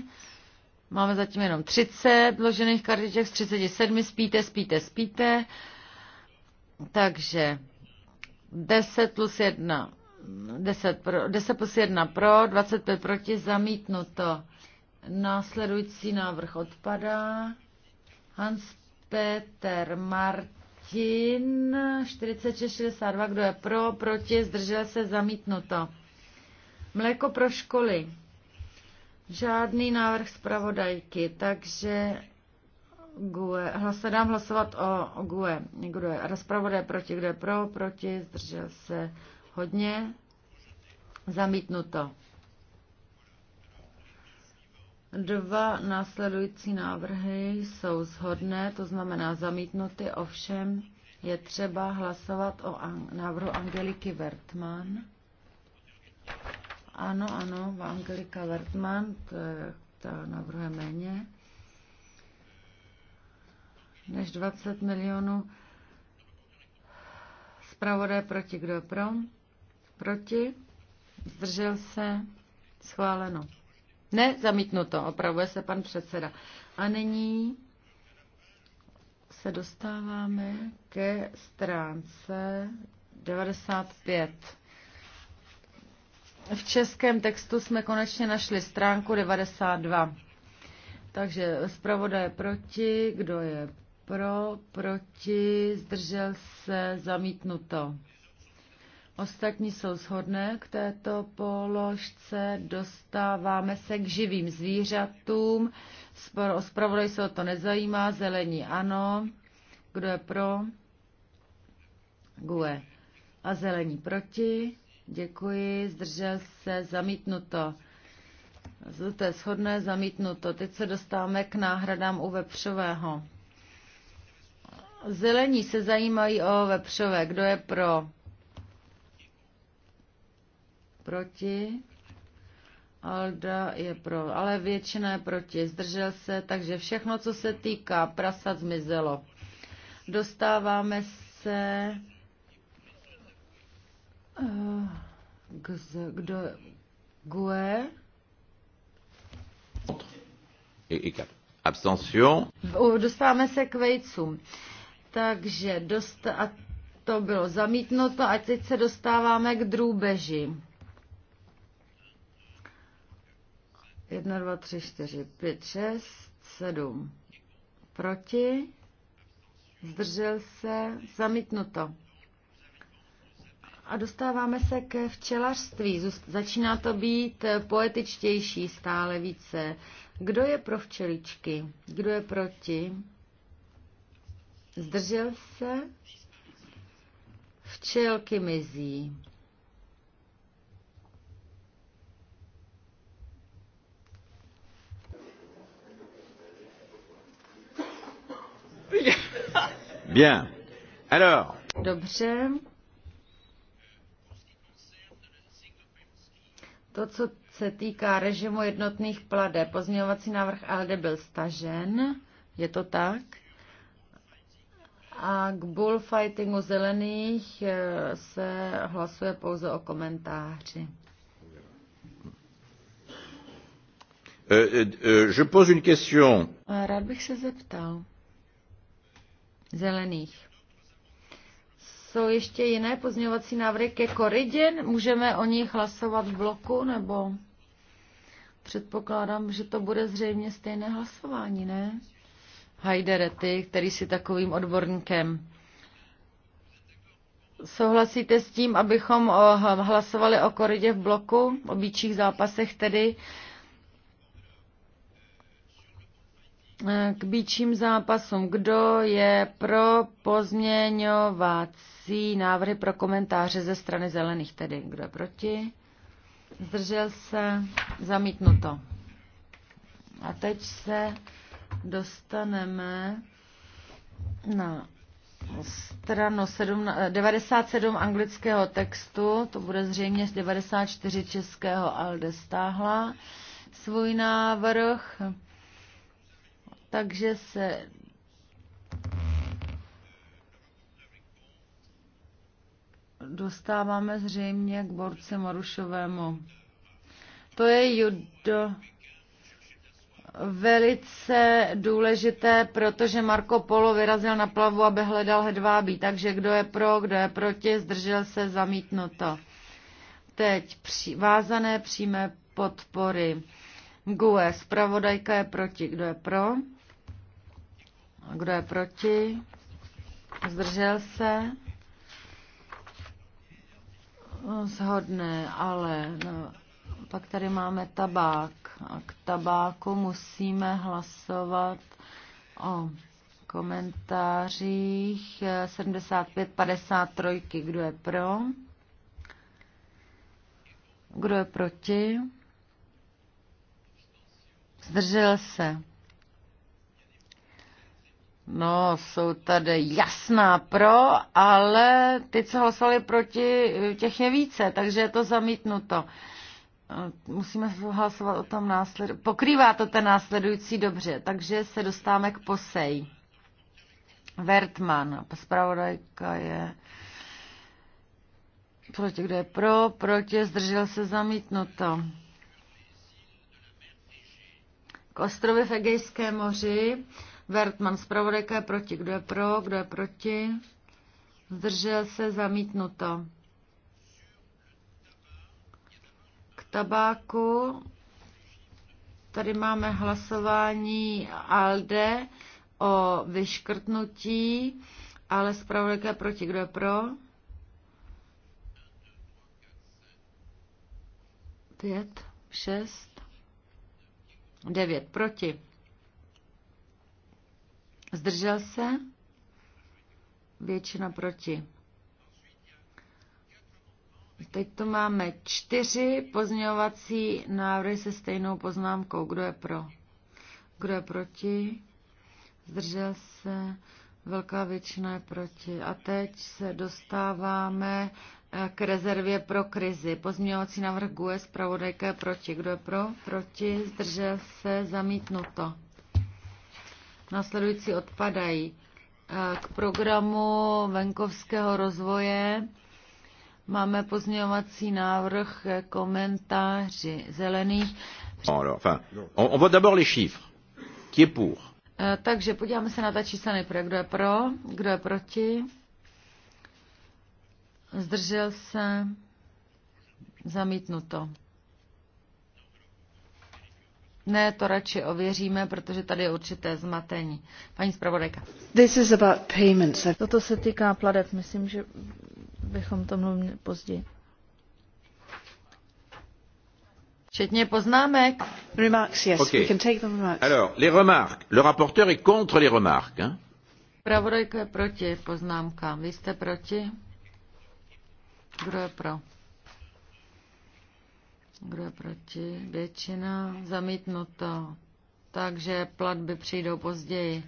Máme zatím jenom 30 vložených kartiček z 37, spíte, spíte, spíte. Takže 10 plus 1, 10, pro, 10 plus 1 pro, 25 proti, zamítnuto. Následující návrh odpadá. Hans Peter Martin 4662, kdo je pro, proti, zdržel se, zamítnuto. Mléko pro školy. Žádný návrh zpravodajky, takže GUE. Hlas, dám hlasovat o GUE. Kdo je rozpravodaj proti, kdo je pro, proti, zdržel se hodně. Zamítnuto. Dva následující návrhy jsou shodné, to znamená zamítnuty, ovšem je třeba hlasovat o návrhu Angeliky Wertmann. Ano, ano, Angelika Wertmann, ta navrhuje méně než 20 milionů. Zpravodaj proti, kdo je pro? Proti, zdržel se, schváleno. Ne, zamítnuto, opravuje se pan předseda. A nyní se dostáváme ke stránce 95. V českém textu jsme konečně našli stránku 92. Takže je proti, kdo je pro, proti, zdržel se, zamítnuto. Ostatní jsou shodné k této položce. Dostáváme se k živým zvířatům. O spravodaj se o to nezajímá. Zelení ano. Kdo je pro? GUE. A zelení proti. Děkuji. Zdržel se. Zamítnuto. To je shodné. Zamítnuto. Teď se dostáváme k náhradám u vepřového. Zelení se zajímají o vepřové. Kdo je pro? proti. Alda je pro, ale většina je proti. Zdržel se, takže všechno, co se týká prasat, zmizelo. Dostáváme se... Eh, kdo? Gue? Abstention. Dostáváme se k vejcům. Takže dost, a to bylo zamítnuto a teď se dostáváme k drůbeži. 1, 2, 3, 4, 5, 6, 7. Proti? Zdržel se? Zamítnuto. A dostáváme se ke včelařství. Začíná to být poetičtější stále více. Kdo je pro včeličky? Kdo je proti? Zdržel se? Včelky mizí. Bien. Alors. Dobře. To, co se týká režimu jednotných plade, pozměňovací návrh ALDE byl stažen, je to tak? A k bullfightingu zelených eh, se hlasuje pouze o komentáři. Eh, eh, je pose une question. Rád bych se zeptal zelených. Jsou ještě jiné pozměňovací návrhy ke koridě? Můžeme o nich hlasovat v bloku, nebo předpokládám, že to bude zřejmě stejné hlasování, ne? Hajdere, ty, který si takovým odborníkem. Souhlasíte s tím, abychom hlasovali o koridě v bloku, o býčích zápasech tedy? Eh, k býčím zápasům. Kdo je pro pozměňovací návrhy pro komentáře ze strany zelených tedy? Kdo je proti? Zdržel se? Zamítnuto. A teď se dostaneme na stranu 97 eh, anglického textu, to bude zřejmě z 94 českého, ale stáhla svůj návrh takže se dostáváme zřejmě k borci Marušovému. To je judo velice důležité, protože Marco Polo vyrazil na plavu, aby hledal hedvábí. Takže kdo je pro, kdo je proti, zdržel se zamítnuto. Teď při, vázané přímé podpory. GUE, zpravodajka je proti. Kdo je pro? Kdo je proti? Zdržel se? Zhodné, no, ale no, pak tady máme tabák. A k tabáku musíme hlasovat o komentářích 75-53. Kdo je pro? Kdo je proti? Zdržel se. No, jsou tady jasná pro, ale ty, co hlasovali proti, těch je více, takže je to zamítnuto. Eh, musíme hlasovat o tom následu. Pokrývá to ten následující dobře, takže se dostáváme k posej. Vertman, zpravodajka je... Proti, kdo je pro, proti, zdržel se zamítnuto. K ostrovy v Egejské moři Vertman, zpravodajka je proti. Kdo je pro, kdo je proti? Zdržel se zamítnuto. K tabáku tady máme hlasování ALDE o vyškrtnutí, ale zpravodajka je proti. Kdo je pro? Pět, šest, devět proti. Zdržel se? Většina proti. Teď tu máme čtyři pozměňovací návrhy se stejnou poznámkou. Kdo je pro? Kdo je proti? Zdržel se? Velká většina je proti. A teď se dostáváme eh, k rezervě pro krizi. Pozměňovací návrh GUE zpravodajka je proti. Kdo je pro? Proti. Zdržel se? Zamítnuto. Následující odpadají. K programu venkovského rozvoje máme pozměňovací návrh komentáři zelených. On voit d'abord les chiffres. Qui est pour? E, takže podíváme se na ta čísla nejprve. Kdo je pro? Kdo je proti? Zdržel se? Zamítnuto. Ne, to radši ověříme, protože tady je určité zmatení. Paní zpravodajka. This is about payments. Toto se týká pladeb. Myslím, že bychom to mluvili později. Včetně poznámek. Remarks, yes. Okay. We can take the remarks. Alors, les remarques. Le rapporteur est contre les remarques. Hein? Pravodajka je proti poznámkám. Vy jste proti? Kdo je pro? Kdo je proti? Většina zamítnuto. Takže platby přijdou později.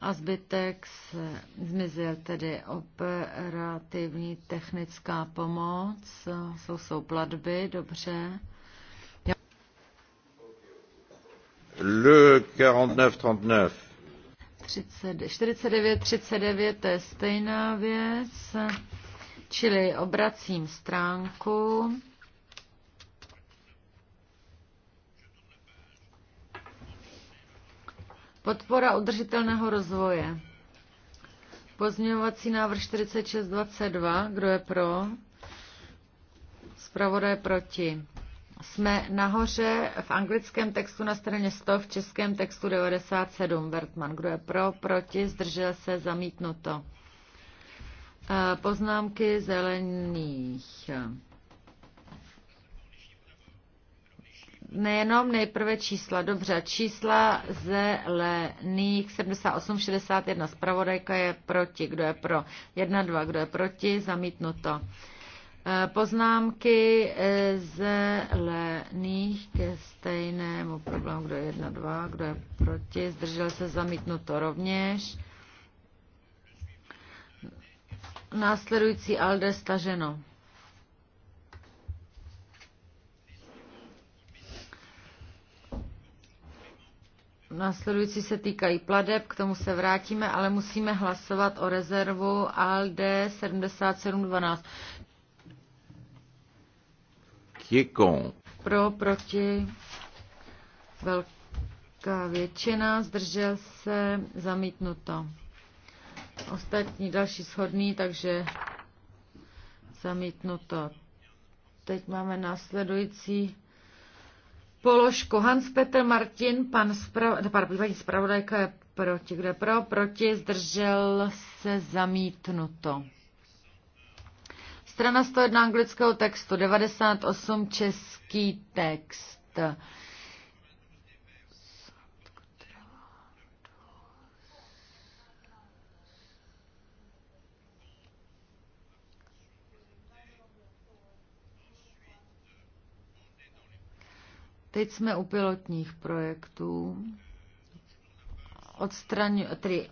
A zbytek se zmizel tedy operativní technická pomoc. Jsou, jsou platby, dobře. Le 49-39. 49-39 to je stejná věc, čili obracím stránku. Podpora udržitelného rozvoje. Pozměňovací návrh 4622. Kdo je pro? Zpravodaj proti. Jsme nahoře v anglickém textu na straně 100, v českém textu 97. Bertman. Kdo je pro? Proti? Zdržel se? Zamítnuto. Eh, poznámky zelených. nejenom nejprve čísla, dobře, čísla zelených 78, 61, zpravodajka je proti, kdo je pro, 1, 2, kdo je proti, zamítnuto. Eh, poznámky eh, zelených ke stejnému problému, kdo je 1, 2, kdo je proti, zdržel se zamítnuto rovněž. Následující Alde staženo. Následující se týkají pladeb, k tomu se vrátíme, ale musíme hlasovat o rezervu ALD 7712. Pro, proti, velká většina, zdržel se, zamítnuto. Ostatní další shodný, takže zamítnuto. Teď máme následující položku. Hans Peter Martin, pan sprav, pardon, paní zpravodajka je proti. kde pro? Proti. Zdržel se zamítnuto. Strana 101 anglického textu, 98 český text. Teď jsme u pilotních projektů. Odstraň, tedy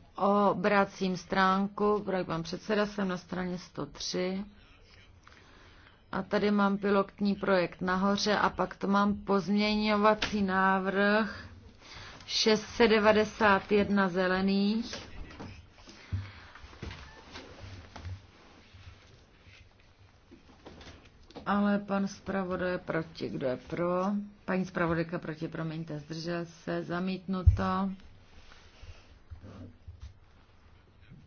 obracím stránku, mám předseda, jsem na straně 103. A tady mám pilotní projekt nahoře a pak to mám pozměňovací návrh 691 zelených. ale pan zpravodaj je proti. Kdo je pro? Paní zpravodajka proti, promiňte, zdržel se, zamítnuto.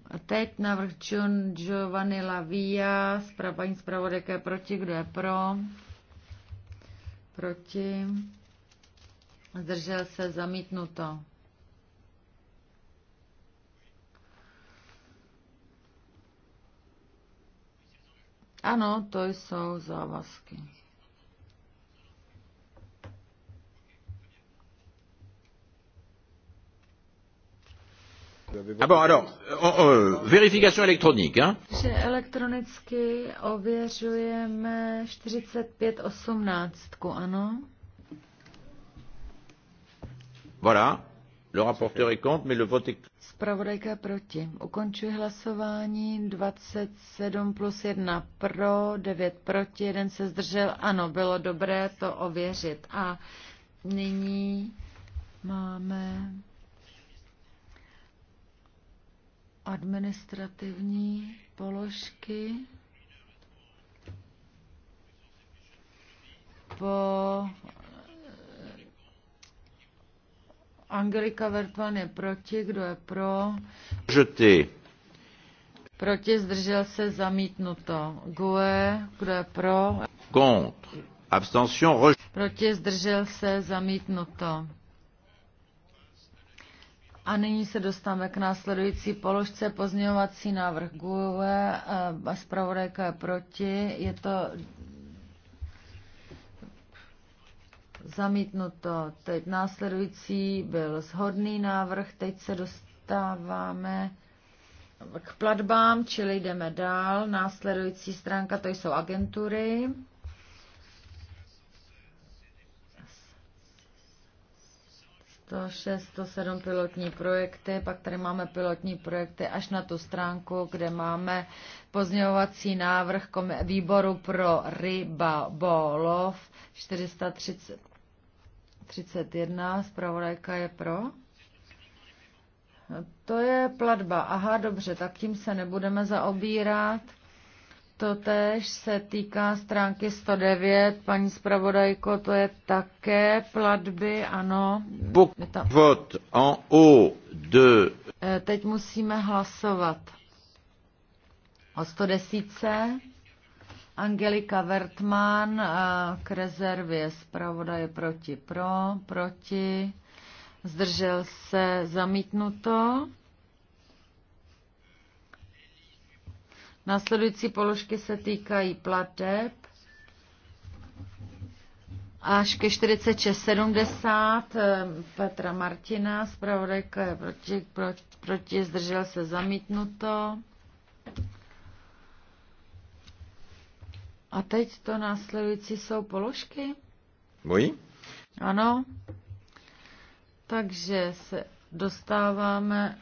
A teď návrh John Giovanni Lavia, paní zpravodajka je proti, kdo je pro? Proti. Zdržel se, zamítnuto. Ano, to jsou závazky. Ah bon, alors, on, oh, on, oh, vérification électronique. Hein. Že elektronicky ověřujeme 4518, ano. Voilà. Le rapporteur est contre, mais le vote est... Spravodajka proti. Ukončuji hlasování. 27 plus 1 pro, 9 proti, 1 se zdržel. Ano, bylo dobré to ověřit. A nyní máme administrativní položky. po Angelika Vertman je proti, kdo je pro? Žutý. Proti zdržel se zamítnuto. Gue, kdo je pro? Contre. Abstention. Proti zdržel se zamítnuto. A nyní se dostáváme k následující položce pozměňovací návrh GUE. Zpravodajka je proti. Je to Zamítnuto. Teď následující byl shodný návrh, teď se dostáváme k platbám, čili jdeme dál. Následující stránka, to jsou agentury. To 6, 107 pilotní projekty, pak tady máme pilotní projekty až na tu stránku, kde máme pozměňovací návrh výboru pro ryba bolov 430 31, zpravodajka je pro. To je platba. Aha, dobře, tak tím se nebudeme zaobírat. Totež se týká stránky 109, paní zpravodajko, to je také platby, ano. Vot en haut de... Eh, teď musíme hlasovat o 110. Angelika Vertman eh, k rezervě zpravodaje proti pro, proti, zdržel se zamítnuto. Následující položky se týkají plateb až ke 4670 eh, Petra Martina, zpravodajka je proti, proti, proti, zdržel se zamítnuto. A teď to následující jsou položky? Mojí? Ano. Takže se dostáváme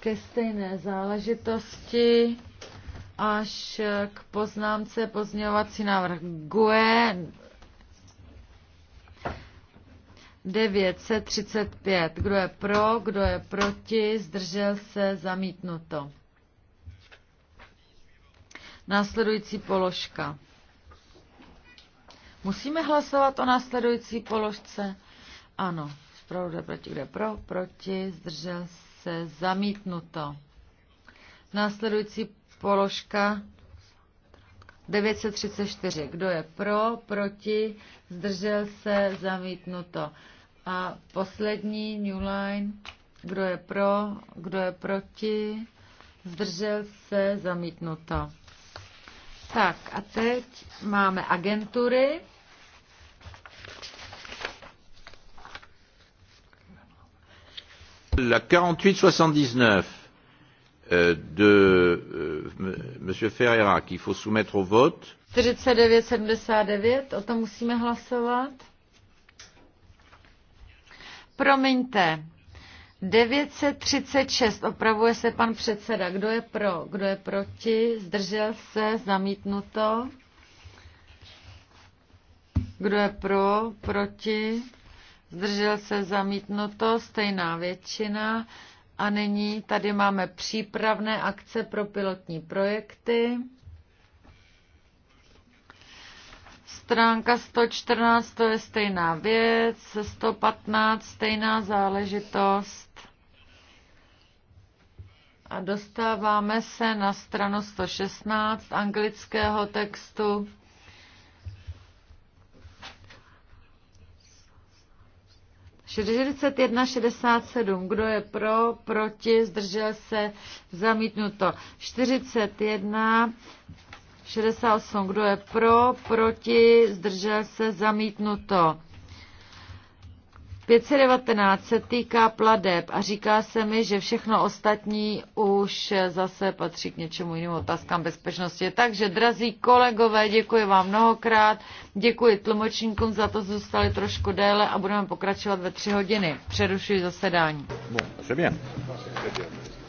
ke stejné záležitosti až k poznámce pozměňovací návrh GUE 935. Kdo je pro, kdo je proti, zdržel se, zamítnuto. Následující položka. Musíme hlasovat o následující položce? Ano. Zpravodaj proti kde pro, proti, zdržel se, zamítnuto. Následující položka 934. Kdo je pro, proti, zdržel se, zamítnuto. A poslední New Line. Kdo je pro, kdo je proti, zdržel se, zamítnuto. Tak a teď máme agentury. La 4879 euh, de euh, M. Ferreira qu'il faut soumettre au vote. 4979, o tom musíme hlasovat. Promiňte, 936, opravuje se pan předseda. Kdo je pro? Kdo je proti? Zdržel se? Zamítnuto? Kdo je pro? Proti? Zdržel se? Zamítnuto? Stejná většina. A nyní tady máme přípravné akce pro pilotní projekty. Stránka 114 to je stejná věc, 115 stejná záležitost. A dostáváme se na stranu 116 anglického textu. Čtyřicet sedm. Kdo je pro, proti, zdržel se, zamítnuto. Čtyřicet jedna 68. Kdo je pro, proti, zdržel se, zamítnuto. 519 se týká pladeb a říká se mi, že všechno ostatní už zase patří k něčemu jinému otázkám bezpečnosti. Takže, drazí kolegové, děkuji vám mnohokrát, děkuji tlumočníkům za to, že zůstali trošku déle a budeme pokračovat ve tři hodiny. Přerušuji zasedání. No,